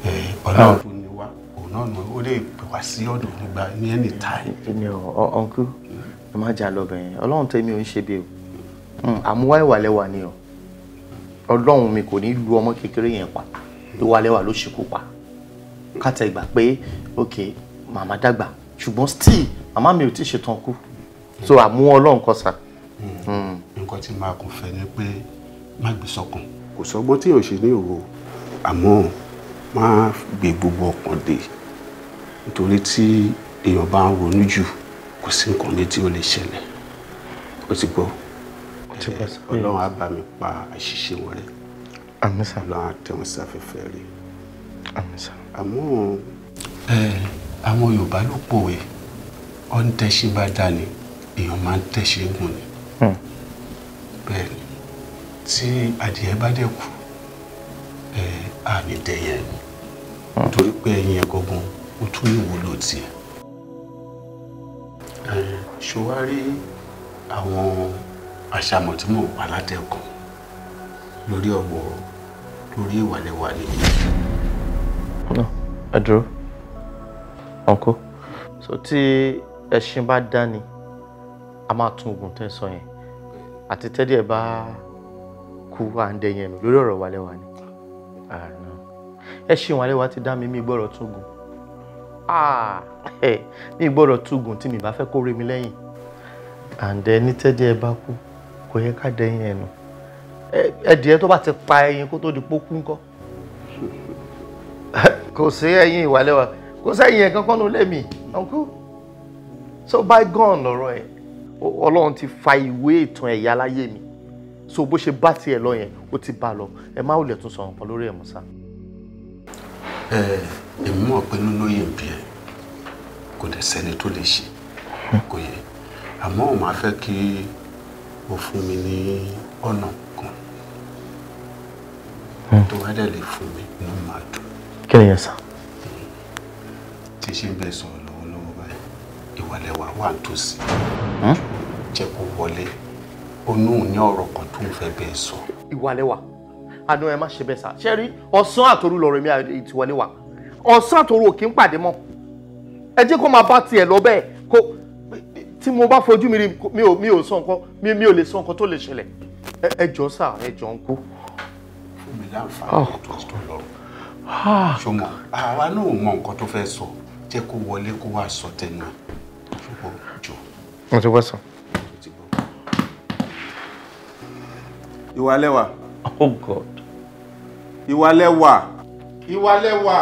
ẹ ọlọ́run tó ah. ní wá òun náà ni ó lè pè wá sí ọ̀dọ̀ nígbà ní ẹnì táì. èmi ò ọ̀nkú ẹ má jà lọ bẹ̀yẹn ọlọ́run tẹ́ mi ò ń ṣe bí o hmm, àmúwá ìwà lẹ́wà ni o ọlọ́run mi kò ní lu ọmọ kékeré yẹn pa ìwàlẹ́wà ló ṣekú pa kátà ìgbà pé ok màmá dàgbà ṣùgbọ́n still màmá mi ò tí ì ṣetán kú so àmú ọlọ́run kan sà. Hmm. nǹkan tí màá kò fẹ́ ni pé má gbé sọ́kàn. kò sọ́gbọ́n tí yóò ṣe ní òru àmọ́ má gbé gbogbo ọkàn dé nítorí tí èèyàn bá ń ronú jù kò sí nǹkan létí ó lè ṣẹlẹ̀ ó ti gbọ́ ọlọ́run á bá mi pa àṣìṣe wọn rẹ ọlọ́run á tẹ̀ wọ́n sáfẹ́fẹ́ rẹ. àmọ́. àwọn yorùbá ló pòwe ọ́n tẹ́ṣin bá dà ní èèyàn máa ń tẹ́ṣin gùn ni hmm. bẹ́ẹ̀ tí adìyẹ bá dẹ̀ kú àmì dẹ̀yẹ hmm. nítorí pé ẹyin ẹ̀gọ́gun ó tún ìwúlò tiẹ̀ ṣùwárí àwọn àṣàmọ̀ tí mò ń pa látẹ̀kọ̀ lórí ọ̀wọ́ lórí ìwàlẹ̀wàlẹ̀. ẹ dúró ọ̀nkó so tí ẹṣin bá dání a máa tún oògùn tẹ́ sọ yẹn àti tẹ́dí ẹ̀ bá kú àǹdẹ yẹn nù lórí ọ̀rọ̀ wàlẹ́wà ni ẹṣin wàlẹ́wà ti dá mi mi gbọ́dọ̀ tún gùn ah, [LAUGHS] mi gbọ́dọ̀ tún gùn tí mi bá fẹ́ kó re mi lẹ́yìn àǹdẹ ní tẹ́dí ẹ̀ bá kú kò yẹ ká dẹyìn ẹnu ẹdìẹ tó bá ti pa ẹyin kó tó di pókú ńkọ́ [LAUGHS] kò sí ẹyin ìwàlẹ̀ wa kò sẹ́yìn ẹ̀kan kọ́nu lẹ́mìí uncle so by gone lọ́rọ̀ ẹ̀ ọlọ́run ti fa ìwé ìtàn ẹ̀yà aláyé mi so bó ṣe bá tiẹ̀ lọ yẹn ó ti bá lọ ẹ má wulẹ̀ tún sọ̀rọ̀ pọ̀ lórí ẹ̀ Musa. ẹ èmi mọ̀ pé nínú yìí ń bí ẹ kò dẹ̀ sẹ́ni tó lè ṣe hmm. kò yẹ àmọ́ ò máa fẹ́ kí ó fún mi ní ọ̀nà kan hm. tó wá dẹ̀ lè fún mi ní màá dùn. kí ni yẹn sà. tí ṣe ń bẹ sọ̀rọ̀ lọ́wọ́lọ́wọ́ báyìí ìwàlẹ̀ wa wà nítòsí hm? jẹ́ kó wọlé onú ní ọ̀rọ̀ kan tó ń fẹ́ bẹ́ẹ̀ sọ. ìwàlẹ̀ wa àná ẹ má ṣe bẹ́ẹ̀ sà ṣe rí ọ̀sán àtòru lọ̀rọ̀ mi ìtìwọlé wa ọ̀sán àtòru ò kí ń pàdé mọ́ ẹ jẹ́ kó máa bá tiẹ̀ lọ bẹ́ẹ̀ kó tí mo bá fojú mi rí mi ò mi ò sọ nǹkan mi mi ò lè sọ nǹkan tó lè ṣẹlẹ̀ ẹ jọ sà ẹ jọ ń kú. fún mi láǹfààní ah. tó tó lọ ah. ṣọmọ àwa náà ò mọ nǹkan tó fẹ́ sọ jẹ́ kó wọlé kó wá sọ tẹnu ṣùgbọ́n jọ. mo ti wá sàn. ìwàlẹ́wà. oh god. ìwàlẹ́wà. ìwàlẹ́wà.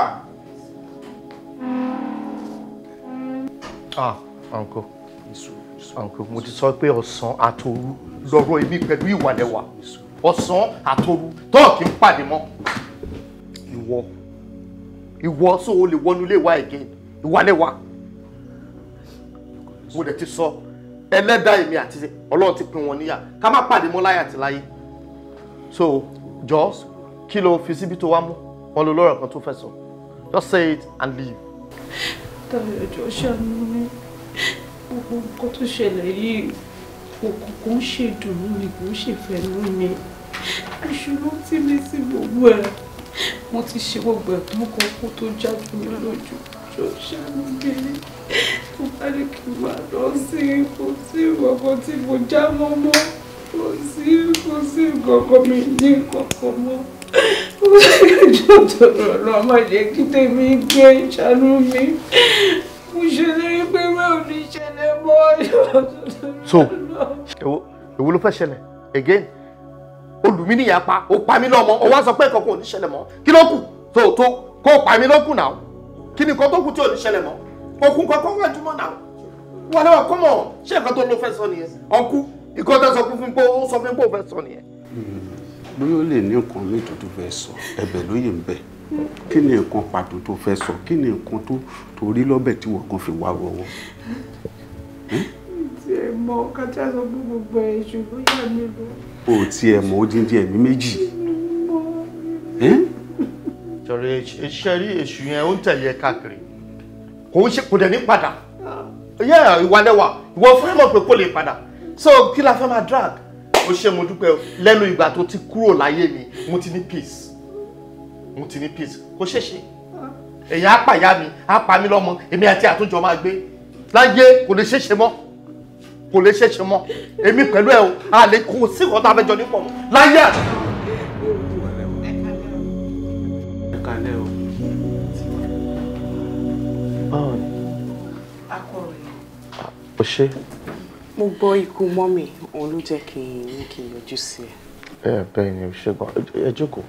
ah uncle uncle mo ti sọ pé ọ̀sán àtòru lọ́rọ̀ èmi pẹ̀lú ìwàlẹ̀wà ọ̀sán àtòru tọ́ọ̀kì ń pàdé mọ́ ìwọ ìwọ so o lè wọnú ilé wa again ìwàlẹ̀wà mo dẹ̀ ti sọ ẹlẹ́dàá èmi àti ọlọ́run ti pín wọn níyà ká má pàdé mọ́ láyà àti láyé so jọ kí ló fi síbi tó wá mú wọn lo lọ́rọ̀ kan tó fẹ́ sọ just say it and leave. tàbí ọjọ́ ṣàánú mi gbogbo nǹkan tó ṣẹlẹ̀ yìí kò ń ṣe ìdùnnú mi kò ń ṣe ìfẹ́nú mi ìṣúná tí mi sí gbogbo ẹ̀ mo ti ṣe gbogbo ẹ̀ mú kan kó tó jáde mi lójú tó ṣàánú mi tó bá ní kí n máa lọ sí kò sí ìwọ̀kan tí mo já mọ́ mọ́ kò sí kò sí ìkọ̀kọ̀ mi ní ìkọ̀kọ̀ mọ́ ó sì ń jọ́ tọ̀rọ̀ lọ́mọdé kí tèmi gbé ìṣàánú mi mo ṣèlérí pé wẹ́ẹ̀ ò ní ṣẹlẹ̀ mọ́ ọ̀yọ́ tuntun. so èwo ló fẹ́ ṣẹlẹ̀ again olùmí nìyà pa ó pa mí lọ́mọ ó wá sọ pé kankan ò ní ṣẹlẹ̀ mọ́ kí ló kù tó tó kó o pa mí ló kù náà kí ni nǹkan tó kù tí ò ní ṣẹlẹ̀ mọ́ okun kankan wà jùmọ̀ náà wà lọ́wọ́ kọ́mọ̀ ṣé nǹkan tó ló fẹ́ sọ nìyẹn ọkú ìkọ́ tó sọ fún pé ó sọ fún pé ó fẹ́ sọ nìyẹn. bí ó lè ní nǹkan mi tuntun fẹ́ sọ ẹ̀bẹ̀ lóye ń bẹ̀ kí ni nǹkan pàtó tó fẹ́ sọ kí ni nǹkan tó tó rí lọ́bẹ̀ tí wọ́n kàn fi wá wọ́wọ́. tiẹ̀ mọ̀ kájá sọ fún gbogbo ẹ̀ ṣùgbọ́n yà mí lọ. o tiẹ̀ mọ̀ ó dín díẹ̀ mi méjì. sọ̀rọ̀ iṣẹ́ rí èṣù yẹn ó ń tẹ̀lé káàkiri kò ń ṣe kò dẹ̀ ní padà ah. yẹ ìwàlẹ́wà ìwọ fún mọ̀ pé kò lè padà so kí la fẹ́ máa drag O ṣe mo dúpẹ́ lẹ́nu ìgbà tó ti kúrò láyé mi mo ti ní peace òun ti ní peace kò ṣeé ṣe ẹ̀yà apá ìyá mi apá mi lọ́mọ èmi àti àtúnjọ máa gbé láyé kò lè ṣeé ṣe mọ́ kò lè ṣeé ṣe mọ́ èmi pẹ̀lú ẹ̀ o a lè kó sí ìkọ́ tá a fẹ́ jọ nípò láyé àná. o ṣe. mo gbọ́ ikú mọ́mì òun ló jẹ́ kí n kí n yọjú sí ẹ. ẹ bẹ́ẹ̀ ni o ṣe gbọ́ ẹ jókòó.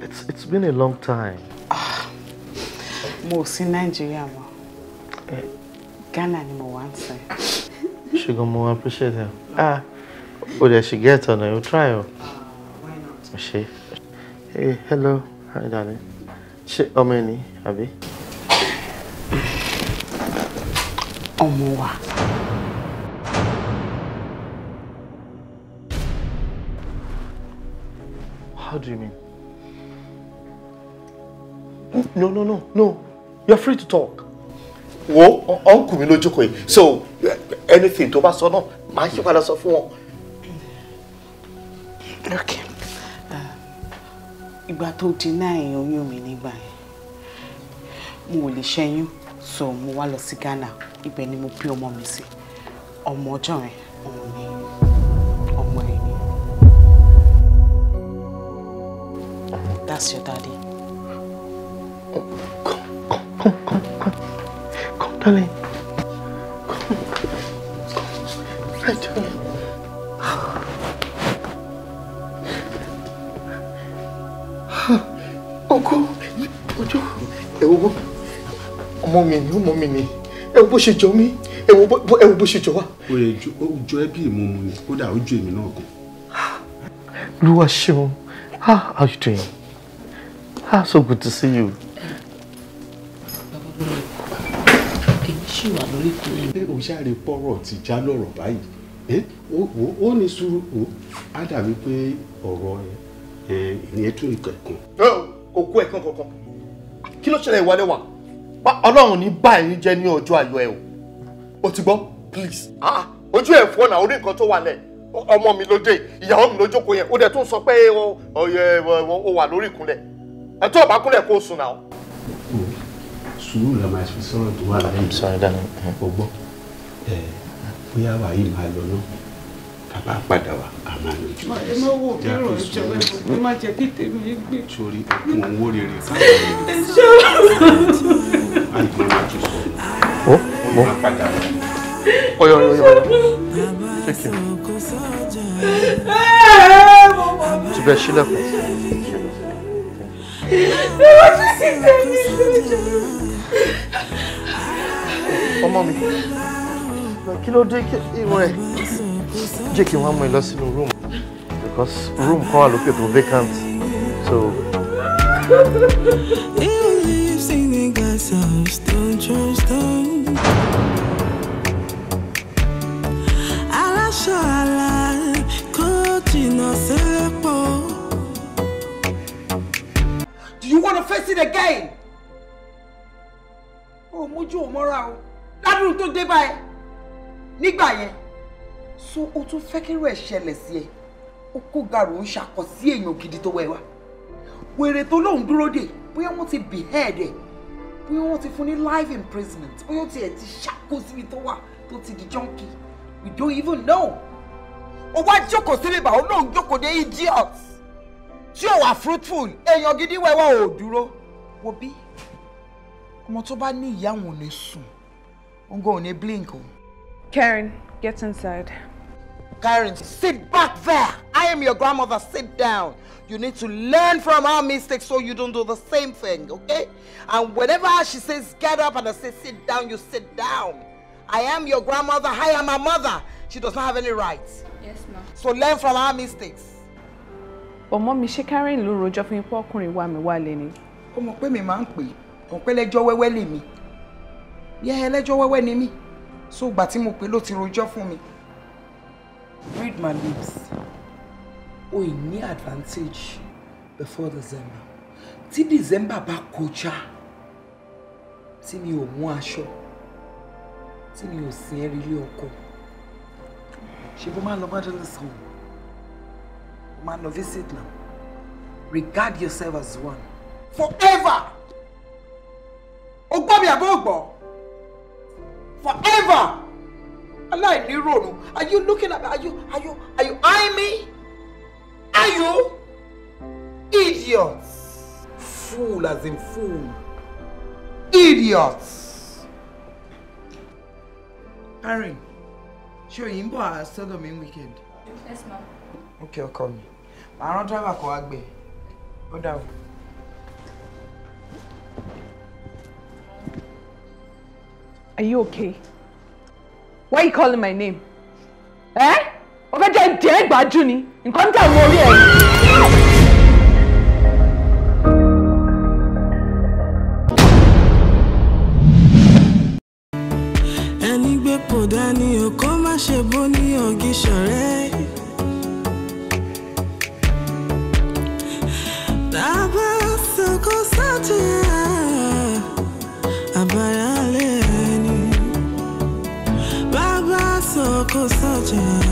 It's, it's been a long time. Ah, mo sí Nàìjíríà mọ́. Eh. Ghana ni mo wá ń sìn. Ṣùgbọ́n appreciate it. Ah, o dẹ̀ ṣì get ọ̀nà, o try o. She. Ah, hey, hello, hi darling. She how many Abby? àbí? Ọmọ How do you mean? no no no no you're free to talk. wo uncle, mi ló jókòó so anything tó bá sọ náà màá ṣe padà sọ fún wọn. okay uh, ìgbà tó deny oyún mi nígbà yẹn mo ò lè so mo wá lọ sí Ghana ibẹ̀ ni mo bí ọmọ mi sí ọmọ ọjọ́ yẹn òun ni that's your daddy. Come, come, come, come, come, come. Come, darling. Come, come. Right, darling. Ọkọ, ojú, ẹ̀wọ̀ ọmọ mi ni, ọmọ mi ni, ẹ̀wọ̀ bó ṣe jọ mí, ẹ̀wọ̀ bó ṣe jọ wá. Ojú ẹbí ìmúmu ni, kódà ojú èmi náà kan. Lúwa ṣeun, how are you doing? Ah, so good to see you. pé o ṣáàrè pọ̀rọ̀ ti já lọ́rọ̀ báyìí ó ní sùúrù o á dàbí pé ọ̀rọ̀ ìyẹn tún ìkẹ̀kùn. kò kú ẹ̀kan kankan kí ló ṣẹlẹ̀ ìwálẹ̀ wà ọlọ́run ní báyìí jẹ́ ní ọjọ́ ayọ̀ ẹ̀ o o ti gbọ́ please ojú ẹ̀ fọ́ náà orí nǹkan tó wà lẹ̀ ọmọ mi ló dé ìyàwó mi ló jókòó yẹn O dẹ̀ tún sọ pé ó wà lórí ìkúnlẹ̀ ẹ̀ tó o kúnlẹ̀ kó o sùn náà sùúrù la máa fi sọ̀rọ̀ tó wà láyé ọgbọ́ bóyá wà yìí máa lọ náà tàbá padà wà á máa lọ jù. ẹ má wò mí rọ ìjọ ẹ má jẹ kí tèmi yé gbé. sori ẹkún owó rere káwọn ẹ ṣe é. ó ó oyo oyo oyo tí bẹ ṣílẹ̀kùn. ẹ wá sí sí sẹ́yìn ìṣòro ọmọ mi kí ló dé ìwọ̀n ẹ̀ jẹ́ kí wọ́n mú ẹ lọ sínú room because room kan wà lókè tó vacant so. Do you want to face it again? ò mójú ò mọ́ra o ládùúrú tó dé bá nígbà yẹn so o tún fẹ́ kí irú ẹ̀ ṣẹlẹ̀ sí ẹ o kó gàrú ń ṣàkọ sí èèyàn gidi tó wẹ̀ wá wèrè tó lóun dúró dè bóyá wọ́n ti behead ẹ̀ bóyá wọ́n ti fún ní life imprisonment bóyá ó tiẹ̀ ti ṣàkó síbi tó wà tó ti di junkie we don't even know o wá jókòó síbi bàá ó lóun jókòó dé idiot tí ò wà fruitful èèyàn gidi wẹ̀ wá ò dúró wo bí ọmọ tó bá ní ìyá òun ò ní sùn òun gan ò ní blink o. Karen, get inside. Karen, sit back there. I am your grandmother. Sit down. You need to learn from our mistakes so you don't do the same thing, okay? And whenever she says get up and I say sit down, you sit down. I am your grandmother. I am her mother. She does not have any rights. Yes, ma'am. So learn from our mistakes. Ọmọ mi ṣé Karen ló rojọ́ fún ipò ọkùnrin wa mi wálé ni. Ó mọ̀ pé mi máa ń pè é kàn pé lẹ́jọ́ wẹ́wẹ́ lè mi bí ẹ lẹ́jọ́ ni mí so ìgbà tí mo pè ló ti rojọ́ fún mi. read my lips o ì ní advantage before december tí december bá kọjá tí mi ò mú aṣọ tí mi ò sin ẹrí ilé ọkọ ṣe bó máa lọ mọ́tòlá sàn ó máa lọ visit now regard yourself as one forever o gbọ́ mi àbó gbọ́ forever aláìníròrùn are you looking at me are you are you are you eyeing me are you idiot fool as in fool idiot. Karen, ṣé o yìí ń bọ̀ à sọ́dọ̀ mi weekend? Yes ma'am. Okay, ọkọ mi. Màá rán driver kó wá gbé. Ó dàbọ̀. Are you okay? Why are you calling my name? Eh? O fẹ́ dead, ǹdí ẹgbàájú ni? Nǹkan tí àwọn orí ẹ̀. Ẹni gbé kò dání o, kó má ṣe bó 지금